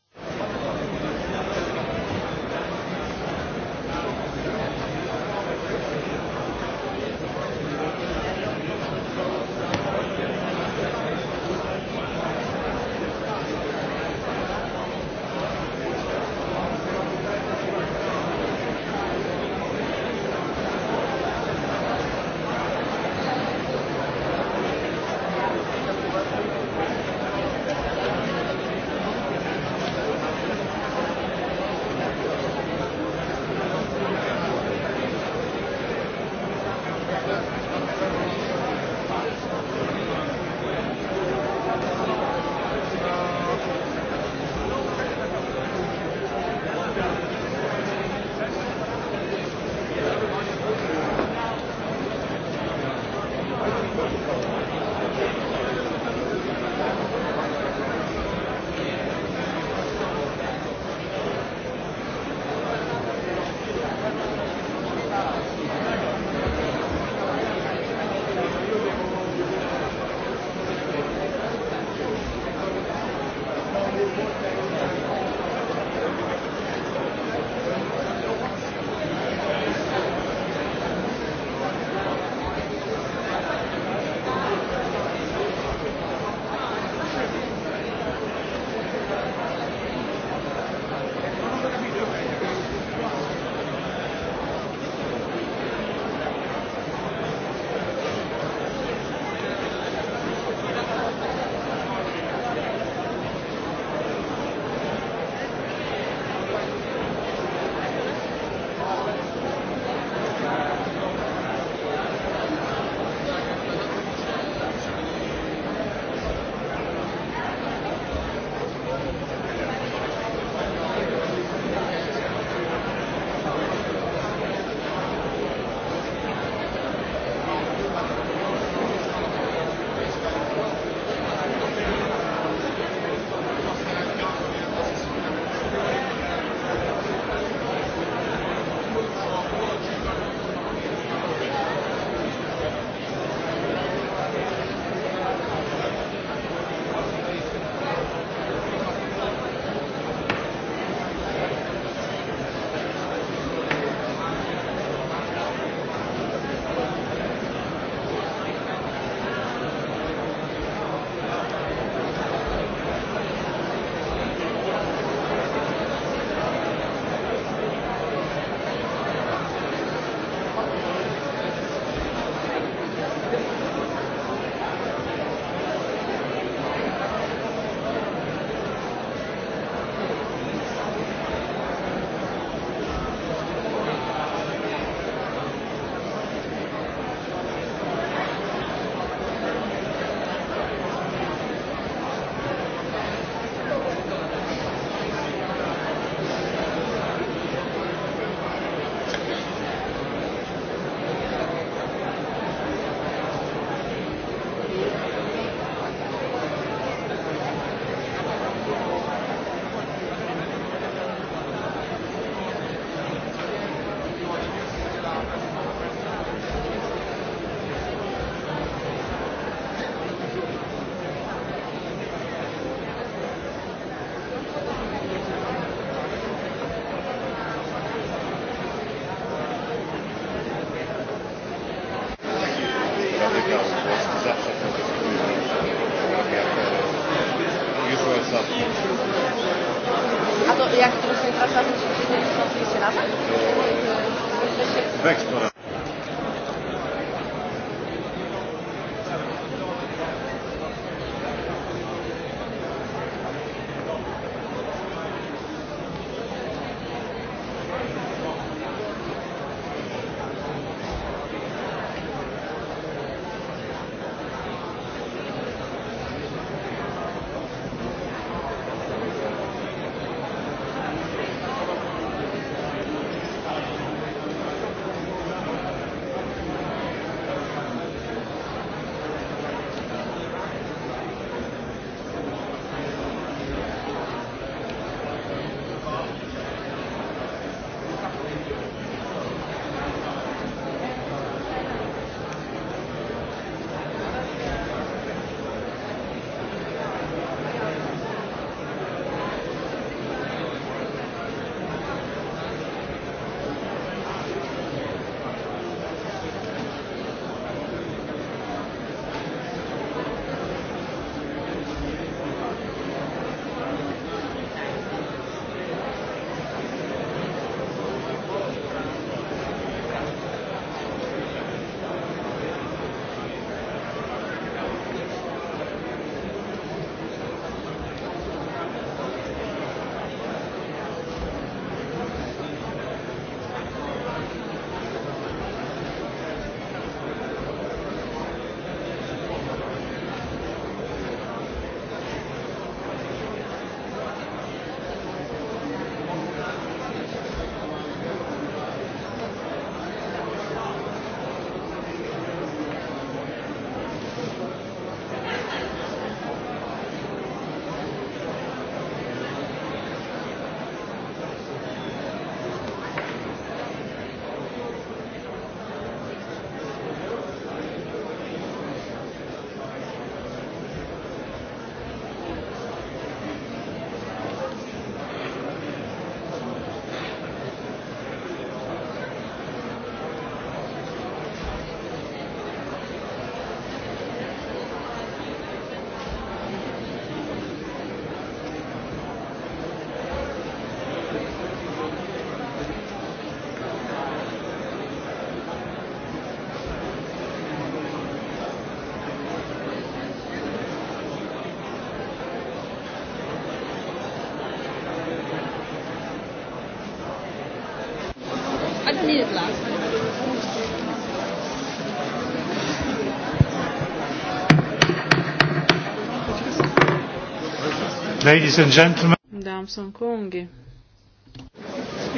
Ladies and gentlemen. Dāmas un kungi.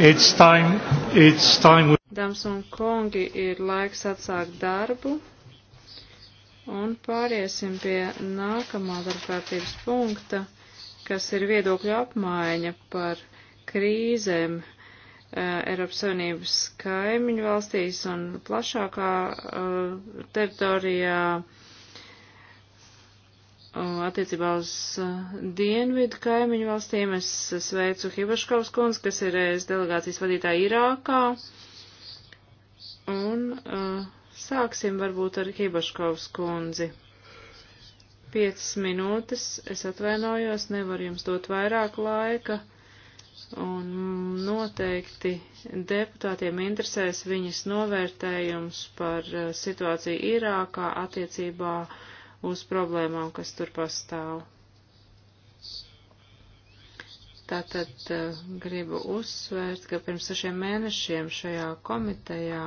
It's time, it's time. Dāmas un kungi, ir laiks atsākt darbu. Un pāriesim pie nākamā darbkārtības punkta, kas ir viedokļu apmaiņa par krīzēm uh, Eiropas Savienības kaimiņu valstīs un plašākā uh, teritorijā. Uh, attiecībā uz uh, dienvidu kaimiņu valstīm. Es sveicu Hibaškovs kundz, kas ir es delegācijas vadītāja Irākā. Un uh, sāksim varbūt ar Hibaškovs kundzi. Piecas minūtes, es atvainojos, nevaru jums dot vairāk laika, un noteikti deputātiem interesēs viņas novērtējums par uh, situāciju Irākā attiecībā uh, uz problēmām, kas tur pastāv. Tātad eh, gribu uzsvērt, ka pirms sešiem mēnešiem šajā komitejā.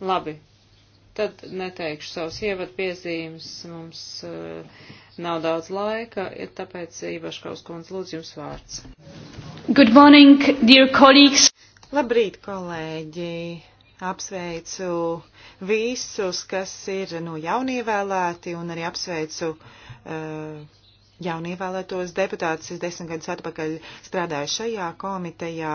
Labi, tad neteikšu savus ievadpiezīmes, mums uh, nav daudz laika, ir tāpēc Ivaškaus kundze lūdzu jums vārds. Good morning, dear colleagues. Labrīt, kolēģi apsveicu visus, kas ir nu, jaunievēlēti, un arī apsveicu uh, jaunievēlētos deputātus. Es desmit gadus atpakaļ strādāju šajā komitejā.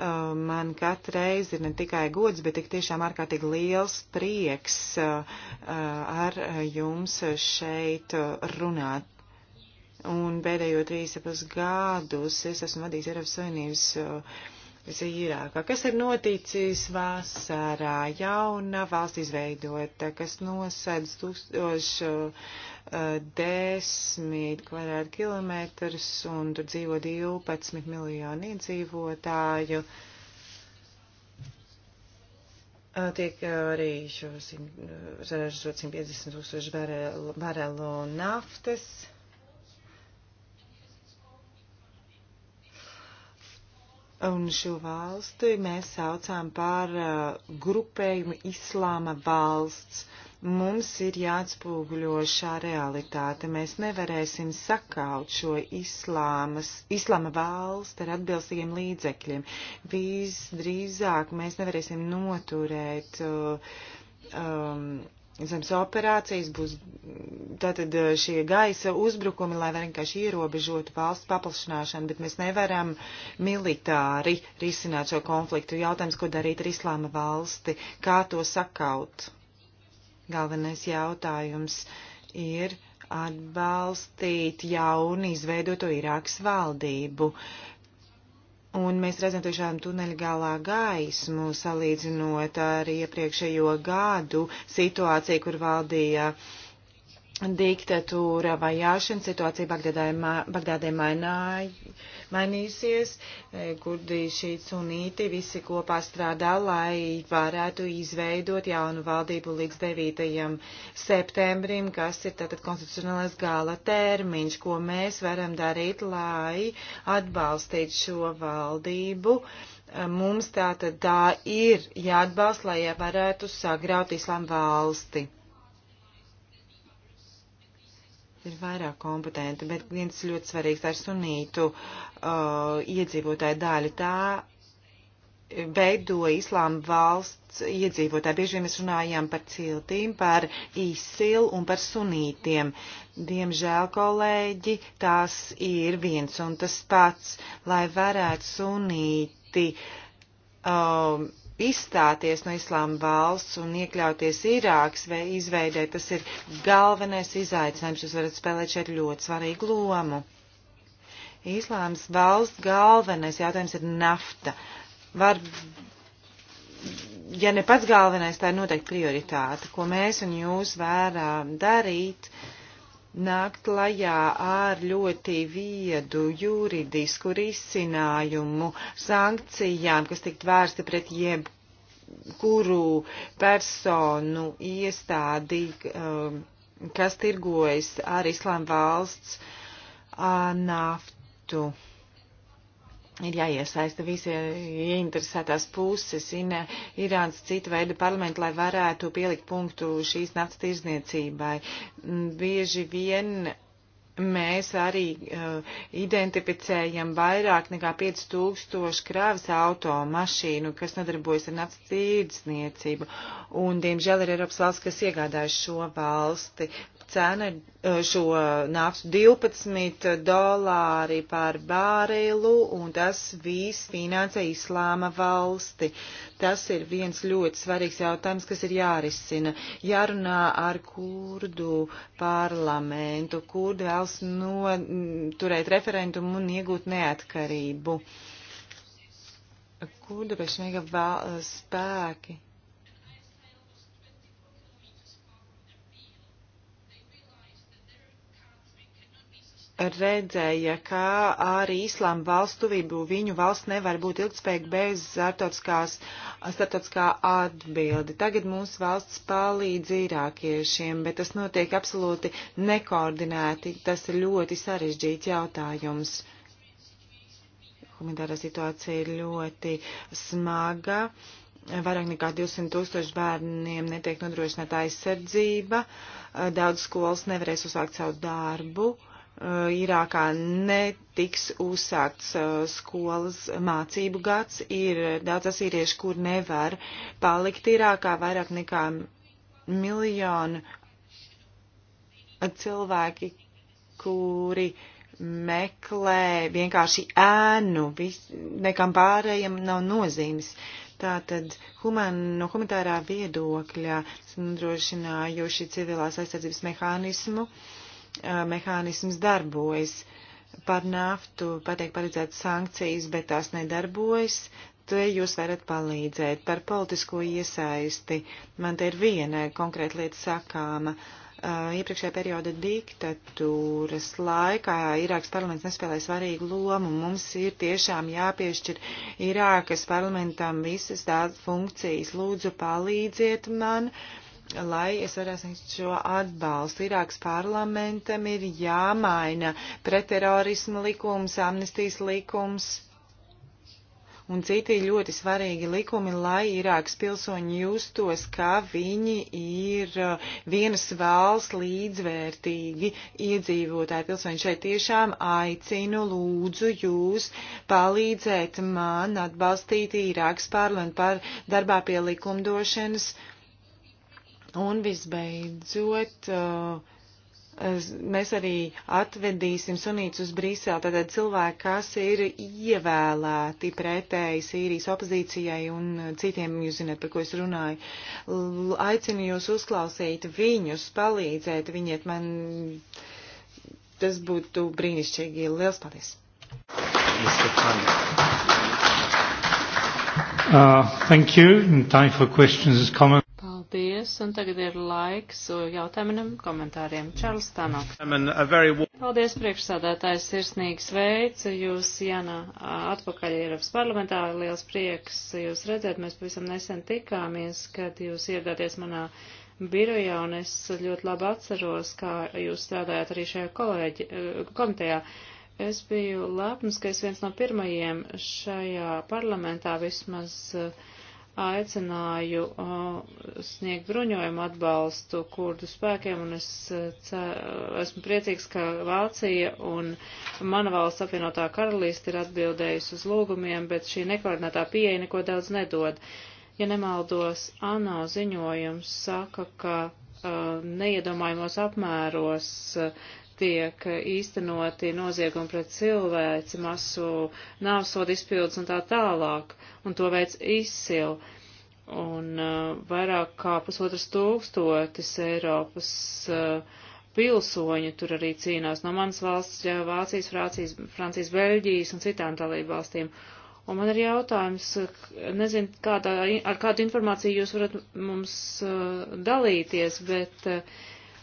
Uh, man katreiz ir ne tikai gods, bet tik tiešām ārkārtīgi liels prieks uh, uh ar jums šeit runāt. Un pēdējo trīs apus gadus es esmu vadījis Eiropas Savienības uh, zīrākā. Kas ir noticis vasarā? Jauna valsts izveidota, kas nosedz 1010 uh, kvadrātkilometrus un tur dzīvo 12 miljoni iedzīvotāju. Uh, tiek uh, arī šo 150 tūkstošu barelu naftas. Un šo valsti mēs saucām par uh, grupējumu Islāma valsts. Mums ir jāatspūgļo šā realitāte. Mēs nevarēsim sakaut šo islāmas, islāma valsti ar atbilstīgiem līdzekļiem. Visdrīzāk mēs nevarēsim noturēt uh, um, zemes operācijas, būs mm, tātad eh, šie gaisa uzbrukumi, lai vienkārši ierobežotu valsts paplašināšanu, bet mēs nevaram militāri risināt šo konfliktu. Jautājums, ko darīt ar islāma valsti, kā to sakaut. Galvenais jautājums ir atbalstīt jaunu izveidoto Irākas valdību. Un mēs redzam tiešām tuneļa galā gaismu, salīdzinot ar iepriekšējo gadu situāciju, kur valdīja uh, diktatūra vai jāšana situācija Bagdādē, Bagdādē maināj, mainīsies, e, kurdi šīts un īti visi kopā strādā, lai varētu izveidot jaunu valdību līdz 9. septembrim, kas ir tātad konstitucionālais gala termiņš, ko mēs varam darīt, lai atbalstītu šo valdību. E, mums tātad tā ir jāatbalsta, lai varētu sagraut islām valsti ir vairāk kompetenti, bet viens ļoti svarīgs ar sunītu uh, iedzīvotāju daļu. Tā veido islāma valsts iedzīvotāji. Bieži vien mēs runājām par ciltīm, par īsilu un par sunītiem. Diemžēl, kolēģi, tās ir viens un tas pats, lai varētu sunīti. Um, uh, izstāties no islāma valsts un iekļauties Irāks vai izveidē, tas ir galvenais izaicinājums. Jūs varat spēlēt šeit ļoti svarīgu lomu. Islāms valsts galvenais jautājums ir nafta. Var, ja ne pats galvenais, tā ir noteikti prioritāte, ko mēs un jūs vērā darīt. Uh, nākt lajā ar ļoti viedu juridisku risinājumu sankcijām, kas tikt vērsti pret jebkuru personu iestādi, um, kas tirgojas ar Islām valsts uh, naftu ir jāiesaista visi ieinteresētās puses, Ina, Irāns cita veida parlamentu, lai varētu pielikt punktu šīs naftas tirzniecībai. Mm, bieži vien mēs arī uh, identificējam vairāk nekā 5000 krāvas automašīnu, kas nodarbojas ar naftas tīrdzniecību. Un, diemžēl, ir Eiropas valsts, kas iegādājas šo valsti cena ir eh, šo naftu 12 dolāri par bārilu, un tas viss finansē islāma valsti. Tas ir viens ļoti svarīgs jautājums, kas ir jārisina. Jārunā ar kurdu parlamentu, kurdu vēlas noturēt mm, referendumu un iegūt neatkarību. Kurdu pēc mega eh, spēki redzēja, ka arī islāma valsts tuvību viņu valsts nevar būt ilgspējīga bez starptautiskā atbildi. Tagad mūsu valsts palīdz īrākiešiem, bet tas notiek absolūti nekoordinēti. Tas ir ļoti sarežģīts jautājums. Humanitārā situācija ir ļoti smaga. Vairāk nekā 200 tūkstoši bērniem netiek nodrošināta aizsardzība. Daudz skolas nevarēs uzsākt savu darbu. Uh, Eh, Irākā netiks uzsākts eh, skolas mācību gads. Ir daudz asīriešu, kur nevar palikt Irākā vairāk nekā miljonu cilvēki, kuri meklē vienkārši ēnu, vis, nekam pārējiem nav nozīmes. Tātad human, no humanitārā viedokļa esam nodrošinājuši civilās aizsardzības mehānismu. Uh, mehānisms darbojas. Par naftu patiek paredzētas sankcijas, bet tās nedarbojas. Te jūs varat palīdzēt par politisko iesaisti. Man te ir viena konkrēta lieta sakāma. Uh, iepriekšējā perioda diktatūras laikā Irākas parlaments nespēlēja svarīgu lomu. Mums ir tiešām jāpiešķir Irākas parlamentam visas tās funkcijas. Lūdzu, palīdziet man. Uh, lai es varētu sniegt šo atbalstu. Irāks parlamentam ir jāmaina pretterorisma likums, amnestijas likums un citi ļoti svarīgi likumi, lai Irākas pilsoņi justos, ka viņi ir uh, vienas valsts līdzvērtīgi iedzīvotāji. Pilsoņi šeit tiešām aicinu, lūdzu jūs palīdzēt man atbalstīt Irākas parlamentu par darbā pie likumdošanas. Uh, Un visbeidzot, eh, mēs arī atvedīsim sunītus uz Brīseli, tātad cilvēki, kas ir ievēlēti pretēji Sīrijas opozīcijai un citiem, jūs zināt, par ko es runāju. Aicinu jūs uzklausīt viņus, palīdzēt viņiet, man tas būtu brīnišķīgi. Liels paldies! Uh, thank you. And time for questions is common. Paldies, un tagad ir laiks jautājumiem, komentāriem. Čārls Tanok. Paldies, priekšsādātājs, sirsnīgi sveicu jūs, Jana, atpakaļ Eiropas parlamentā. Liels prieks jūs redzēt, mēs pavisam nesen tikāmies, kad jūs iegāties manā birojā, un es ļoti labi atceros, kā jūs strādājat arī šajā kolēģi, komitejā. Es biju lepns, ka es viens no pirmajiem šajā parlamentā vismaz uh, aicināju sniegt bruņojumu atbalstu kurdu spēkiem, un es esmu priecīgs, ka Vācija un mana valsts apvienotā karalīste ir atbildējusi uz lūgumiem, bet šī nekoordinētā pieeja neko daudz nedod. Ja nemaldos, ANO ziņojums saka, ka neiedomājumos apmēros uh, tiek īstenoti noziegumi pret cilvēci, masu nāvsodu izpildus un tā tālāk, un to veids izsil. Un uh, vairāk kā pusotras tūkstotis Eiropas uh, pilsoņu tur arī cīnās no manas valsts, Vācijas, Francijas, Francijas, Beļģijas un citām dalību valstīm. Un man ir jautājums, nezinu, kādā, ar kādu informāciju jūs varat mums uh, dalīties, bet uh,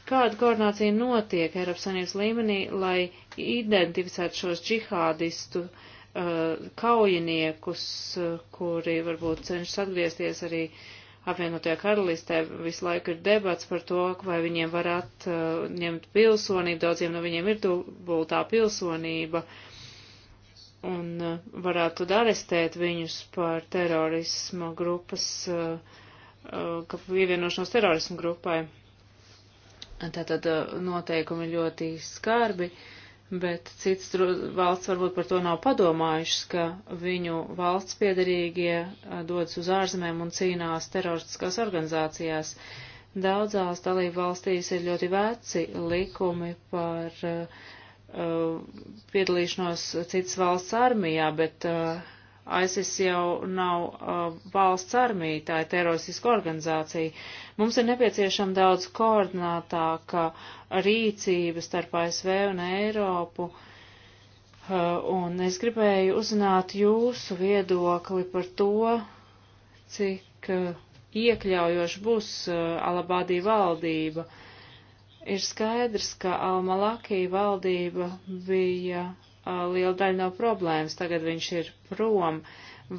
Kāda koordinācija notiek Eiropas Savienības līmenī, lai identificētu šos džihādistu uh, kaujiniekus, uh, kuri varbūt cenšas atgriezties arī apvienotajā karalistē? Visu laiku ir debats par to, vai viņiem varat uh, ņemt pilsonību, daudziem no viņiem ir dubultā pilsonība. Un uh, varētu arestēt viņus par terorisma grupas, uh, uh, ka pievienošanos terorismu grupai Tātad eh, noteikumi ļoti skarbi, bet cits valsts varbūt par to nav padomājušas, ka viņu valsts piedarīgie eh, dodas uz ārzemēm un cīnās teroristiskās organizācijās. Daudzās dalību valstīs ir ļoti veci likumi par uh, piedalīšanos citas valsts armijā, bet uh, ISIS jau nav uh, valsts armija, tā ir teroristiska organizācija. Mums ir nepieciešama daudz koordinātāka rīcība starp ASV un Eiropu. Uh, un es gribēju uzzināt jūsu viedokli par to, cik uh, iekļaujoši būs uh, Alabādī valdība. Ir skaidrs, ka Almalakī valdība bija liela daļa no problēmas, tagad viņš ir prom.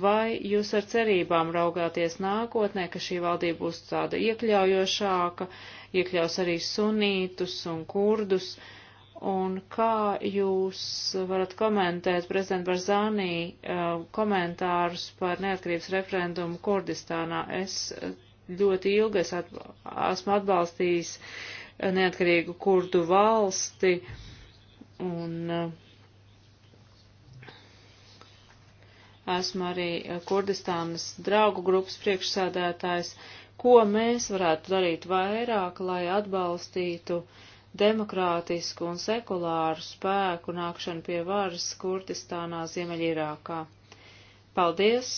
Vai jūs ar cerībām raugāties nākotnē, ka šī valdība būs tāda iekļaujošāka, iekļaus arī sunītus un kurdus, un kā jūs varat komentēt prezidenta Barzānī komentārus par neatkarības referendumu Kurdistānā? Es ļoti ilgi es at, esmu atbalstījis neatkarīgu kurdu valsti, un uh, esmu arī eh, Kurdistānas draugu grupas priekšsādētājs, ko mēs varētu darīt vairāk, lai atbalstītu demokrātisku un sekulāru spēku nākšanu pie varas Kurdistānā, Ziemeļirākā. Paldies!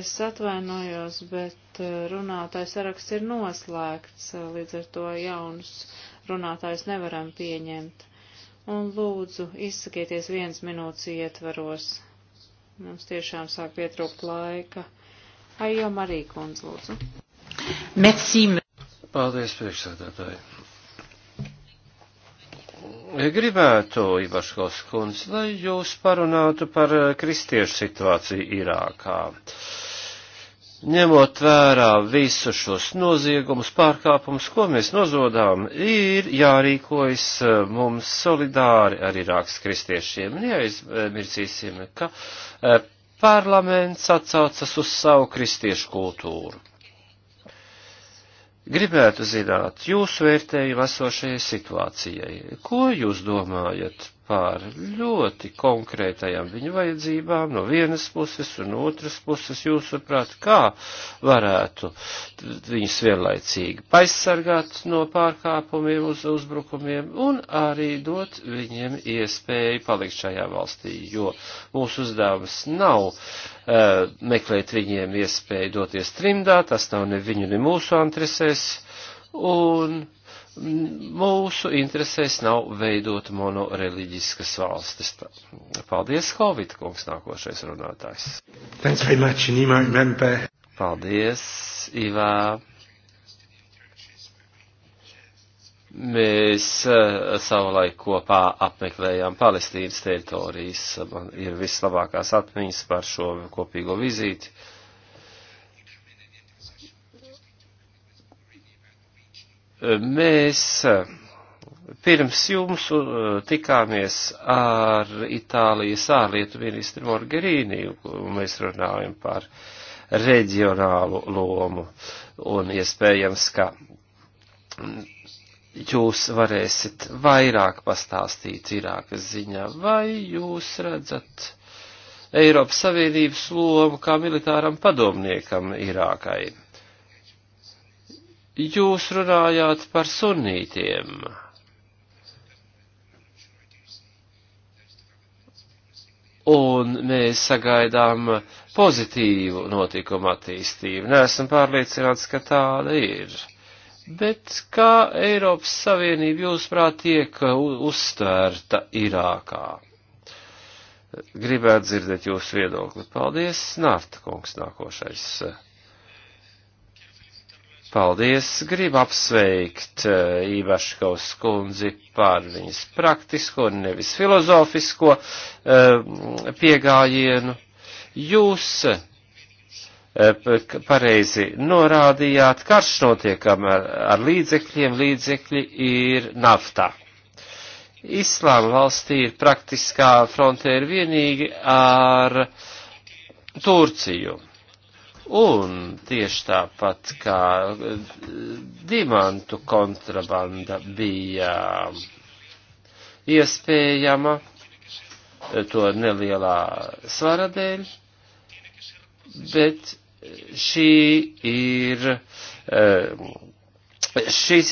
Es atvainojos, bet eh, runātājs saraksts ir noslēgts, eh, līdz ar to jaunus runātājus nevaram pieņemt. Un lūdzu, izsakieties viens minūtes ietvaros. Mums tiešām sāk pietrūkt laika. Ai, jau Marija kundze, lūdzu. Mecīm. Paldies, priekšsēdētāji. Gribētu, Ivaškos kundze, lai jūs parunātu par eh, kristiešu situāciju Irākā. Uh, ņemot vērā visus šos noziegumus, pārkāpumus, ko mēs nozodām, ir jārīkojas e, mums solidāri ar Irākas kristiešiem. Neaizmirsīsim, ka e, parlaments atsaucas uz savu kristiešu kultūru. Gribētu zināt jūsu vērtējumu esošajai situācijai. Ko jūs domājat par ļoti konkrētajām viņu vajadzībām no vienas puses un otras puses, jūsuprāt, kā varētu viņus vienlaicīgi aizsargāt no pārkāpumiem uz uzbrukumiem un arī dot viņiem iespēju palikt šajā valstī, jo mūsu uzdevums nav uh, meklēt viņiem iespēju doties trimdā, tas nav ne viņu, ne mūsu interesēs. Un mūsu interesēs nav veidot monoreliģiskas valstis. Paldies, Hovita kungs, nākošais runātājs. Thanks very much, Nīmā, remember. Paldies, Ivā. Mēs uh, savulaik kopā apmeklējām Palestīnas teritorijas. Man ir vislabākās atmiņas par šo kopīgo vizīti. Uh, Mēs eh, pirms jums eh, tikāmies ar Itālijas ārlietu ministru Morgerīni, un mēs runājam par reģionālu lomu, un iespējams, ka jūs varēsit vairāk pastāstīt Irākas ziņā, vai jūs redzat Eiropas Savienības lomu kā militāram padomniekam Irākai? Jūs runājāt par sunītiem. Un mēs sagaidām pozitīvu notikumu attīstību. Nesam pārliecināts, ka tāda ir. Bet kā Eiropas Savienība jūsprāt tiek uztvērta Irākā? Gribētu dzirdēt jūsu viedokli. Paldies, Nārta kungs, nākošais. Paldies! Gribu apsveikt Īvaškaus eh, kundzi par viņas praktisko un nevis filozofisko eh, piegājienu. Jūs eh, pareizi norādījāt, karš notiekam ar, ar līdzekļiem, līdzekļi ir naftā. Islāma valstī ir praktiskā frontē ir vienīgi ar Turciju Un tieši tāpat kā eh, dimantu kontrabanda bija iespējama eh, to nelielā svara dēļ, bet eh, šī ir, šis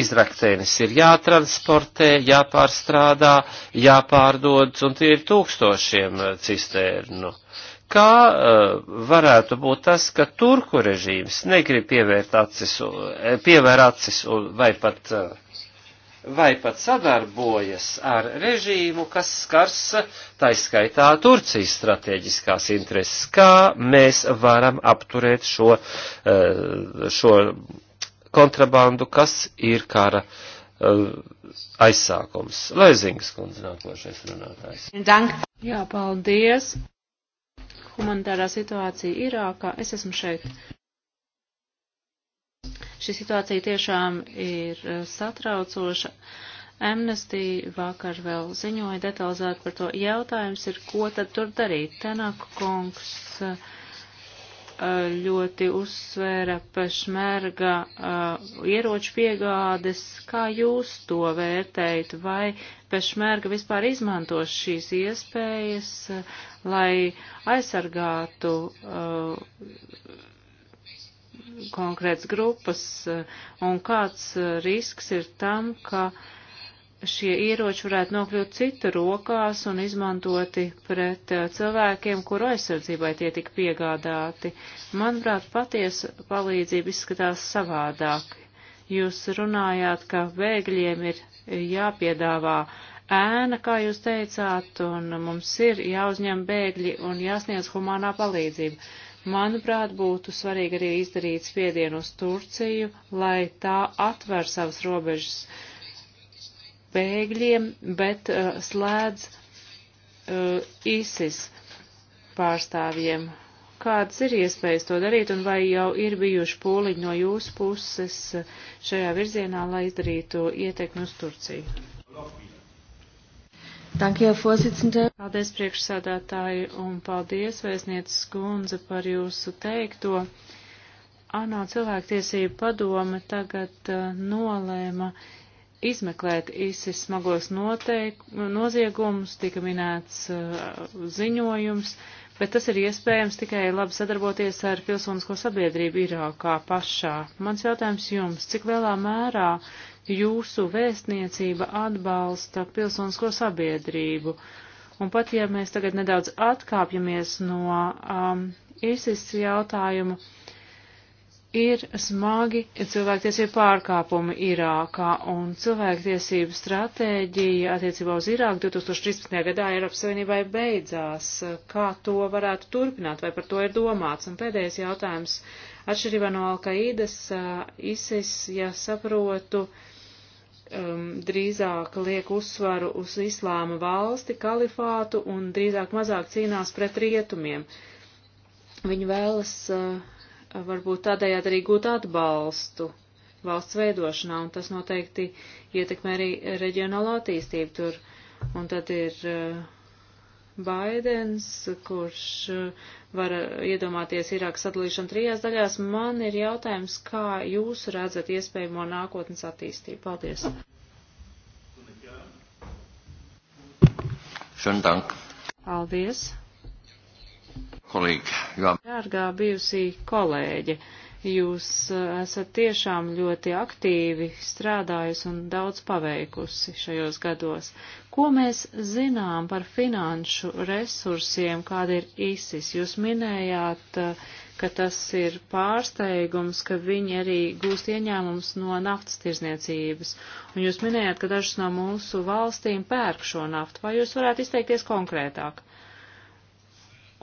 izraktēnis ir jātransportē, jāpārstrādā, jāpārdod, un tie ir tūkstošiem cisternu. No kā uh, varētu būt tas, ka turku režīms negrib pievērt acis, eh, pievēr acis un, vai pat, uh, vai pat sadarbojas ar režīmu, kas skars taiskaitā Turcijas strateģiskās intereses. Kā mēs varam apturēt šo, uh, šo kontrabandu, kas ir kara aizsākums. Lēzings kundze nākošais runātājs. Dank. Jā, paldies humanitārā situācija Irākā. Es esmu šeit. Šī situācija tiešām ir eh, satraucoša. Amnesty vakar vēl ziņoja detalizēt par to. Jautājums ir, ko tad tur darīt? Tenāk kungs. Uh, ļoti uzsvēra pašmērga uh, ieroču piegādes. Kā jūs to vērtējat? Vai pašmērga vispār izmantos šīs iespējas, uh, lai aizsargātu uh, konkrētas grupas? Un kāds risks ir tam, ka uh, šie ieroči varētu nokļūt citu rokās un izmantoti pret eh, cilvēkiem, kuru aizsardzībai tie tika piegādāti. Manuprāt, patiesa palīdzība izskatās savādāk. Jūs runājāt, ka bēgļiem ir jāpiedāvā ēna, kā jūs teicāt, un mums ir jāuzņem bēgļi un jāsniedz humānā palīdzība. Manuprāt, būtu svarīgi arī izdarīt spiedienu uz Turciju, lai tā atver savas robežas bēgļiem, bet uh, slēdz uh, ISIS pārstāvjiem. Kāds ir iespējas to darīt un vai jau ir bijuši pūliņi no jūsu puses uh, šajā virzienā, lai izdarītu ietekmi uz Turciju? Danke, Herr Vorsitzender. Paldies, priekšsādātāji, un paldies, vēstnieces kundze, par jūsu teikto. ANO cilvēktiesība padome tagad uh, nolēma uh, izmeklēt ISIS smagos noteik, noziegumus, tika minēts uh, ziņojums, bet tas ir iespējams tikai labi sadarboties ar pilsonisko sabiedrību Irākā pašā. Mans jautājums jums, cik lielā mērā jūsu vēstniecība atbalsta pilsonisko sabiedrību? Un pat ja mēs tagad nedaudz atkāpjamies no um, ISIS jautājumu, uh, ir smagi cilvēktiesību pārkāpumi Irākā, un cilvēktiesību stratēģija attiecībā uz Irāku 2013. gadā Eiropas Savienībai beidzās. Kā to varētu turpināt, vai par to ir domāts? Un pēdējais jautājums. Atšķirībā no Alkaidas, ISIS, ja saprotu, um, drīzāk liek uzsvaru uz islāma valsti, kalifātu, un drīzāk mazāk cīnās pret rietumiem. Viņi vēlas uh, varbūt tādējādi arī gūt atbalstu valsts veidošanā, un tas noteikti ietekmē arī reģionālo attīstību tur. Un tad ir eh, Baidens, kurš eh, var iedomāties Irākas sadalīšanu trijās daļās. Man ir jautājums, kā jūs redzat iespējamo nākotnes attīstību? Paldies! Šendank. Paldies! Dārgā bijusī kolēģe, jūs eh, esat tiešām ļoti aktīvi strādājusi un daudz paveikusi šajos gados. Ko mēs zinām par finanšu resursiem, kāda ir ISIS? Jūs minējāt, eh, ka tas ir pārsteigums, ka viņi arī gūst ieņēmums no naftas tirzniecības. Un jūs minējāt, ka dažas no mūsu valstīm pērk šo naftu. Vai jūs varētu izteikties konkrētāk?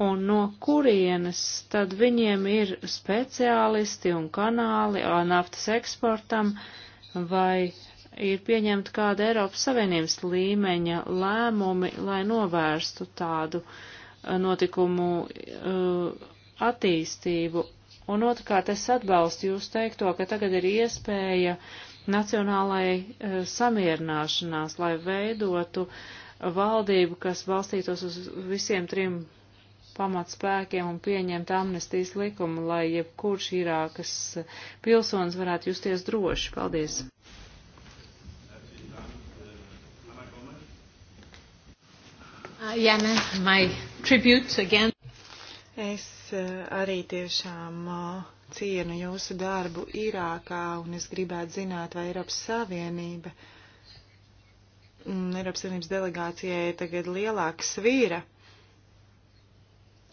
un no kurienes tad viņiem ir speciālisti un kanāli naftas eksportam, vai ir pieņemta kāda Eiropas Savienības līmeņa lēmumi, lai novērstu tādu notikumu uh, attīstību. Un otrkārt, es atbalstu jūs teikto, ka tagad ir iespēja nacionālai uh, samierināšanās, lai veidotu valdību, kas balstītos uz visiem trim pamatspēkiem un pieņemt amnestijas likumu, lai jebkurš Irākas pilsonis varētu justies droši. Paldies! Uh, Jana, my tribute again. Es uh, arī tiešām uh, cienu jūsu darbu Irākā un es gribētu zināt, vai Eiropas Savienība, mm, Eiropas Savienības delegācijai tagad lielāka svīra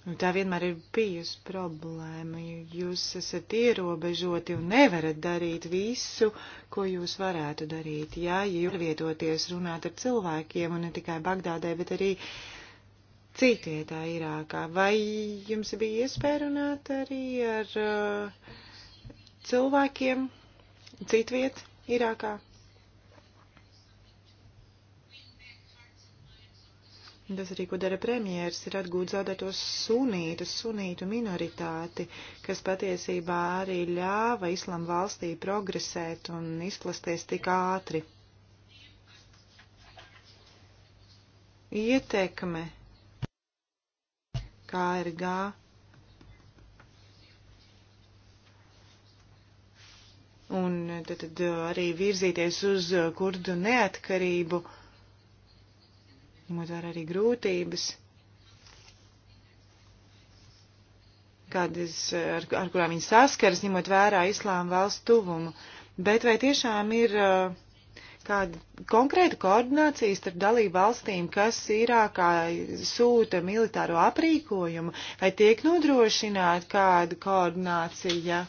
Nu, tā vienmēr ir bijusi problēma. Jūs esat ierobežoti un nevarat darīt visu, ko jūs varētu darīt. Jā, ja jūs vietoties runāt ar cilvēkiem, un ne tikai Bagdādē, bet arī citvietā Irākā. Vai jums bija iespēja runāt arī ar uh, cilvēkiem citviet Irākā? Tas arī, ko dara premjeras, ir atgūt zaudētos sunītus, sunītu minoritāti, kas patiesībā arī ļāva islam valstī progresēt un izplasties tik ātri. Ietekme KRG un tad, tad arī virzīties uz kurdu neatkarību ņemot vērā arī grūtības, kādas, ar, ar kurām viņi saskaras, ņemot vērā islāma valsts tuvumu. Bet vai tiešām ir uh, kāda konkrēta koordinācija starp dalību valstīm, kas Irākā sūta militāro aprīkojumu, vai tiek nodrošināta kāda koordinācija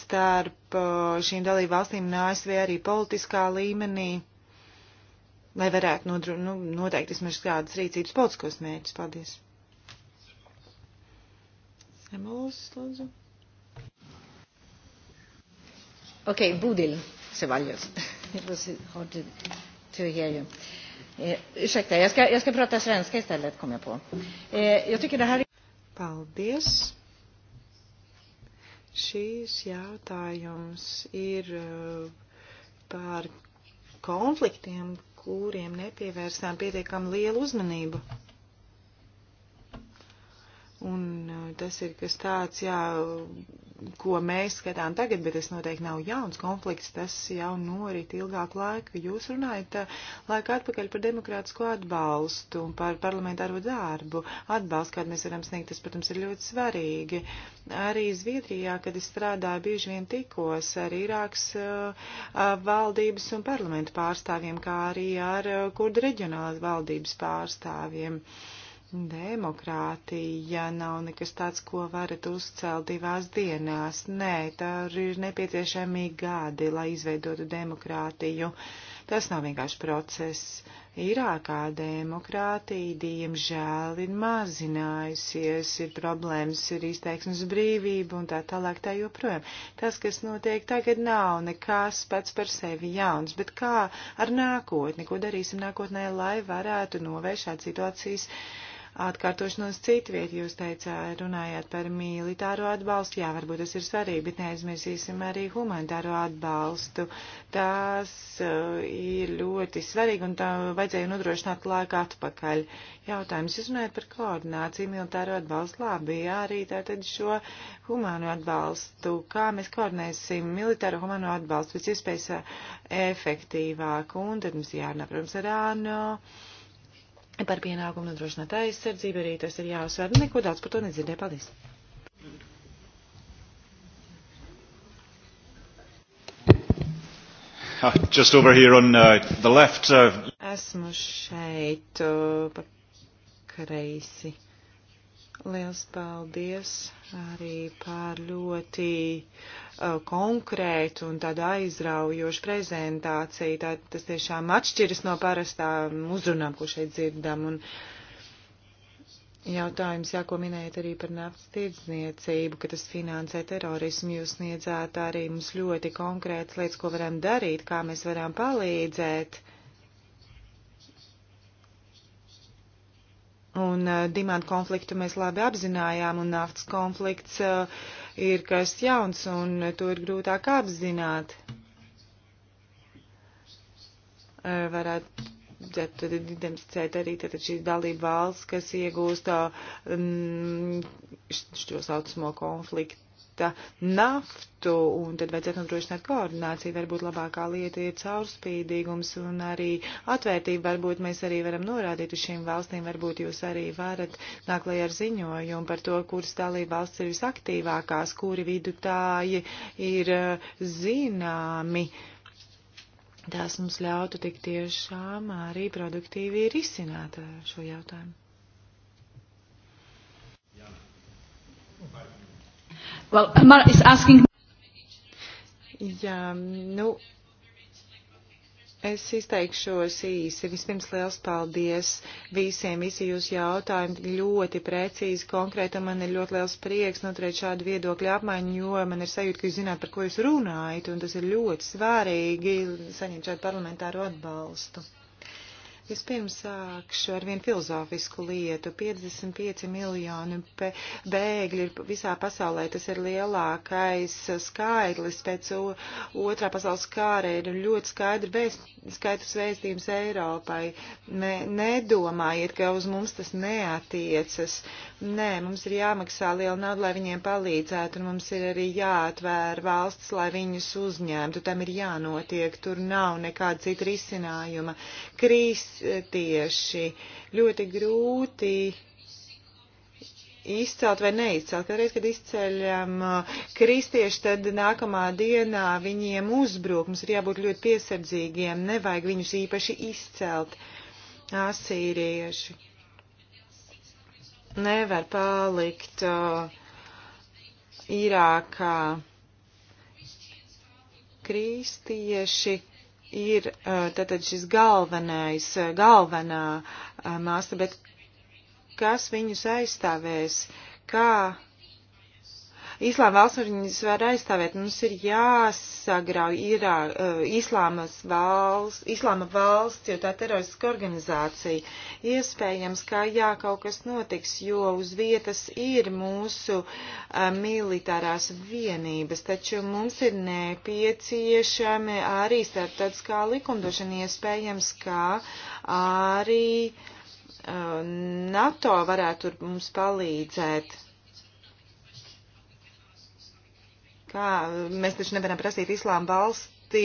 starp uh, šīm dalību valstīm un ASV arī politiskā līmenī? lai varētu nodru, nu, noteikt vismaz kādas rīcības politiskos mērķus. Paldies. Semols, lūdzu. Ok, Budil, Ceballos. *laughs* It was hard to, to hear you. Eh, ursäkta, jag ska, jag ska prata svenska istället, kom jag på. Eh, jag tycker det här är... Paldies. Šīs jautājums ir uh, par konfliktiem, kuriem nepievērsām pietiekam lielu uzmanību. Un uh, tas ir kas tāds, jā, ko mēs skatām tagad, bet tas noteikti nav jauns konflikts, tas jau norit ilgāku laiku. Jūs runājat uh, laiku atpakaļ par demokrātisko atbalstu un par parlamentāro darbu. Atbalstu, kādu mēs varam sniegt, tas, protams, ir ļoti svarīgi. Arī Zviedrijā, kad es strādāju, bieži vien tikos ar Irāks uh, uh, valdības un parlamentu pārstāvjiem, kā arī ar kurdu reģionālas valdības pārstāvjiem. Uh, Demokrātija nav nekas tāds, ko varat uzcelt divās dienās. Nē, tur ir nepieciešami gadi, lai izveidotu demokrātiju. Tas nav vienkārši process. Irākā demokrātija, diemžēl, ir mazinājusies, ir problēmas, ir izteiksmes brīvība un tā tālāk tā joprojām. Tas, kas notiek tagad, nav nekas pats par sevi jauns, bet kā ar nākotni, ko darīsim nākotnē, lai varētu novērst šādas situācijas atkārtošanos citviet. Jūs teicāt, runājāt par militāro atbalstu. Jā, varbūt tas ir svarīgi, bet neaizmirsīsim arī humanitāro atbalstu. Tas uh, ir ļoti svarīgi un tā vajadzēja nodrošināt laiku atpakaļ. Jautājums, jūs runājat par koordināciju, militāro atbalstu labi, jā, arī tātad šo humānu atbalstu. Kā mēs koordinēsim militāro humānu atbalstu? Pēc iespējas uh, efektīvāk. Un tad mums jārunā, protams, ar ANO. Uh, par pienākumu nodrošināt aizsardzību, arī tas ir jāuzsver. Neko daudz par to nedzirdēju. Paldies! Ah, just over here on uh, the left. Uh... Esmu šeit uh, pa kreisi. Liels paldies arī par ļoti uh, Uh, konkrēta un tāda aizraujoša prezentācija. Tā, tas tiešām atšķiras no parastām uzrunām, ko šeit dzirdam. Un jautājums, jā, ko minējat arī par naftas tirdzniecību, ka tas finansē terorismu, jūs sniedzāt arī mums ļoti konkrētas lietas, ko varam darīt, kā mēs varam palīdzēt. Un uh, dimanta konfliktu mēs labi apzinājām, un naftas konflikts uh, ir kas jauns un to ir grūtāk apzināt. Varētu tad, tad identificēt arī tad šīs dalība valsts, kas iegūst um, šo saucamo konfliktu importa naftu, un tad vajadzētu nodrošināt koordināciju. Varbūt labākā lieta ir caurspīdīgums un arī atvērtība. Varbūt mēs arī varam norādīt uz šīm valstīm, varbūt jūs arī varat nākt lai ar ziņojumu par to, kuras dalība valsts ir visaktīvākās, kuri vidutāji ir eh, zināmi. Tās mums ļautu tik tiešām arī produktīvi risināt eh, šo jautājumu. Jā. Well, Mara is asking. Jā, nu, Es izteikšos īsi. Vispirms liels paldies visiem, visi jūsu jautājumi ļoti precīzi, konkrēti, un man ir ļoti liels prieks noturēt šādu viedokļu apmaiņu, jo man ir sajūta, ka jūs zināt, par ko jūs runājat, un tas ir ļoti svārīgi saņemt šādu parlamentāru atbalstu. Vispirms sākšu ar vienu filozofisku lietu. 55 miljoni bēgļi ir visā pasaulē. Tas ir lielākais skaitlis pēc otrā pasaules kāra. Ir ļoti skaidri vēst, skaidrs vēstījums Eiropai. Ne, nedomājiet, ka uz mums tas neatiecas. Nē, mums ir jāmaksā liela nauda, lai viņiem palīdzētu, un mums ir arī jāatvēr valsts, lai viņus uzņemtu. Tam ir jānotiek. Tur nav nekāda cita risinājuma. Krīzes kristieši. Ļoti grūti izcelt vai neizcelt. Kadreiz, kad izceļam kristieši, tad nākamā dienā viņiem uzbruk. Mums ir jābūt ļoti piesardzīgiem, nevajag viņus īpaši izcelt. Asīrieši nevar palikt uh, Irākā. Kristieši ir tātad šis galvenais, galvenā māsta, bet kas viņus aizstāvēs, kā Īslāma valsts un viņas var aizstāvēt. Mums ir jāsagrauj Irā, Īslāmas uh, valsts, Īslāma valsts, jo tā teroristiska organizācija. Iespējams, ka jā, kaut kas notiks, jo uz vietas ir mūsu uh, militārās vienības, taču mums ir nepieciešami arī starptautiskā likumdošana. Iespējams, ka arī uh, NATO varētu mums palīdzēt Kā mēs taču nevaram prasīt islām valstī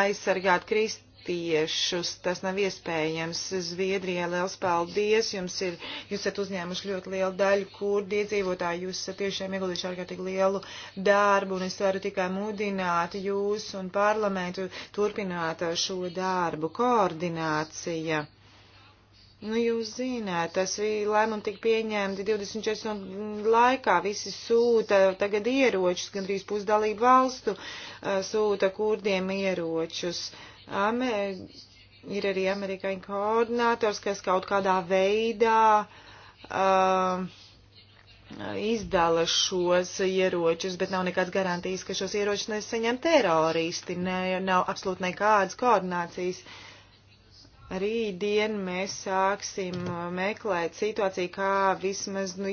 aizsargāt kristu tiešus. Tas nav iespējams. Zviedrijai liels paldies. Jums ir, jūs esat uzņēmuši ļoti lielu daļu kurdi iedzīvotāji. Jūs esat tiešām ieguldījuši ārkārtīgi lielu darbu, un es varu tikai mudināt jūs un parlamentu turpināt šo darbu. Koordinācija. Nu, jūs zināt, tas lēmumi tika pieņemti 24 stundu laikā. Visi sūta tagad ieročus, gandrīz pusdalību valstu sūta kurdiem ieročus. Amer ir arī amerikāņu koordinators, kas kaut kādā veidā uh, izdala šos ieročus, bet nav nekāds garantijas, ka šos ieročus nesaņem teroristi. Ne, nav absolūti nekādas koordinācijas. Uh, Rītdien mēs sāksim uh, meklēt situāciju, kā vismaz nu,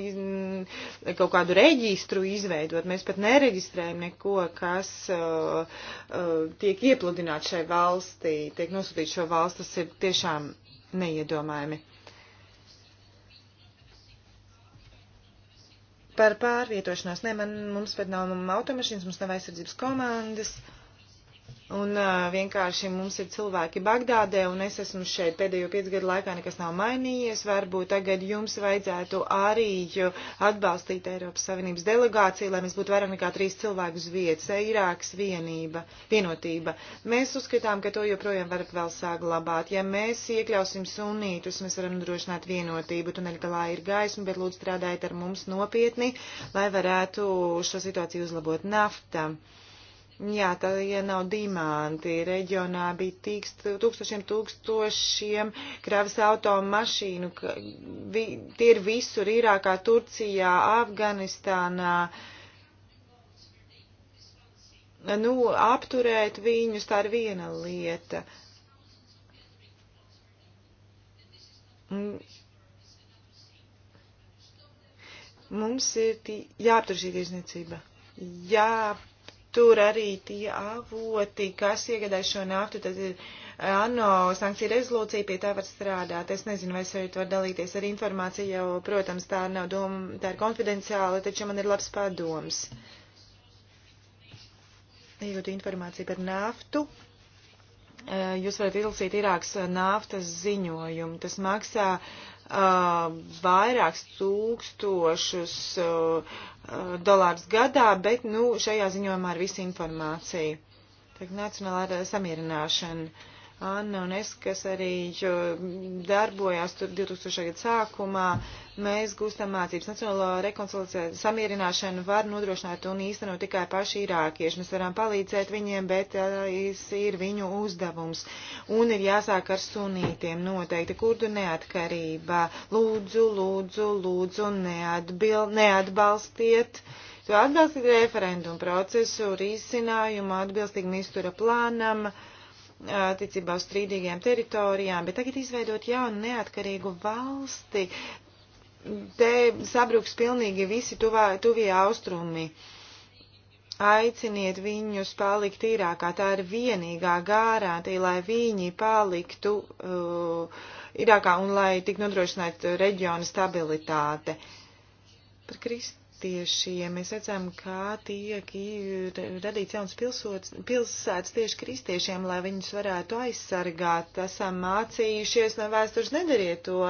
kaut kādu reģistru izveidot. Mēs pat nereģistrējam neko, kas uh, uh, tiek iepludināts šai valstī, tiek nosūtīts šo valsts. Tas ir tiešām neiedomājami. Par pārvietošanos. Nē, man, mums pat nav automašīnas, mums nav aizsardzības komandas. Uh, Un uh, vienkārši mums ir cilvēki Bagdādē, un es esmu šeit pēdējo piecu gadu laikā, nekas nav mainījies. Varbūt tagad jums vajadzētu arī atbalstīt Eiropas Savienības delegāciju, lai mēs būtu vairāk nekā trīs cilvēku uz vietas. Irāks vienība, vienotība. Mēs uzskatām, ka to joprojām var vēl saglabāt. Ja mēs iekļausim sunītus, mēs varam nodrošināt vienotību. Tuneļgalā ir gaisma, bet lūdzu strādājiet ar mums nopietni, lai varētu šo situāciju uzlabot naftam. Jā, tā ja nav dimanti. Reģionā bija tīkst, tūkstošiem tūkstošiem kravas automašīnu. Vi, tie ir visur, Irākā, Turcijā, Afganistānā. Nu, apturēt viņus, tā ir viena lieta. Mums ir jāaptur šī tiesniecība. Jā tur arī tie avoti, kas iegādāja šo naftu, tad ir eh, ANO sankcija rezolūcija, pie tā var strādāt. Es nezinu, vai es arī var dalīties ar informāciju, jo, protams, tā nav doma, tā ir konfidenciāla, taču man ir labs padoms. Iegūt informāciju par naftu. Eh, jūs varat izlasīt Irākas naftas ziņojumu. Tas maksā uh, Uh, vairākus tūkstošus uh, uh, dolārus gadā, bet, nu, šajā ziņojumā ir visa informācija. Tā nacionālā samierināšana. Anna un es, kas arī darbojās tur 2000. gada sākumā, mēs gūstam mācības. Nacionālo rekonciliāciju samierināšanu var nodrošināt un īstenot tikai paši irākieši. Mēs varam palīdzēt viņiem, bet tas uh, ir viņu uzdevums. Un ir jāsāk ar sunītiem noteikti. Kurdu neatkarība. Lūdzu, lūdzu, lūdzu, neatbil, neatbalstiet jo atbilstīgi referendumu procesu risinājumu atbilstīgi mistura plānam. Uh, attiecībā uz strīdīgajām teritorijām, bet tagad izveidot jaunu neatkarīgu valsti, te sabruks pilnīgi visi tuvā, tuvie austrumi. Aiciniet viņus palikt īrākā, tā ir vienīgā garantija, lai viņi paliktu uh, īrākā un lai tik nodrošinātu reģiona stabilitāte. Par Kristu kristiešiem. Mēs redzam, kā tiek radīts jauns pilsots, pilsētas tieši kristiešiem, lai viņus varētu aizsargāt. Esam mācījušies no vēstures nedariet to.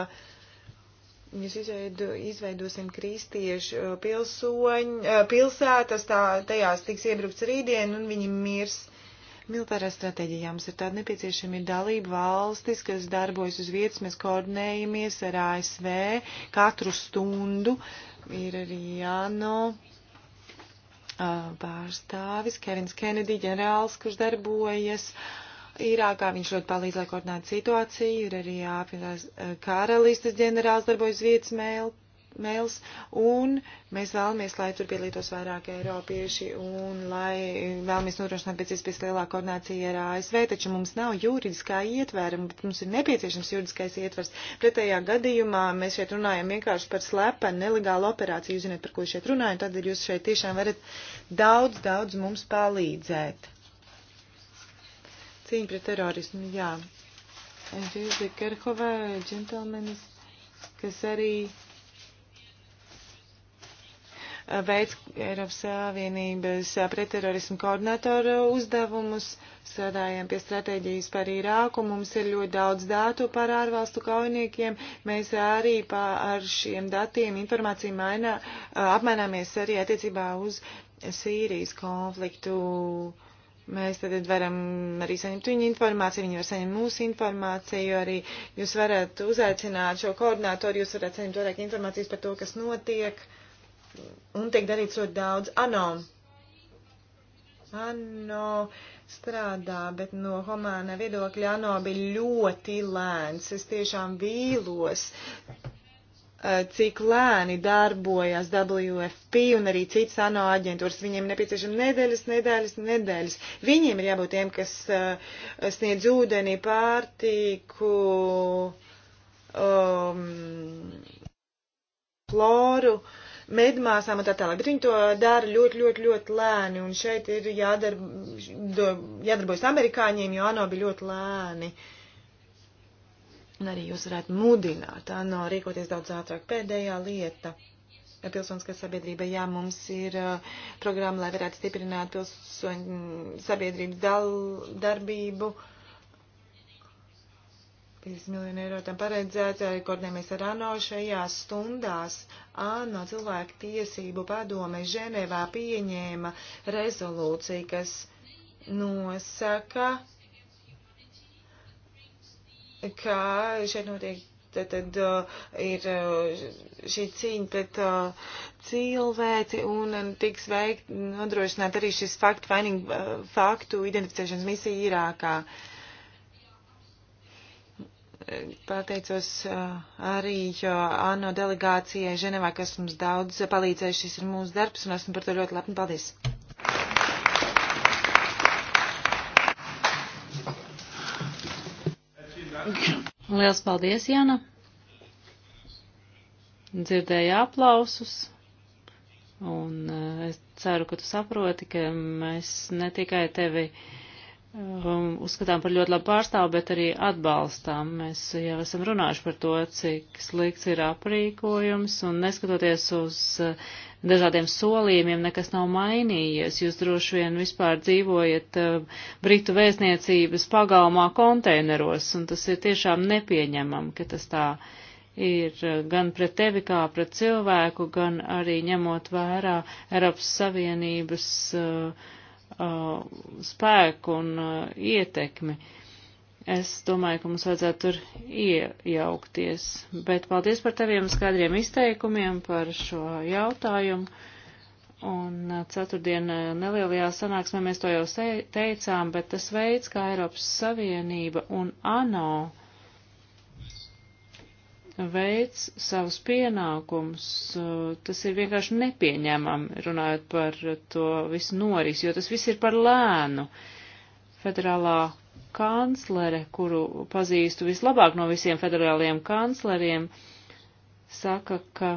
Mēs izveido, izveidosim kristiešu uh, pilsoņu, uh, pilsētas, tā, tajās tiks iebrukts rītdien un viņi mirs. Militārā stratēģija mums ir tāda nepieciešama ir dalība valstis, kas darbojas uz vietas, mēs koordinējamies ar ASV katru stundu, ir arī ANO pārstāvis, Kevins Kennedy, ģenerālis, kurš darbojas Irākā. Viņš ļoti palīdz, lai koordinētu situāciju. Ir arī apvienotās karalistas ģenerāls darbojas vietas mēlē mēls, un mēs vēlamies, lai tur piedalītos vairāk eiropieši, un lai vēlamies nodrošināt pēc iespējas lielāku koordināciju ar ASV, taču mums nav juridiskā ietvēra, bet mums ir nepieciešams juridiskais ietvers. Pretējā gadījumā mēs šeit runājam vienkārši par slepenu, nelegālu operāciju, jūs zināt, par ko šeit runājam, tad jūs šeit tiešām varat daudz, daudz mums palīdzēt. Cīņa pret terorismu, jā. Džilde Kerhove, džentelmenis, kas arī veids Eiropas Savienības pretterorismu koordinatoru uzdevumus, strādājam pie stratēģijas par Irāku, mums ir ļoti daudz datu par ārvalstu kaujiniekiem, mēs arī ar šiem datiem informāciju mainā, apmaināmies arī attiecībā uz Sīrijas konfliktu. Mēs tad varam arī saņemt viņu informāciju, viņi var saņemt mūsu informāciju, arī jūs varat uzaicināt šo koordinātoru, jūs varat saņemt vairāk informācijas par to, kas notiek. Uh, un tiek darīts ļoti daudz. Ano, ano strādā, bet no homāna viedokļa ano bija ļoti lēns. Es tiešām vīlos, eh, cik lēni darbojas WFP un arī citas ANO aģentūras. Viņiem nepieciešama nedēļas, nedēļas, nedēļas. Viņiem ir jābūt tiem, kas eh, sniedz ūdeni, pārtiku, um, floru. Uh, medmāsām un tā tālāk, bet viņi to dara ļoti, ļoti, ļoti lēni, un šeit ir jādarb, jādarbojas amerikāņiem, jo ANO bija ļoti lēni. Un arī jūs varētu mudināt ANO rīkoties daudz ātrāk. Pēdējā lieta pilsoniskai sabiedrībai. Jā, mums ir uh, programma, lai varētu stiprināt pilsoņu sabiedrības dal, darbību. Uh, 5 miljonu eiro tam paredzēts, koordinējamies ar ANO šajās stundās. ANO cilvēku tiesību padome Ženevā pieņēma rezolūciju, kas nosaka, ka šeit notiek tad, tad uh, ir uh, šī cīņa pret uh, cilvēci un tiks veikt nodrošināt arī šis faktu, vainīgu faktu identificēšanas misija Irākā. Uh, pateicos arī ANO delegācijai Ženevā, kas mums daudz palīdzējuši. Šis ir mūsu darbs un esmu par to ļoti lepni. Paldies! Liels paldies, Jana! Dzirdēju aplausus. Un es ceru, ka tu saproti, ka mēs ne tikai tevi uh, um, uzskatām par ļoti labu pārstāvu, bet arī atbalstām. Mēs jau esam runājuši par to, cik slikts ir aprīkojums, un neskatoties uz uh, dažādiem solījumiem, nekas nav mainījies. Jūs droši vien vispār dzīvojat uh, Britu vēstniecības pagalmā konteineros, un tas ir tiešām nepieņemam, ka tas tā ir uh, gan pret tevi kā pret cilvēku, gan arī ņemot vērā Eiropas Savienības uh, Uh, spēku un uh, ietekmi. Es domāju, ka mums vajadzētu tur iejaukties. Bet paldies par taviem skaidriem izteikumiem par šo jautājumu. Un uh, ceturtdien nelielajā sanāksmē mēs to jau teicām, bet tas veids, kā Eiropas Savienība un ANO veic savus pienākumus. Eh, tas ir vienkārši nepieņemami, runājot par to visu noris, jo tas viss ir par lēnu. Federālā kanclere, kuru pazīstu vislabāk no visiem federāliem kancleriem, saka, ka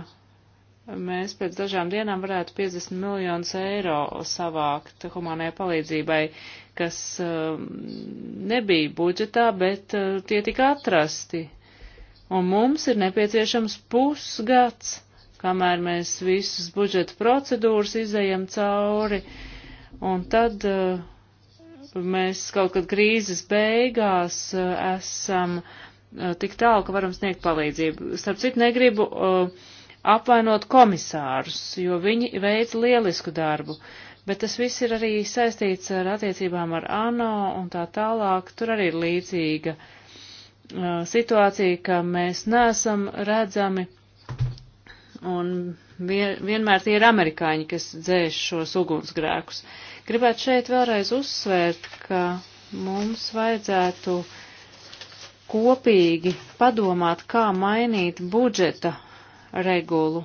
mēs pēc dažām dienām varētu 50 miljonus eiro savākt humanai palīdzībai, kas eh, nebija budžetā, bet eh, tie tika atrasti un mums ir nepieciešams pusgads, kamēr mēs visas budžeta procedūras izējam cauri, un tad uh, mēs kaut kad krīzes beigās uh, esam uh, tik tālu, ka varam sniegt palīdzību. Starp citu, negribu apvainot komisārus, jo viņi veic lielisku darbu bet tas viss ir arī saistīts ar attiecībām ar ANO un tā tālāk, tur arī ir līdzīga Uh, situācija, ka mēs neesam redzami, un vien, vienmēr tie ir amerikāņi, kas dzēš šos ugunsgrēkus. Gribētu šeit vēlreiz uzsvērt, ka mums vajadzētu kopīgi padomāt, kā mainīt budžeta regulu.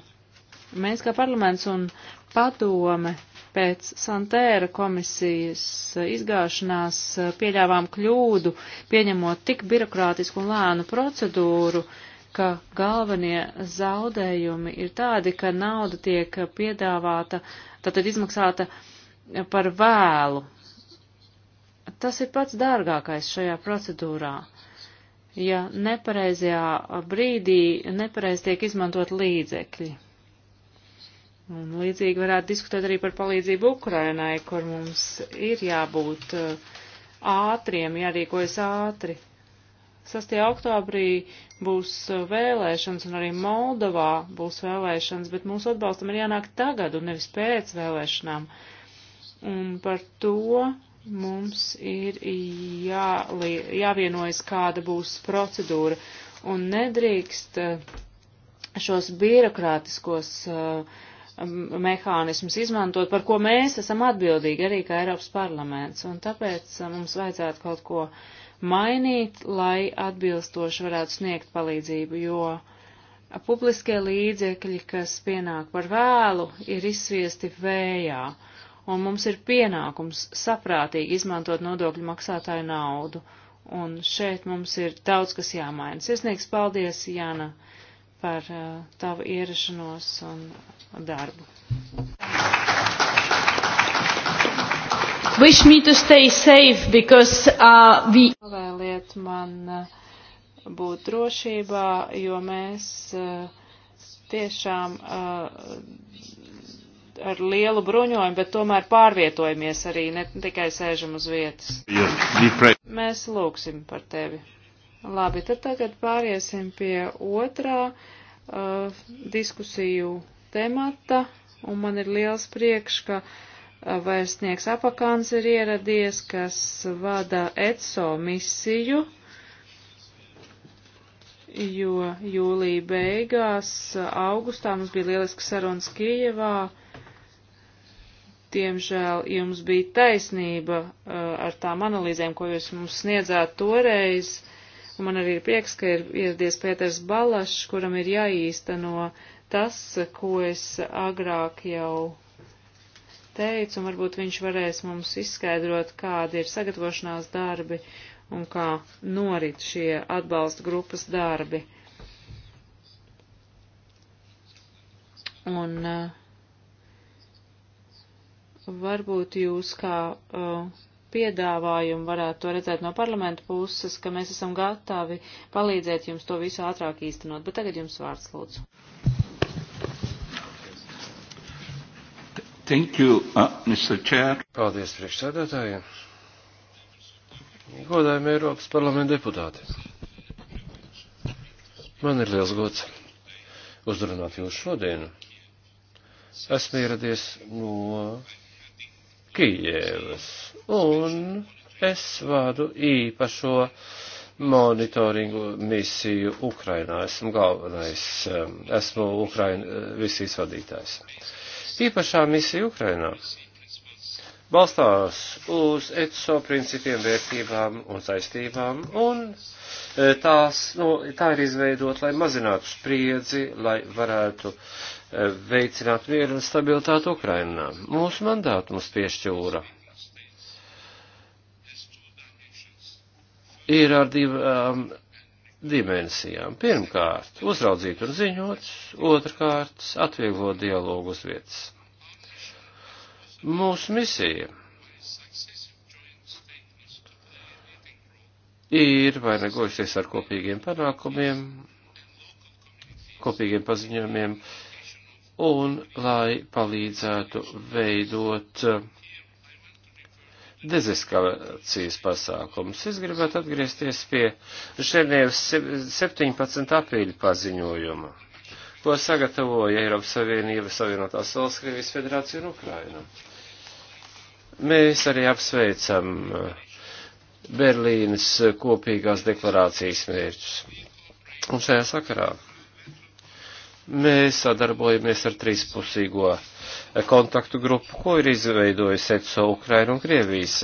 Mēs kā parlaments un padome Pēc Santēra komisijas izgāšanās eh, pieļāvām kļūdu, pieņemot tik birokrātisku un lēnu procedūru, ka galvenie zaudējumi ir tādi, ka nauda tiek piedāvāta, tātad izmaksāta par vēlu. Tas ir pats dārgākais šajā procedūrā ja nepareizajā brīdī nepareiz tiek izmantot līdzekļi. Un līdzīgi varētu diskutēt arī par palīdzību Ukrainai, kur mums ir jābūt uh, ātriem, jārīkojas ātri. 6. oktobrī būs uh, vēlēšanas, un arī Moldovā būs vēlēšanas, bet mūsu atbalstam ir jānāk tagad un nevis pēc vēlēšanām. Un par to mums ir jā, jāvienojas, kāda būs procedūra, un nedrīkst uh, šos birokrātiskos uh, mehānismus izmantot, par ko mēs esam atbildīgi arī kā Eiropas parlaments. Un tāpēc mums vajadzētu kaut ko mainīt, lai atbilstoši varētu sniegt palīdzību, jo publiskie līdzekļi, kas pienāk par vēlu, ir izsviesti vējā. Un mums ir pienākums saprātīgi izmantot nodokļu maksātāju naudu. Un šeit mums ir daudz, kas jāmaina. Sirsnīgs paldies, Jāna! par uh, tavu ierašanos un darbu. Wish me to stay safe because uh, we. Vēliet man uh, būt drošībā, jo mēs uh, tiešām uh, ar lielu bruņojumu, bet tomēr pārvietojamies arī, ne tikai sēžam uz vietas. Yes, Mēs lūgsim par tevi. Labi, tad tagad pāriesim pie otrā uh, diskusiju temata, un man ir liels priekš, ka uh, vēstnieks Apakāns ir ieradies, kas vada ECO misiju, jo jūlija beigās, uh, augustā mums bija lieliska sarunas Kijevā. Diemžēl jums bija taisnība uh, ar tām analīzēm, ko jūs mums sniedzāt toreiz Un man arī ir prieks, ka ir ieradies Pēters Balašs, kuram ir jāīsteno tas, ko es agrāk jau teicu, un varbūt viņš varēs mums izskaidrot, kādi ir sagatavošanās darbi un kā norit šie atbalsta grupas darbi. Un uh, varbūt jūs kā uh, piedāvājumu varētu to redzēt no parlamenta puses, ka mēs esam gatavi palīdzēt jums to visu ātrāk īstenot. Bet tagad jums vārds, lūdzu. Thank you, uh, Mr. Chair. Paldies, priekšsēdētāji. Godājumi Eiropas parlamenta deputāti. Man ir liels gods uzrunāt jūs šodienu. Esmu ieradies no Kijēvas. Un es vadu īpašo monitoringu misiju Ukrainā. Esmu galvenais, um, esmu Ukraina visīs uh, vadītājs. Īpašā misija Ukrainā balstās uz ECO principiem, vērtībām un saistībām, un uh, tās, nu, tā ir izveidot, lai mazinātu spriedzi, lai varētu veicināt mieru un stabilitāti Ukrainā. Mūsu mandātu mums piešķūra. Ir ar divām dimensijām. Pirmkārt, uzraudzīt un ziņot, otrkārt, atvieglot dialogu uz vietas. Mūsu misija ir vainagojusies ar kopīgiem panākumiem, kopīgiem paziņojumiem, uh, un lai palīdzētu veidot eh, dezeskalācijas pasākumus. Es gribētu atgriezties pie Ženēvas 17. aprīļa paziņojuma, ko sagatavoja Eiropas Savienība, Savienotās valsts, Krievijas federācija un Ukraina. Mēs arī apsveicam eh, Berlīnas kopīgās deklarācijas mērķus. Un šajā sakarā Mēs sadarbojamies ar trīspusīgo kontaktu grupu, ko ir izveidojusi ECO Ukraina un Krievijas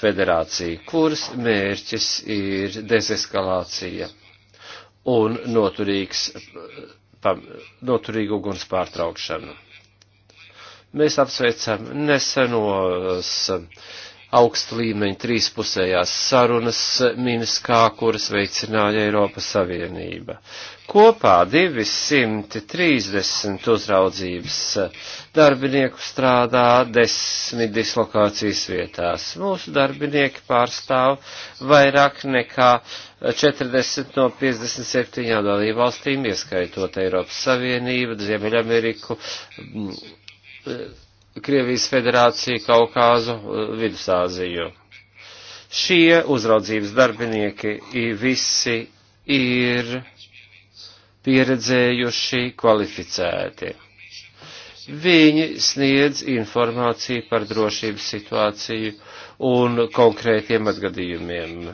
federācija, kuras mērķis ir dezeskalācija un noturīgs, pam, noturīgu uguns pārtraukšanu. Mēs apsveicam nesenos augsta līmeņa trīspusējās sarunas Minskā, kuras veicināja Eiropas Savienība. Kopā 230 uzraudzības darbinieku strādā desmit dislokācijas vietās. Mūsu darbinieki pārstāv vairāk nekā 40 no 57 dalībvalstīm, ieskaitot Eiropas Savienību, Ziemeļameriku, Krievijas federāciju, Kaukāzu, eh, Vidusāziju. Šie uzraudzības darbinieki visi ir pieredzējuši, kvalificēti. Viņi sniedz informāciju par drošības situāciju un konkrētiem atgadījumiem.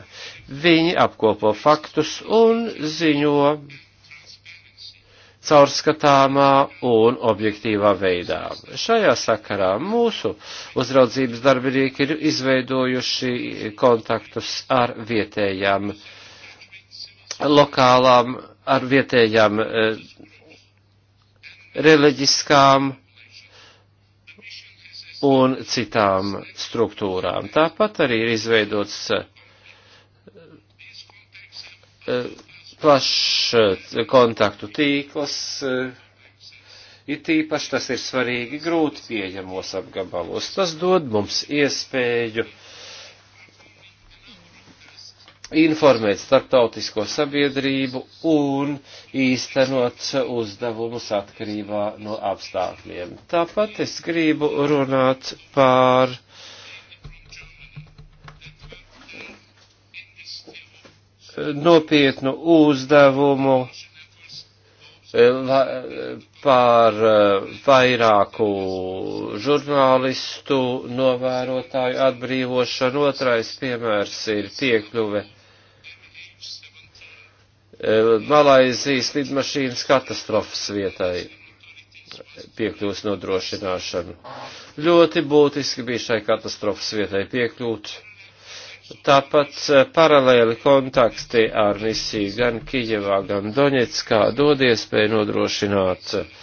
Viņi apkopo faktus un ziņo caurskatāmā un objektīvā veidā. Šajā sakarā mūsu uzraudzības darbinieki ir izveidojuši kontaktus ar vietējām lokālām, ar vietējām eh, reliģiskām un citām struktūrām. Tāpat arī ir izveidots eh, plašs eh, kontaktu tīkls, eh, it īpaši tas ir svarīgi grūti pieejamos apgabalos. Tas dod mums iespēju informēt starptautisko sabiedrību un īstenot uzdevumus atkarībā no apstākļiem. Tāpat es gribu runāt par nopietnu uzdevumu eh, pār eh, vairāku žurnālistu novērotāju atbrīvošanu. Otrais piemērs ir piekļuve eh, Malaizijas lidmašīnas katastrofas vietai piekļūs nodrošināšanu. Ļoti būtiski bija šai katastrofas vietai piekļūt Tāpat eh, paralēli kontakti ar misiju gan Kijevā, gan Doņetskā dod iespēju nodrošināt eh,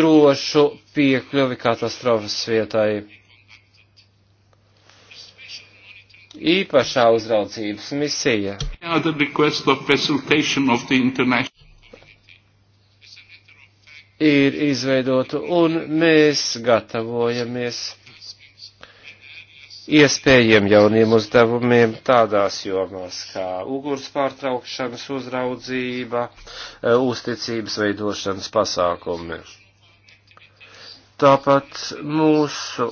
drošu piekļuvi katastrofas vietai. Īpašā uzraudzības misija. Ir izveidota un mēs gatavojamies iespējiem jauniem uzdevumiem tādās jomās kā uguns pārtraukšanas uzraudzība, e, uzticības veidošanas pasākumi. Tāpat mūsu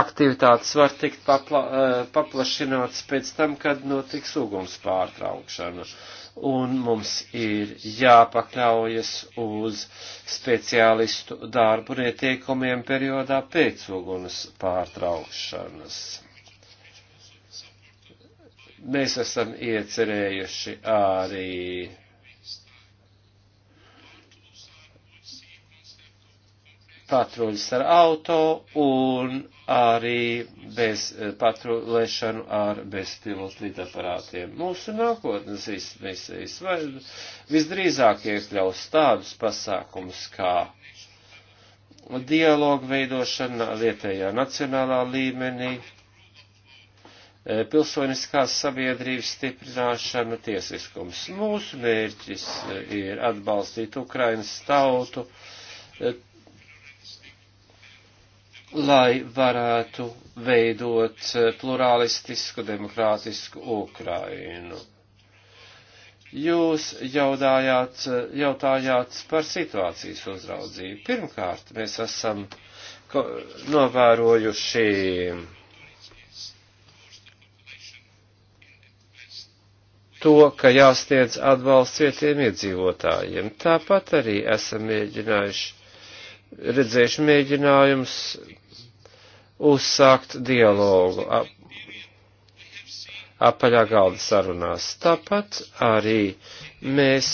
aktivitātes var tikt papla, e, paplašināts pēc tam, kad notiks uguns pārtraukšana. Uh, un mums ir jāpakļaujas uz speciālistu darbu un ieteikumiem periodā pēc uguns pārtraukšanas. Mēs esam iecerējuši arī patruļas ar auto un arī bez eh, patruļēšanu ar bezpilotu lidaparātiem. Mūsu nākotnes izmisijas visdrīzāk iekļaus tādus pasākumus kā dialogu veidošana vietējā nacionālā līmenī, eh, pilsoniskās sabiedrības stiprināšana, tiesiskums. Mūsu mērķis eh, ir atbalstīt Ukrainas tautu lai varētu veidot eh, pluralistisku, demokrātisku Ukrainu. Jūs jautājāt, eh, jautājāt par situācijas uzraudzību. Pirmkārt, mēs esam novērojuši to, ka jāsniedz atbalsts vietiem iedzīvotājiem. Tāpat arī esam mēģinājuši, redzējuši mēģinājums uzsākt dialogu ap, apaļā galda sarunās. Tāpat arī mēs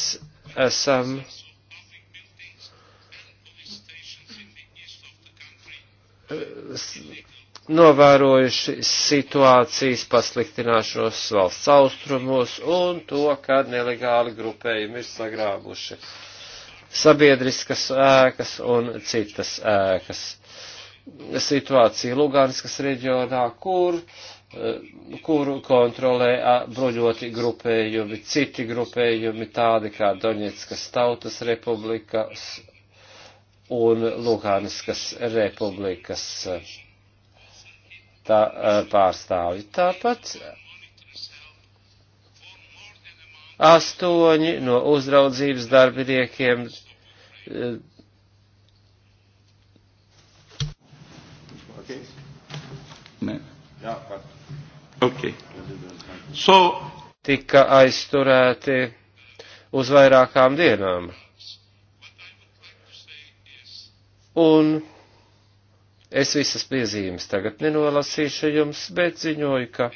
esam novērojuši situācijas pasliktināšanos valsts austrumos un to, ka nelegāli grupējumi ir sagrābuši sabiedriskas ēkas un citas ēkas situācija Lugānskas reģionā, kur, eh, kuru kontrolē bruņoti grupējumi, citi grupējumi tādi kā Doņetskas tautas republikas un Lugānskas republikas tā, pārstāvji. Tāpat astoņi no uzraudzības darbiniekiem eh, Okay. So, tika aizturēti uz vairākām dienām. Un es visas piezīmes tagad nenolasīšu jums, bet ziņoju, ka.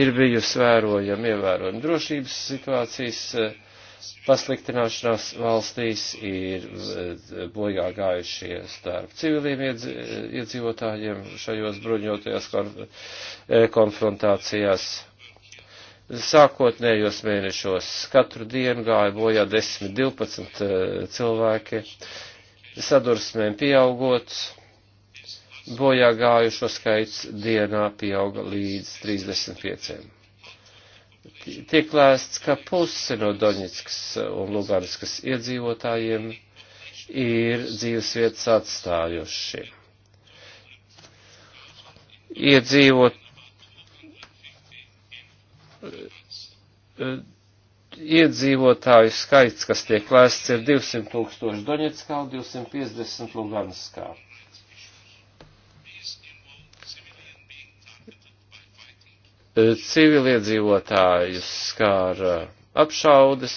Ir bijusi vērojama ievērojama drošības situācijas. Uh, pasliktināšanās valstīs, ir eh, bojā gājušie starp civiliem eh, iedzīvotājiem šajos bruņotajās eh, konfrontācijās. Sākotnējos mēnešos katru dienu gāja bojā 10-12 cilvēki, sadursmēm pieaugot, bojā gājušo skaits dienā pieauga līdz 35 tiek lēsts, ka puse no Doņetskas un Luganskas iedzīvotājiem ir dzīvesvietas atstājuši. Iedzīvot, iedzīvotāju skaits, kas tiek lēsts, ir 200 tūkstoši Doņetskā un 250 Luganskā. civiliedzīvotājus skāra uh, apšaudes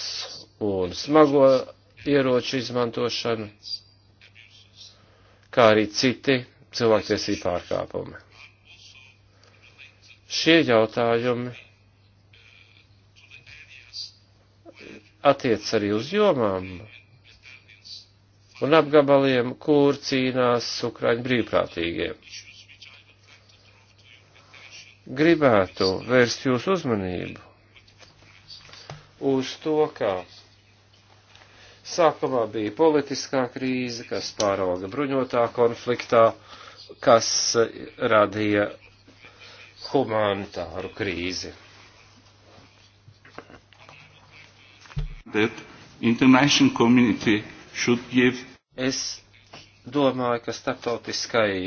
un smago ieroču izmantošanu, kā arī citi cilvēktiesību pārkāpumi. Šie jautājumi attiec arī uz jomām un apgabaliem, kur cīnās ukraiņu brīvprātīgie gribētu vērst jūsu uzmanību uz to, ka sākumā bija politiskā krīze, kas pārauga bruņotā konfliktā, kas radīja humanitāru krīzi. Give... Es domāju, ka starptautiskai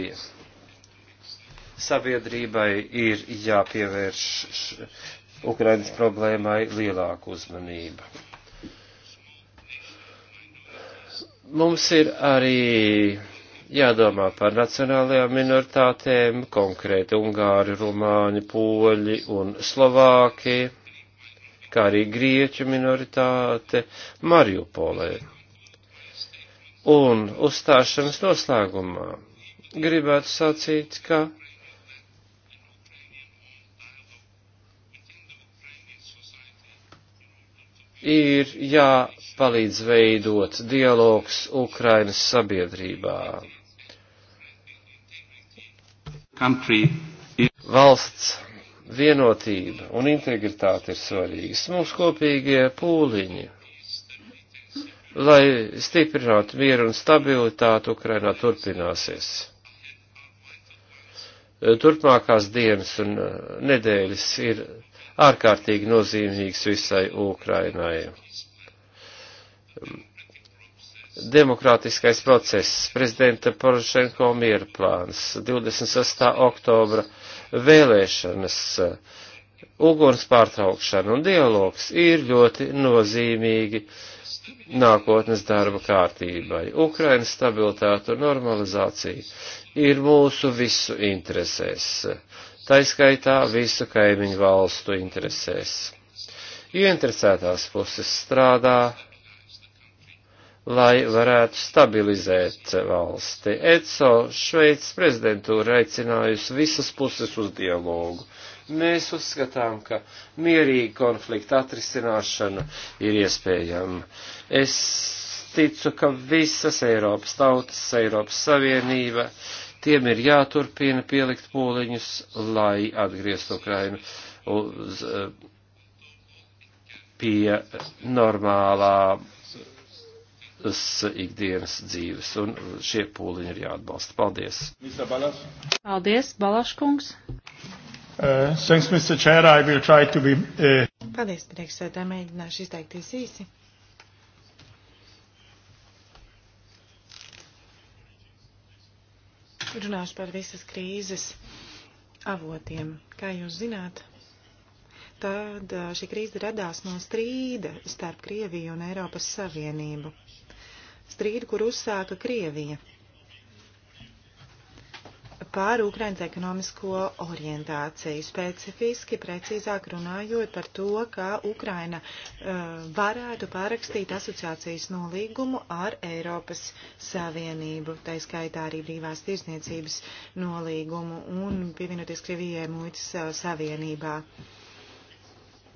sabiedrībai ir jāpievērš Ukrainas problēmai lielāku uzmanību. Mums ir arī jādomā par nacionālajām minoritātēm, konkrēti Ungāri, Rumāņi, Poļi un Slovāki, kā arī Grieķu minoritāte Mariupolē. Un uzstāšanas noslēgumā gribētu sacīt, ka ir jāpalīdz veidot dialogs Ukrainas sabiedrībā. Valsts vienotība un integritāte ir svarīgas. Mums kopīgie pūliņi, lai stiprinātu mieru un stabilitāti Ukrainā turpināsies. Turpmākās dienas un nedēļas ir ārkārtīgi nozīmīgs visai Ukrainai. Demokrātiskais process, prezidenta Porošenko miera plāns, 26. oktobra vēlēšanas, uguns pārtraukšana un dialogs ir ļoti nozīmīgi nākotnes darba kārtībai. Ukrainas stabilitāte un normalizācija ir mūsu visu interesēs taiskaitā visu kaimiņu valstu interesēs. Ieinteresētās puses strādā, lai varētu stabilizēt valsti. ECO Šveicis prezidentūra aicinājusi visas puses uz dialogu. Mēs uzskatām, ka mierīga konflikta atrisināšana ir iespējama. Es ticu, ka visas Eiropas tautas, Eiropas Savienība, uh, Tiem ir jāturpina pielikt pūliņus, lai atgriezt Ukrainu uz, eh, pie normālā ikdienas dzīves, un šie pūliņi ir jāatbalsta. Paldies! Paldies, Balaškungs! Uh, thanks, Mr. Chair, I will try to be... Uh... Paldies, priekšsēdētāji, mēģināšu izteikties īsi. Runāšu par visas krīzes avotiem. Kā jūs zināt, tad šī krīze radās no strīda starp Krieviju un Eiropas Savienību. Strīdu, kur uzsāka Krievija par Ukrainas ekonomisko orientāciju. Specifiski, precīzāk runājot par to, ka Ukraina uh, varētu pārakstīt asociācijas nolīgumu ar Eiropas Savienību, tā skaitā arī brīvās tirzniecības nolīgumu un pievienoties Krievijai muitas uh, savienībā. Uh,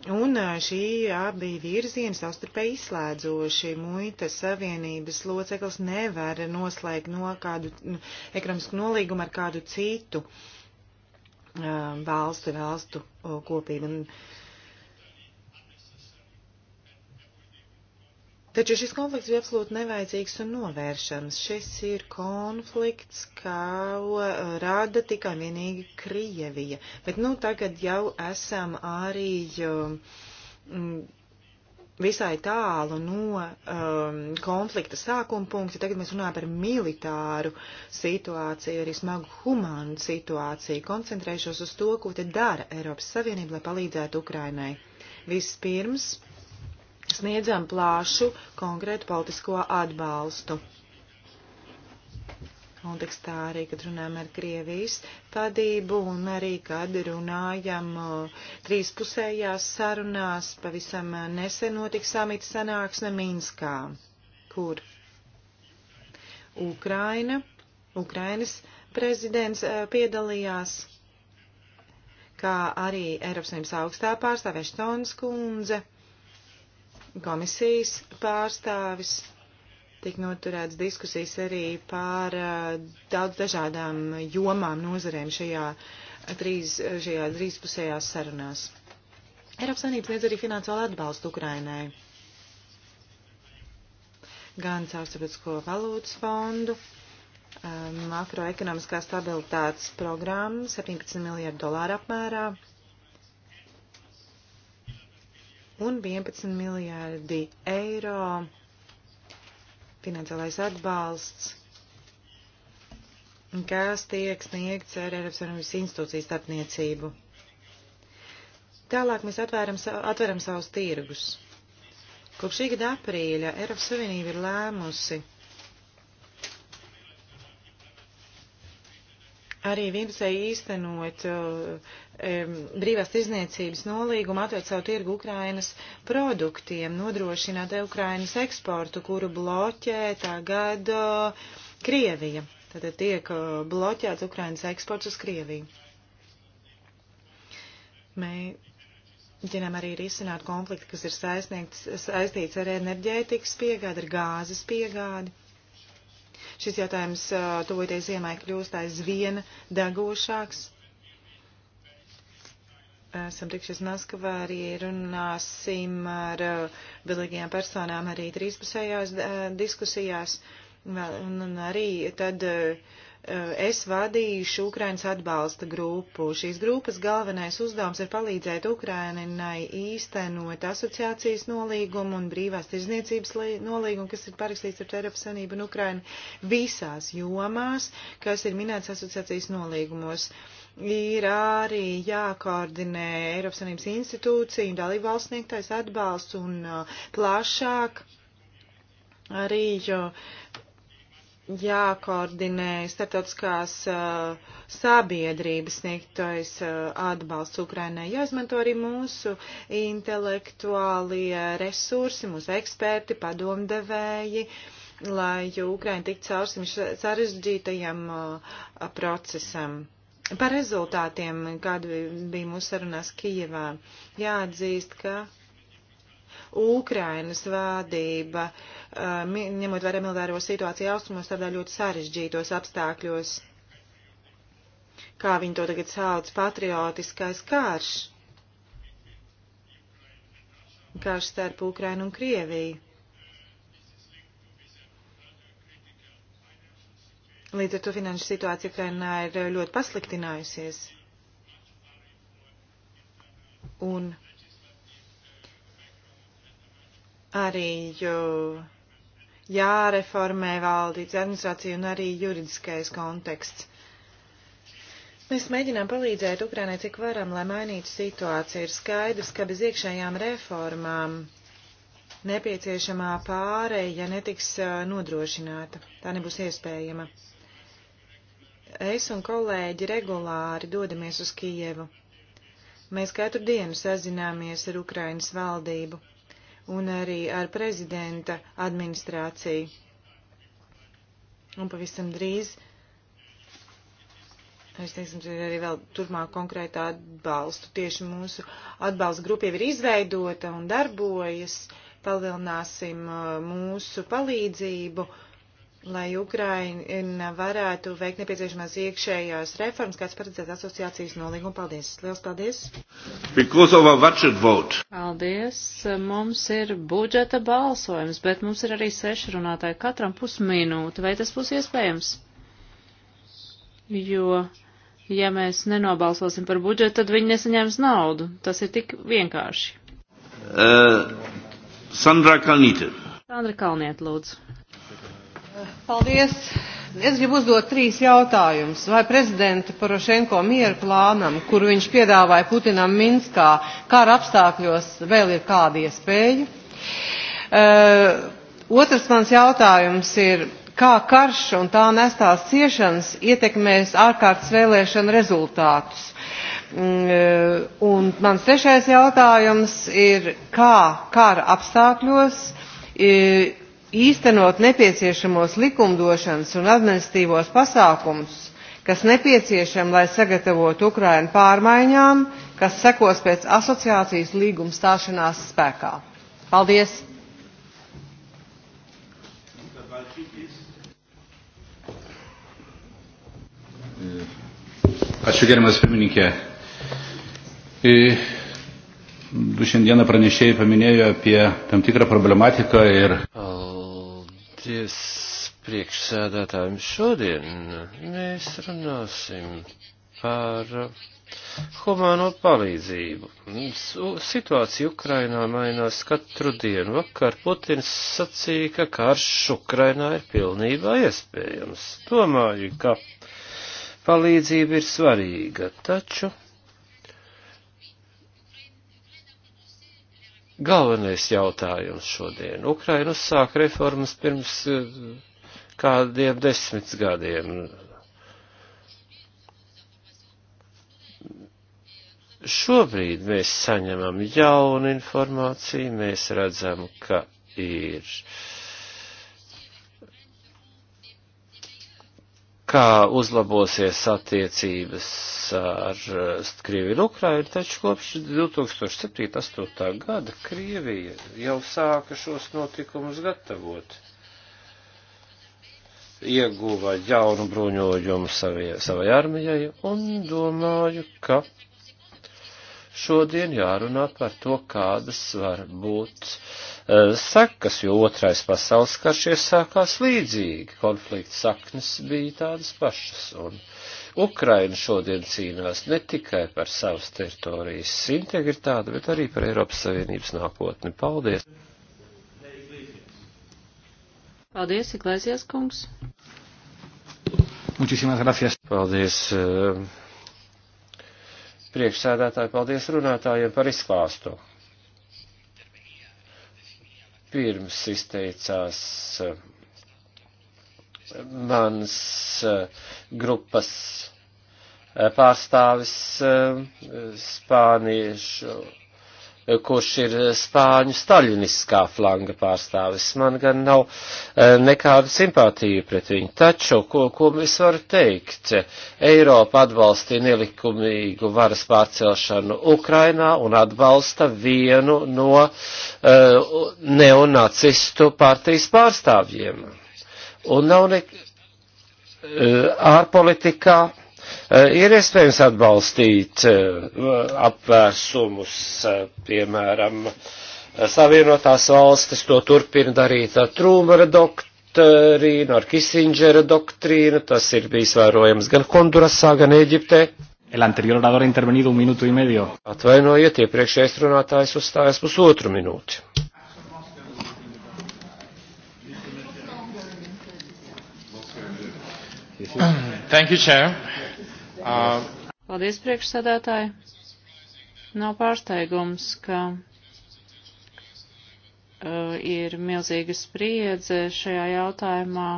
Un šī abi virzieni savstarpēji izslēdzoši. Muitas savienības loceklis nevar noslēgt no kādu nu, ekonomisku nolīgumu ar kādu citu valstu, valstu kopību. Un Taču šis konflikts bija absolūti nevajadzīgs un novēršams. Šis ir konflikts, kā eh, rada tikai vienīgi Krievija. Bet nu tagad jau esam arī eh, mm, visai tālu no um, konflikta sākuma punkta. Tagad mēs runājam par militāru situāciju, arī smagu humānu situāciju. Koncentrēšos uz to, ko te dara Eiropas Savienība, lai palīdzētu Ukrainai. Vispirms sniedzam plāšu konkrētu politisko atbalstu. Kontekstā arī, kad runājam ar Krievijas vadību un arī, kad runājam uh, trīspusējās sarunās, pavisam uh, nesen notika samita sanāksme Minskā, kur Ukraina, Ukrainas prezidents uh, piedalījās, kā arī Eiropas Savienības augstā pārstāvēšanas kundze komisijas pārstāvis. Tik noturēts diskusijas arī pār uh, daudz dažādām jomām, nozarēm šajā, trīs, šajā trīspusējās sarunās. Eiropas Savienība sniedz arī finansiālu atbalstu Ukrainai. Gan caur starptautisko valūtas fondu, um, makroekonomiskā stabilitātes programma 17 miljardu dolāru apmērā, un 11 miljārdi eiro finansiālais atbalsts, kas tiek sniegts ar Eiropas Savienības institūcijas starpniecību. Tālāk mēs atvēram, atveram savus tirgus. Kopš šī gada aprīļa Eiropas Savienība ir lēmusi arī Vimsei īstenot uh, brīvās tirzniecības nolīgumu, atvērt savu tirgu Ukrainas produktiem, nodrošināt Ukrainas eksportu, kuru bloķē tagad Krievija. Tātad tiek uh, bloķēts Ukrainas eksports uz Krieviju. Mēs ģinām arī risināt konfliktu, kas ir saistīts ar enerģētikas piegādi, ar gāzes piegādi. Šis jautājums tuvoties ziemai kļūst aizvien degošāks. Esam tikšies Maskavā, arī runāsim ar bilīgajām personām arī trīspusējās diskusijās. Un arī tad uh, Eh, es vadīšu Ukrainas atbalsta grupu. Šīs grupas galvenais uzdevums ir palīdzēt Ukrainai īstenot asociācijas nolīgumu un brīvās tirzniecības nolīgumu, kas ir parakstīts ar Eiropas Savienību un Ukrainu visās jomās, kas ir minēts asociācijas nolīgumos. Ir arī jākoordinē Eiropas Savienības institūcija un dalību valstniektais atbalsts un eh, plašāk arī jo, eh, jākoordinē starptautiskās uh, sabiedrības sniegtais uh, atbalsts Ukrainai, jāizmanto arī mūsu intelektuālie resursi, mūsu eksperti, padomdevēji, lai Ukraina tiktu caur šim sarežģītajam uh, procesam. Par rezultātiem, kāda bija mūsu sarunās Kijevā, jāatzīst, ka Ukrainas vādība, uh, ņemot vērā militāro situāciju austrumos, tādā ļoti sarežģītos apstākļos, kā viņi to tagad sauc, patriotiskais karš. Karš starp Ukrainu un Krieviju. Līdz ar to finanšu situācija Ukrainā ir ļoti pasliktinājusies. Un arī jāreformē valdības administrācija un arī juridiskais konteksts. Mēs mēģinām palīdzēt Ukrainai, cik varam, lai mainītu situāciju. Ir skaidrs, ka bez iekšējām reformām nepieciešamā pāreja netiks nodrošināta. Tā nebūs iespējama. Es un kolēģi regulāri dodamies uz Kijevu. Mēs katru dienu sazināmies ar Ukrainas valdību un arī ar prezidenta administrāciju. Un pavisam drīz Es teiksim, arī vēl turpmāk konkrētā atbalstu. Tieši mūsu atbalsta grupa jau ir izveidota un darbojas. Palielināsim uh, mūsu palīdzību. Uh, lai Ukraina varētu veikt nepieciešamās iekšējās reformas, kāds paredzēts asociācijas nolīguma. Paldies! Liels paldies! Paldies! Mums ir budžeta balsojums, bet mums ir arī seši runātāji katram pusminūte. Vai tas būs iespējams? Jo, ja mēs nenobalsosim par budžetu, tad viņi nesaņems naudu. Tas ir tik vienkārši. Uh, Sandra Kalnīte. Sandra Kalniet, lūdzu. Paldies! Es gribu uzdot trīs jautājumus. Vai prezidenta Porošenko miera plānam, kuru viņš piedāvāja Putinam Minskā, kara apstākļos vēl ir kāda iespēja? Uh, otrs mans jautājums ir, kā karš un tā nestās ciešanas ietekmēs ārkārtas vēlēšanu rezultātus? Mm, uh, un mans trešais jautājums ir, kā kara apstākļos uh, īstenot nepieciešamos likumdošanas un administratīvos pasākumus kas nepieciešami lai sagatavotu ukrainu pārmaiņām kas sekos pēc asociācijas līguma stāšanās spēkā. paldies! Ačiū gerimas pirmininkė. E, du šiandieną pranešėjai paminėjo apie tam tikrą problematiką ir. Al Paldies priekšsēdētājiem. Šodien mēs runāsim par humāno palīdzību. Situācija Ukrainā mainās katru dienu. Vakar Putins sacīja, ka karš Ukrainā ir pilnībā iespējams. Domāju, ka palīdzība ir svarīga, taču galvenais jautājums šodien. Ukraina uzsāk reformas pirms eh, kādiem desmit gadiem. Šobrīd mēs saņemam jaunu informāciju, mēs redzam, ka ir uh, kā uzlabosies attiecības ar Krieviju un Ukrainu, taču kopš 2007-2008 gada Krievija jau sāka šos notikumus gatavot. Ieguva jaunu bruņojumu savie, savai armijai un domāju, ka šodien jārunā par to, kādas var būt uh, eh, sekas, jo otrais pasaules karš iesākās līdzīgi. Konflikta saknes bija tādas pašas. Un Ukraina šodien cīnās ne tikai par savas teritorijas integritāti, bet arī par Eiropas Savienības nākotni. Paldies! Paldies, Iglesias kungs! Muchísimas gracias. Paldies. Uh, Priekšsēdētāji, paldies runātājiem par izklāstu. Pirms izteicās mans eh, grupas eh, pārstāvis eh, spāniešu kurš ir spāņu staļiniskā flanga pārstāvis. Man gan nav e, nekāda simpātija pret viņu. Taču, ko, ko es varu teikt, Eiropa atbalstīja nelikumīgu varas pārcelšanu Ukrainā un atbalsta vienu no uh, neonacistu partijas pārstāvjiem. Un nav nek... Uh, e, ārpolitikā Eh, ir iespējams atbalstīt eh, apvērsumus, eh, piemēram, Savienotās valstis to turpina darīt ar Trūmara doktrīnu, ar Kisindžera doktrīnu, tas ir bijis vērojams gan Hondurasā, gan Eģiptē. El anterior orador ha intervenido un minuto y medio. Atvainojiet, iepriekšējais runātājs uzstājas pusotru minūti. Thank you, Chair. Uh, Paldies, priekšsēdētāji. Nav pārsteigums, ka uh, ir milzīga spriedze šajā jautājumā.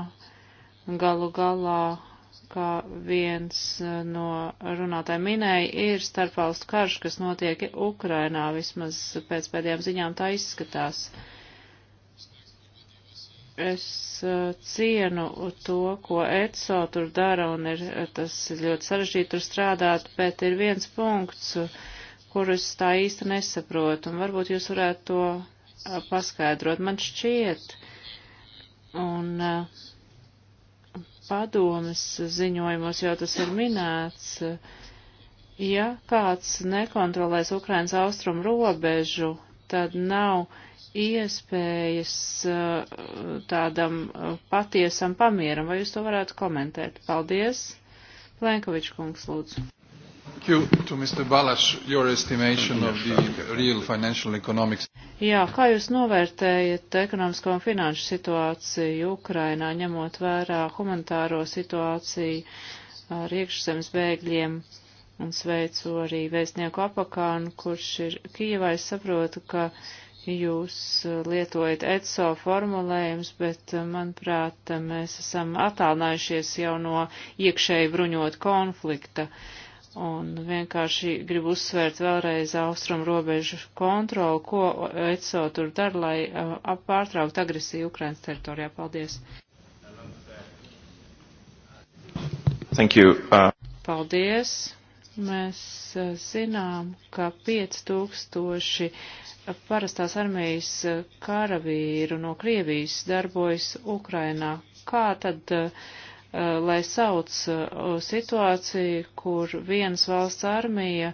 Galu galā, kā viens uh, no runātājiem minēja, ir starpvalstu karš, kas notiek Ukrainā, vismaz pēc pēdējām ziņām tā izskatās. Uh, Es uh, cienu to, ko ETSO tur dara, un ir, eh, tas ir ļoti sarežģīti tur strādāt, bet ir viens punkts, kurus tā īsti nesaprotu, un varbūt jūs varētu to uh, paskaidrot. Man šķiet, un uh, padomas ziņojumos jau tas ir minēts, ja kāds nekontrolēs Ukrainas austrumu robežu, tad nav iespējas uh, tādam uh, patiesam pamieram, vai jūs to varētu komentēt? Paldies. Plenkovičs kungs, lūdzu. Jā, kā jūs novērtējat ekonomisko un finanšu situāciju Ukrainā, ņemot vērā humanitāro situāciju ar iekšzemes bēgļiem un sveicu arī vēstnieku apakānu, kurš ir Kīvā, es saprotu, ka uh, jūs eh, lietojat ETSO formulējums, bet, eh, manuprāt, eh, mēs esam attālinājušies jau no iekšēji bruņot konflikta. Un vienkārši gribu uzsvērt vēlreiz austrumu robežu kontroli, ko ETSO tur dara, lai pārtraukt agresiju Ukrainas teritorijā. Paldies! Thank you. Uh... Paldies! Mēs zinām, ka 5000 parastās armijas eh, karavīru no Krievijas darbojas Ukrainā. Kā tad, eh, eh, lai sauc situāciju, kur vienas valsts armija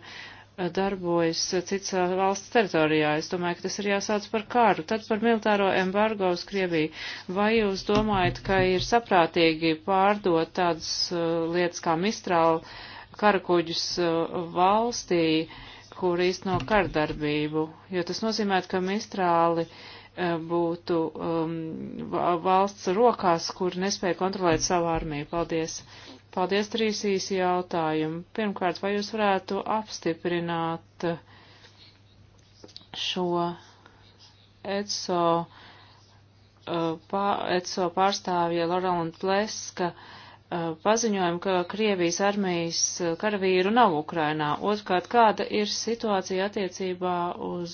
darbojas cits valsts teritorijā. Es domāju, ka tas ir jāsauc par kāru. Tad par militāro embargo uz Krieviju. Vai jūs domājat, ka ir saprātīgi pārdot tādas lietas kā mistrālu karakuģus valstī, kur īsno kardarbību, jo tas nozīmē, ka mistrāli eh, būtu um, valsts rokās, kur nespēja kontrolēt savu armiju. Paldies! Paldies, trīs īsi jautājumi. Pirmkārt, vai jūs varētu apstiprināt šo ECO, uh, eh, pā, ECO pārstāvja Lorelanda Pleska uh, Uh, paziņojumu, ka Krievijas armijas uh, karavīru nav Ukrainā. Otrkārt, kāda ir situācija attiecībā uz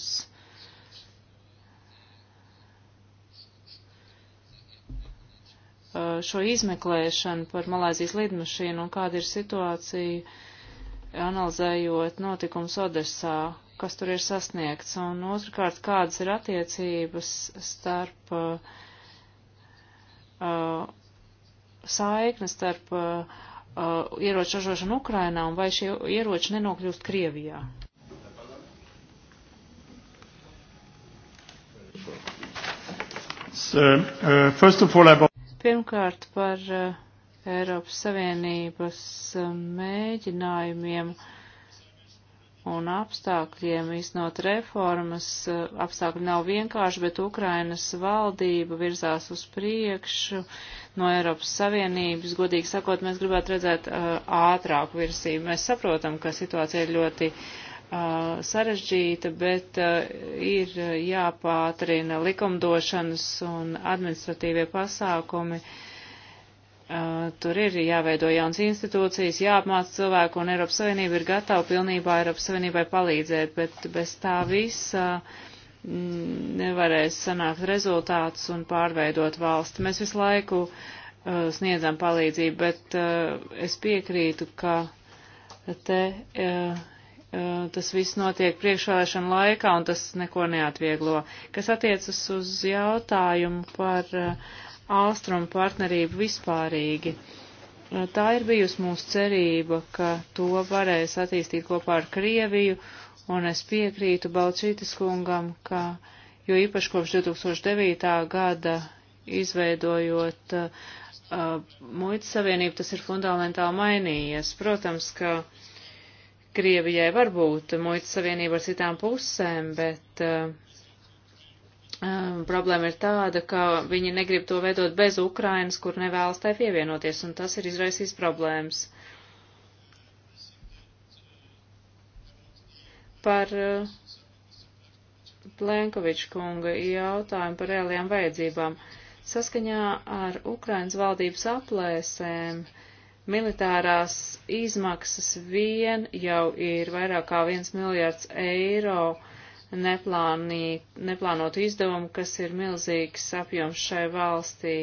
uh, šo izmeklēšanu par Malāzijas lidmašīnu un kāda ir situācija analizējot notikums Odesā, kas tur ir sasniegts, un otrkārt, kādas ir attiecības starp uh, uh, saikne starp uh, uh, ieroču ražošanu Ukrainā un vai šie ieroči nenokļūst Krievijā? So, uh, all, about... Pirmkārt par uh, Eiropas Savienības uh, mēģinājumiem uh, un apstākļiem iznot reformas. Eh, apstākļi nav vienkārši, bet Ukrainas valdība virzās uz priekšu no Eiropas Savienības. Godīgi sakot, mēs gribētu redzēt uh, ātrāku virsību. Mēs saprotam, ka situācija ir ļoti uh, sarežģīta, bet uh, ir jāpātrina likumdošanas un administratīvie pasākumi. Uh, Eh, tur ir jāveido jauns institūcijas, jāapmāca cilvēku, un Eiropas Savienība ir gatava pilnībā Eiropas Savienībai palīdzēt, bet bez tā visa mm, nevarēs sanākt rezultātus un pārveidot valsti. Mēs visu laiku uh, sniedzam palīdzību, bet uh, es piekrītu, ka te uh, tas viss notiek priekšvēlēšana laikā, un tas neko neatvieglo. Kas attiecas uz jautājumu par uh, austrumu partnerību vispārīgi. Uh, tā ir bijusi mūsu cerība, ka to varēs attīstīt kopā ar Krieviju, un es piekrītu Balčītis kungam, ka, jo īpaši kopš 2009. gada izveidojot uh, muitas savienību, tas ir fundamentāli mainījies. Protams, ka Krievijai var būt muitas savienība ar citām pusēm, bet uh, um, problēma ir tāda, ka viņi negrib to veidot bez Ukrainas, kur nevēlas tai pievienoties, un tas ir izraisījis problēmas. Par uh, Plenkoviča kunga jautājumu par reālajām vajadzībām. Saskaņā ar Ukrainas valdības aplēsēm militārās izmaksas vien jau ir vairāk kā 1 miljards eiro neplānī, neplānotu izdevumu, kas ir milzīgs apjoms šai valstī.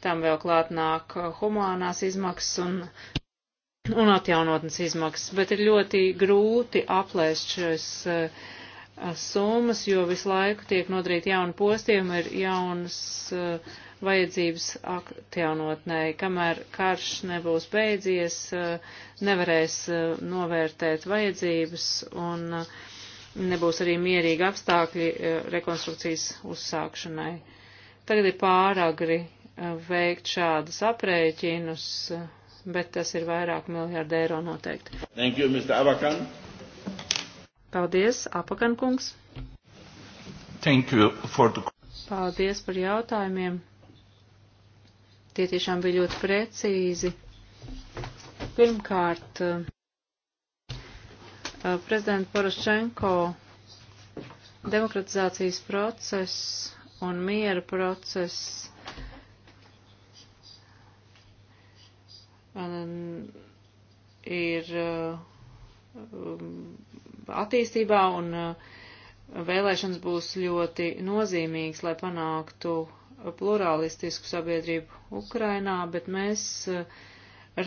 Tam vēl klāt nāk humānās izmaksas un, un atjaunotnes izmaksas, bet ir ļoti grūti aplēst šīs uh, summas, jo visu laiku tiek nodarīti jauni postījumi, ir jaunas uh, vajadzības atjaunotnēji. Kamēr karš nebūs beidzies, uh, nevarēs novērtēt vajadzības un uh, nebūs arī mierīgi apstākļi e, rekonstrukcijas uzsākšanai. Tagad ir pāragri e, veikt šādas aprēķinus, e, bet tas ir vairāk miljārdu eiro noteikti. Thank you, Mr. Abakan. Paldies, Apakan kungs. Thank you for the... Paldies par jautājumiem. Tie tiešām bija ļoti precīzi. Pirmkārt, Uh, prezidenta Porošenko demokratizācijas process un miera process um, ir uh, um, attīstībā un uh, vēlēšanas būs ļoti nozīmīgas, lai panāktu pluralistisku sabiedrību Ukrainā, bet mēs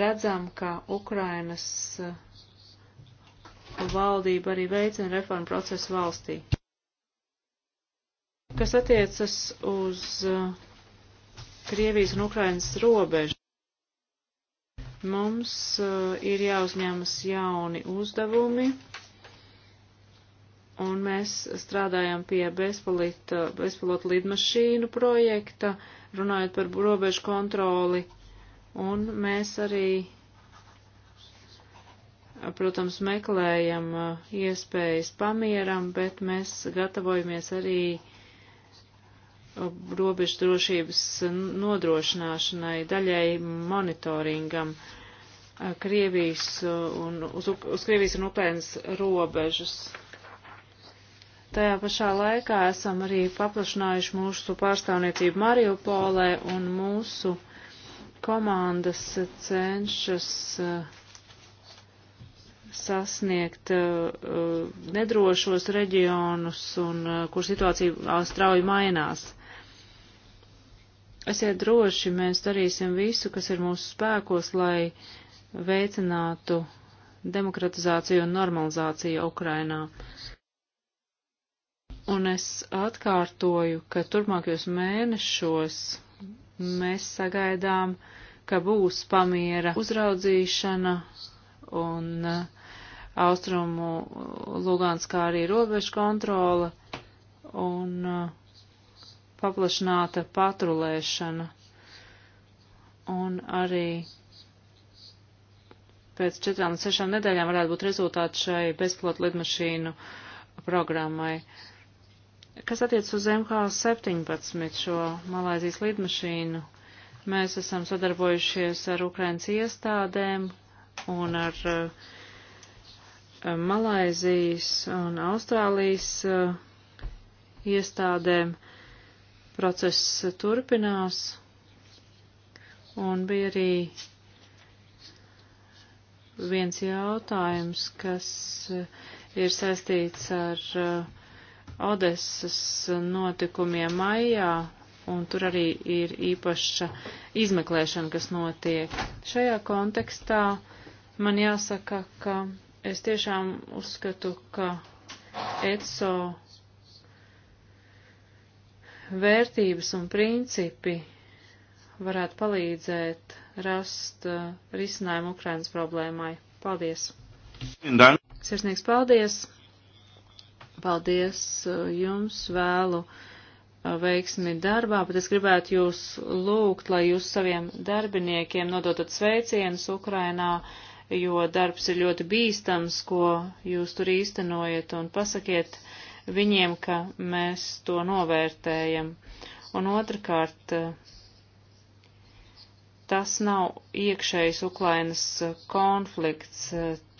redzam, ka Ukrainas valdība arī veicina reformu procesu valstī. Kas attiecas uz uh, Krievijas un Ukrainas robežu, mums uh, ir jāuzņemas jauni uzdevumi, un mēs strādājam pie uh, bezpilota lidmašīnu projekta, runājot par robežu kontroli, un mēs arī protams, meklējam uh, iespējas pamieram, bet mēs gatavojamies arī uh, robežu drošības nodrošināšanai, daļai monitoringam uh, Krievijas un, uz, uz Krievijas un Ukrainas robežas. Tajā pašā laikā esam arī paplašinājuši mūsu pārstāvniecību Mariupolē un mūsu komandas cenšas uh, sasniegt uh, uh, nedrošos reģionus un uh, kur situācija uh, strauji mainās. Esiet droši, mēs darīsim visu, kas ir mūsu spēkos, lai veicinātu demokratizāciju un normalizāciju Ukrainā. Un es atkārtoju, ka turpmākajos mēnešos mēs sagaidām, ka būs pamiera uzraudzīšana un uh, austrumu Luganskā arī robežu kontrola un uh, paplašināta patrulēšana. Un arī pēc četrām līdz sešām nedēļām varētu būt rezultāti šai bezpilotu lidmašīnu programmai. Kas attiec uz MH17 šo Malaisijas lidmašīnu, mēs esam sadarbojušies ar Ukrainas iestādēm un ar uh, Eh, Malaizijas un Austrālijas eh, iestādēm. Process turpinās un bija arī viens jautājums, kas eh, ir saistīts ar Odessas notikumiem maijā un tur arī ir īpaša izmeklēšana, kas notiek. Šajā kontekstā man jāsaka, ka Es tiešām uzskatu, ka ECO vērtības un principi varētu palīdzēt rast uh, risinājumu Ukrainas problēmai. Paldies! Sirsnīgs paldies! Paldies uh, jums vēlu uh, veiksmi darbā, bet es gribētu jūs lūgt, lai jūs saviem darbiniekiem nodotat sveicienus Ukrainā jo darbs ir ļoti bīstams, ko jūs tur īstenojat, un pasakiet viņiem, ka mēs to novērtējam. Un otrkārt, tas nav iekšējs Ukrainas konflikts.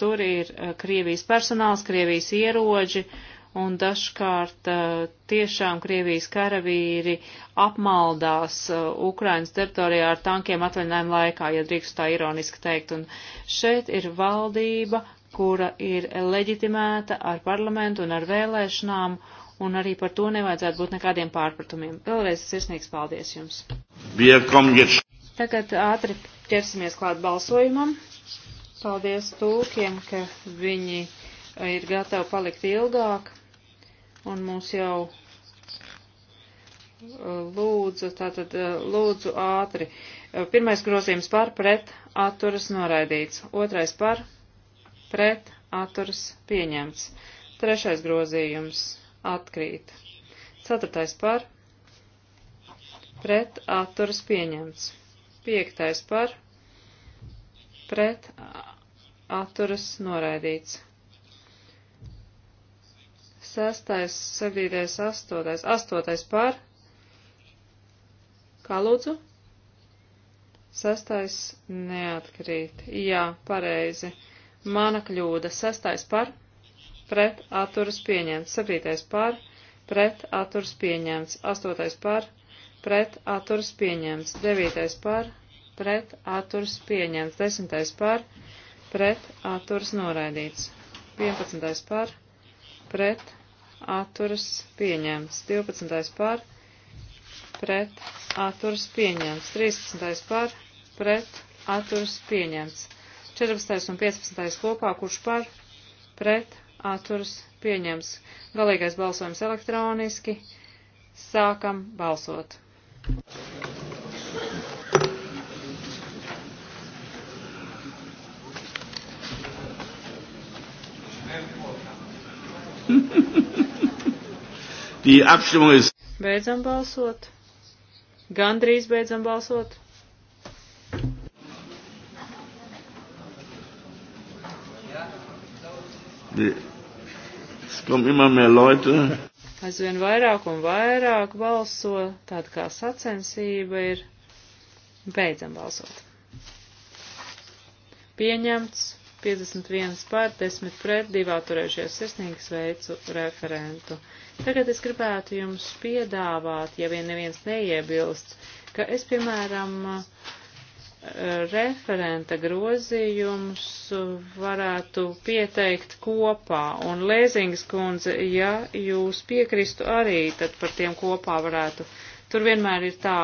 Tur ir Krievijas personāls, Krievijas ieroģi, uh, un dažkārt tiešām Krievijas karavīri apmaldās Ukrainas teritorijā ar tankiem atvaļinājumu laikā, ja drīkst tā ironiski teikt. Un šeit ir valdība, kura ir leģitimēta ar parlamentu un ar vēlēšanām, un arī par to nevajadzētu būt nekādiem pārpratumiem. Vēlreiz sirsnīgs paldies jums. Tagad ātri ķersimies klāt balsojumam. Paldies tūkiem, ka viņi ir gatavi palikt ilgāk un mūs jau uh, lūdzu, tātad uh, lūdzu ātri. Uh, pirmais grozījums par, pret, atturas noraidīts. Otrais par, pret, atturas pieņemts. Trešais grozījums atkrīt. Ceturtais par, pret, atturas pieņemts. Piektais par, pret, atturas noraidīts. Sestais, septītais, astotais, astotais par. Kā lūdzu? Sestais neatkrīt. Jā, pareizi. Mana kļūda. Sestais par. Pret atturas pieņemts. Septītais par. Pret atturas pieņemts. Astotais par. Pret atturas pieņemts. Devītais par. Pret atturas pieņemts. Desmitais par. Pret atturas noraidīts. Vienpadsmitais par. Pret atturas pieņemts. 12. par pret atturas pieņemts. 13. par pret atturas pieņemts. 14. un 15. kopā, kurš par pret atturas pieņemts. Galīgais balsojums elektroniski. Sākam balsot. Ha ha ha. Die Abstimmung ist. Beidzam balsot. Gandrīz beidzam balsot. Die, es kommen immer mehr Leute. Aizvien vairāk un vairāk balso, tāda kā sacensība ir. Beidzam balsot. Pieņemts 51 pār 10 pret, divā turējušies sirsnīgi sveicu referentu. Tagad es gribētu jums piedāvāt, ja vien neviens neiebilst, ka es, piemēram, referenta grozījums varētu pieteikt kopā, un Lēzings kundze, ja jūs piekristu arī, tad par tiem kopā varētu. Tur vienmēr ir tā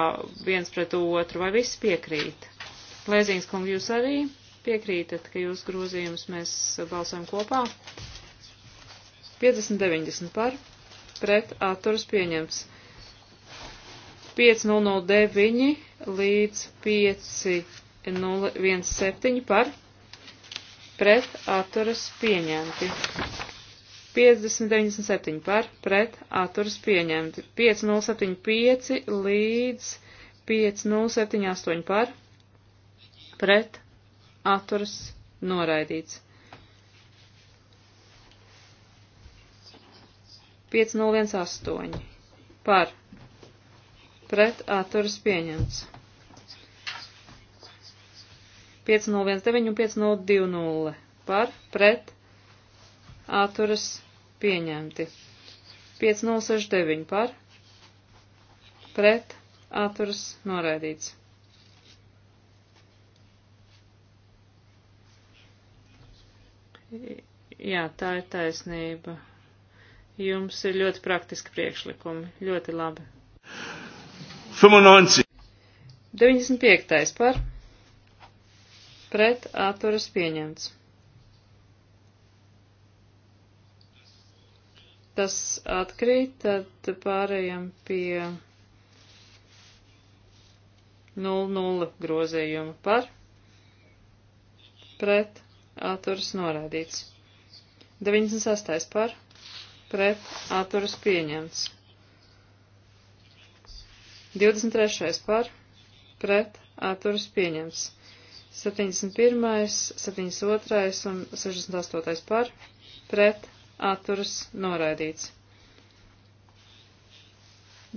viens pret otru, vai viss piekrīt? Lēzings kundze, jūs arī piekrītat, ka jūs grozījums mēs balsojam kopā? 50-90 par pret atturas pieņemts. 5009 līdz 5017 par pret atturas pieņemti. 5097 par pret atturas pieņemti. 5075 līdz 5078 par pret atturas noraidīts. 5018 par pret atturas pieņemts. 5019 un 5020 par pret atturas pieņemti. 5069 par pret atturas noraidīts. Jā, tā ir taisnība. Jums ir ļoti praktiski priekšlikumi. Ļoti labi. 95. 95. par pret atturas pieņemts. Tas atkrīt, tad pārējām pie 0,0 grozējuma par pret atturas norādīts. 96. par pret pret atturas pieņemts. 23. par pret atturas pieņemts. 71., 72. un 68. par pret atturas noraidīts.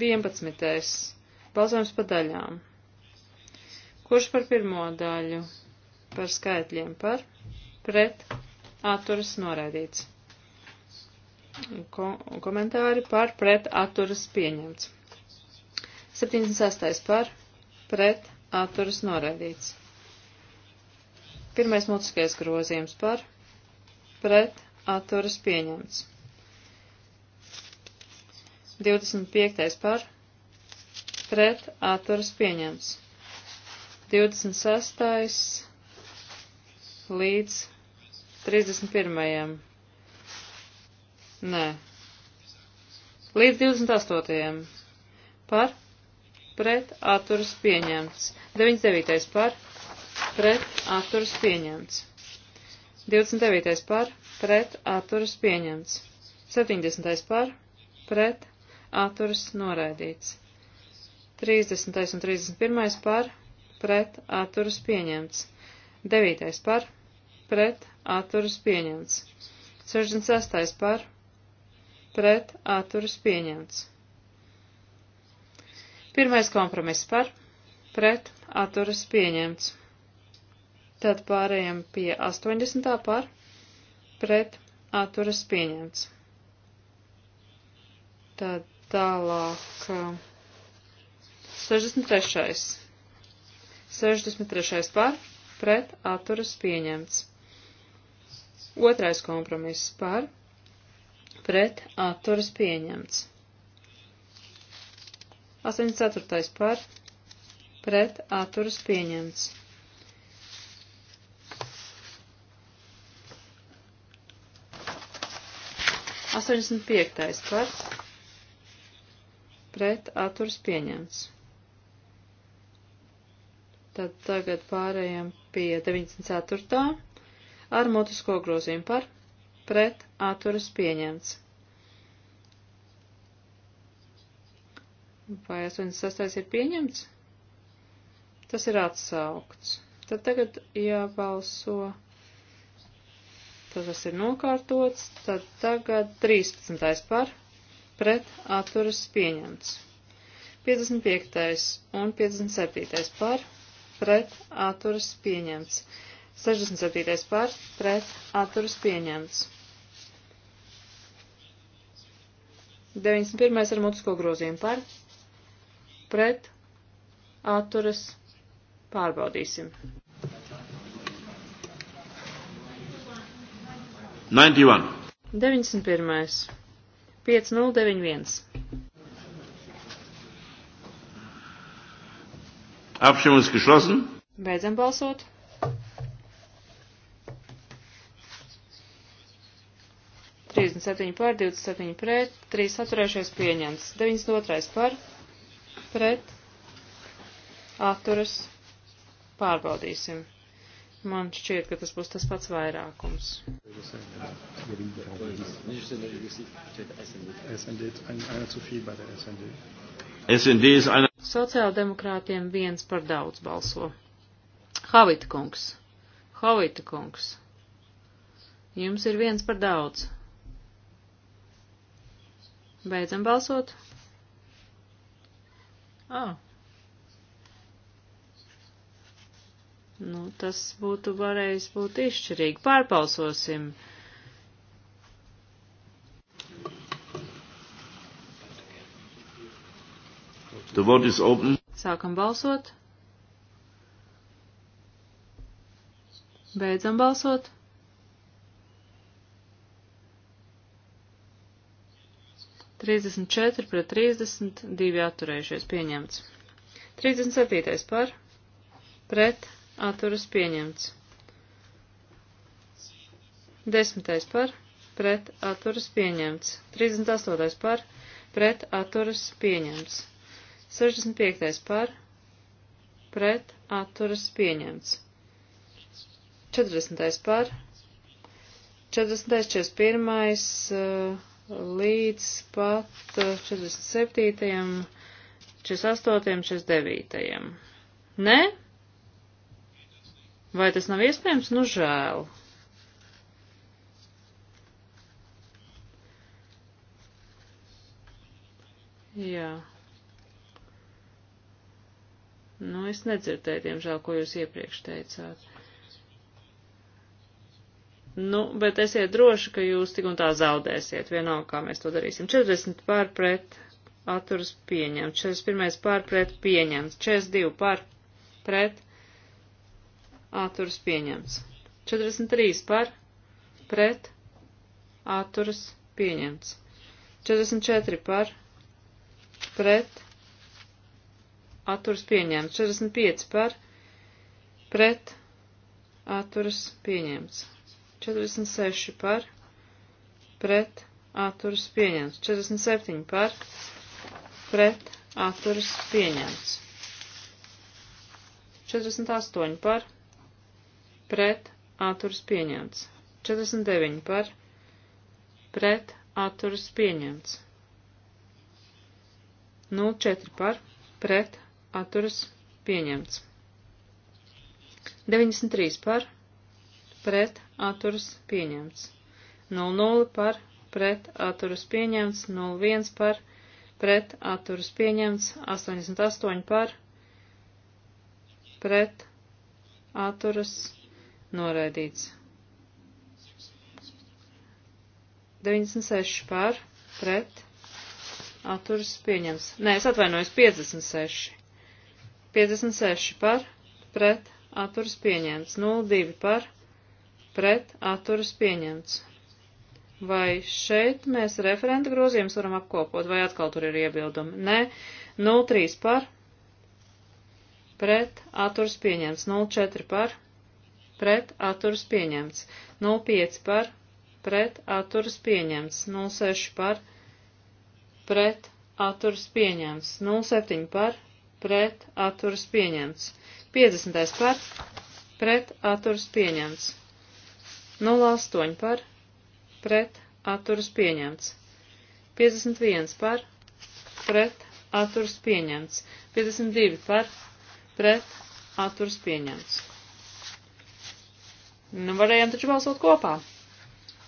11. Balsojums pa daļām. Kurš par pirmo daļu? Par skaitļiem par pret atturas noraidīts ko komentāri par pret atturas pieņemts. 76. par pret atturas noraidīts. Pirmais mutiskais grozījums par pret atturas pieņemts. 25. par pret atturas pieņemts. 26. līdz 31. Nē. Līdz 28. par pret atturas pieņemts. 99. par pret atturas pieņemts. 29. par pret atturas pieņemts. 70. par pret atturas noraidīts. 30. un 31. par pret atturas pieņemts. 9. par pret atturas pieņemts. 66. par pret atturas pieņemts. Pirmais kompromiss par, pret atturas pieņemts. Tad pārējiem pie 80. par, pret atturas pieņemts. Tad tālāk 63. 63. par, pret atturas pieņemts. Otrais kompromiss par, pret atturas pieņemts. 84. par pret atturas pieņemts. Astoņdesmit piektais pats pret atturs pieņemts. Tad tagad pārējām pie 94. ar motisko grozījumu par pret atturas pieņemts. Vai 86. ir pieņemts? Tas ir atsaukts. Tad tagad jābalso. Tad tas ir nokārtots. Tad tagad 13. par pret atturas pieņemts. 55. un 57. par pret atturas pieņemts. 67. par pret atturas pieņemts. 91. ar mutisko grozījumu par pret atturas pārbaudīsim. 91. 91. 5091. Abstimmung ist geschlossen. Beidzam balsot. 37 pār, 27 pret, 3 atturējušies pieņemts. 92 par, pret, atturas, pārbaudīsim. Man šķiet, ka tas būs tas pats vairākums. Sociāldemokrātiem viens par daudz balso. Havita kungs. Havita kungs. Jums ir viens par daudz. Beidzam balsot. Ah. Nu, tas būtu varējis būt izšķirīgi. Pārbalsosim. The vote is open. Sākam balsot. Beidzam balsot. 34 pret 32 atturējušies pieņemts. 37. par pret atturas pieņemts. 10. par pret atturas pieņemts. 38. par pret atturas pieņemts. 65. par pret atturas pieņemts. 40. par 40. 41 līdz pat 47., 48., 49. Nē? Vai tas nav iespējams? Nu, žēl. Jā. Nu, es nedzirdēju, diemžēl, ko jūs iepriekš teicāt. Nu, bet esiet droši, ka jūs tik un tā zaudēsiet, vienalga, kā mēs to darīsim. 40 pār pret atturas pieņemts, 41 pār pret pieņemts, 42 pār pret atturas pieņemts, 43 pār pret atturas pieņemts, 44 pār pret atturas pieņemts, 45 pār pret atturas pieņemts. 46 par, pret, atturas pieņemts. 47 par, pret, atturas pieņemts. 48 par, pret, atturas pieņemts. 49 par, pret, atturas pieņemts. 04 nu, par, pret, atturas pieņemts. 93 par, pret, pret atturas pieņemts. 00 par pret atturas pieņemts, 01 par pret atturas pieņemts, 88 par pret atturas noraidīts. 96 par pret atturas pieņemts. Nē, es atvainojos 56. 56 par pret atturas pieņemts, 02 par pret pret atturas pieņemts. Vai šeit mēs referenta grozījums varam apkopot, vai atkal tur ir iebildumi? Nē, 03 par, pret atturas pieņemts, 04 par, pret atturas pieņemts, 05 par, pret atturas pieņemts, 06 par, pret atturas pieņemts, 07 par, pret atturas pieņemts, 50 par, pret atturas pieņemts. 08 par, pret, atturas pieņemts. 51 par, pret, atturas pieņemts. 52 par, pret, atturas pieņemts. Nu, varējām taču balsot kopā.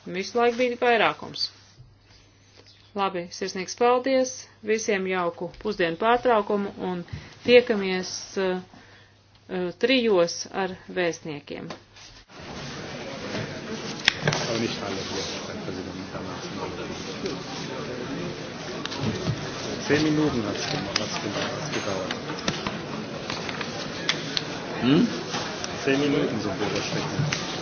Visu laiku bija vairākums. Labi, sirsnīgs paldies, visiem jauku pusdienu pārtraukumu un tiekamies uh, uh, trijos ar vēstniekiem aber nicht alle hier beim Präsidenten danach. Zehn Minuten hat es gedauert. Hm? Zehn Minuten sind wir überschritten.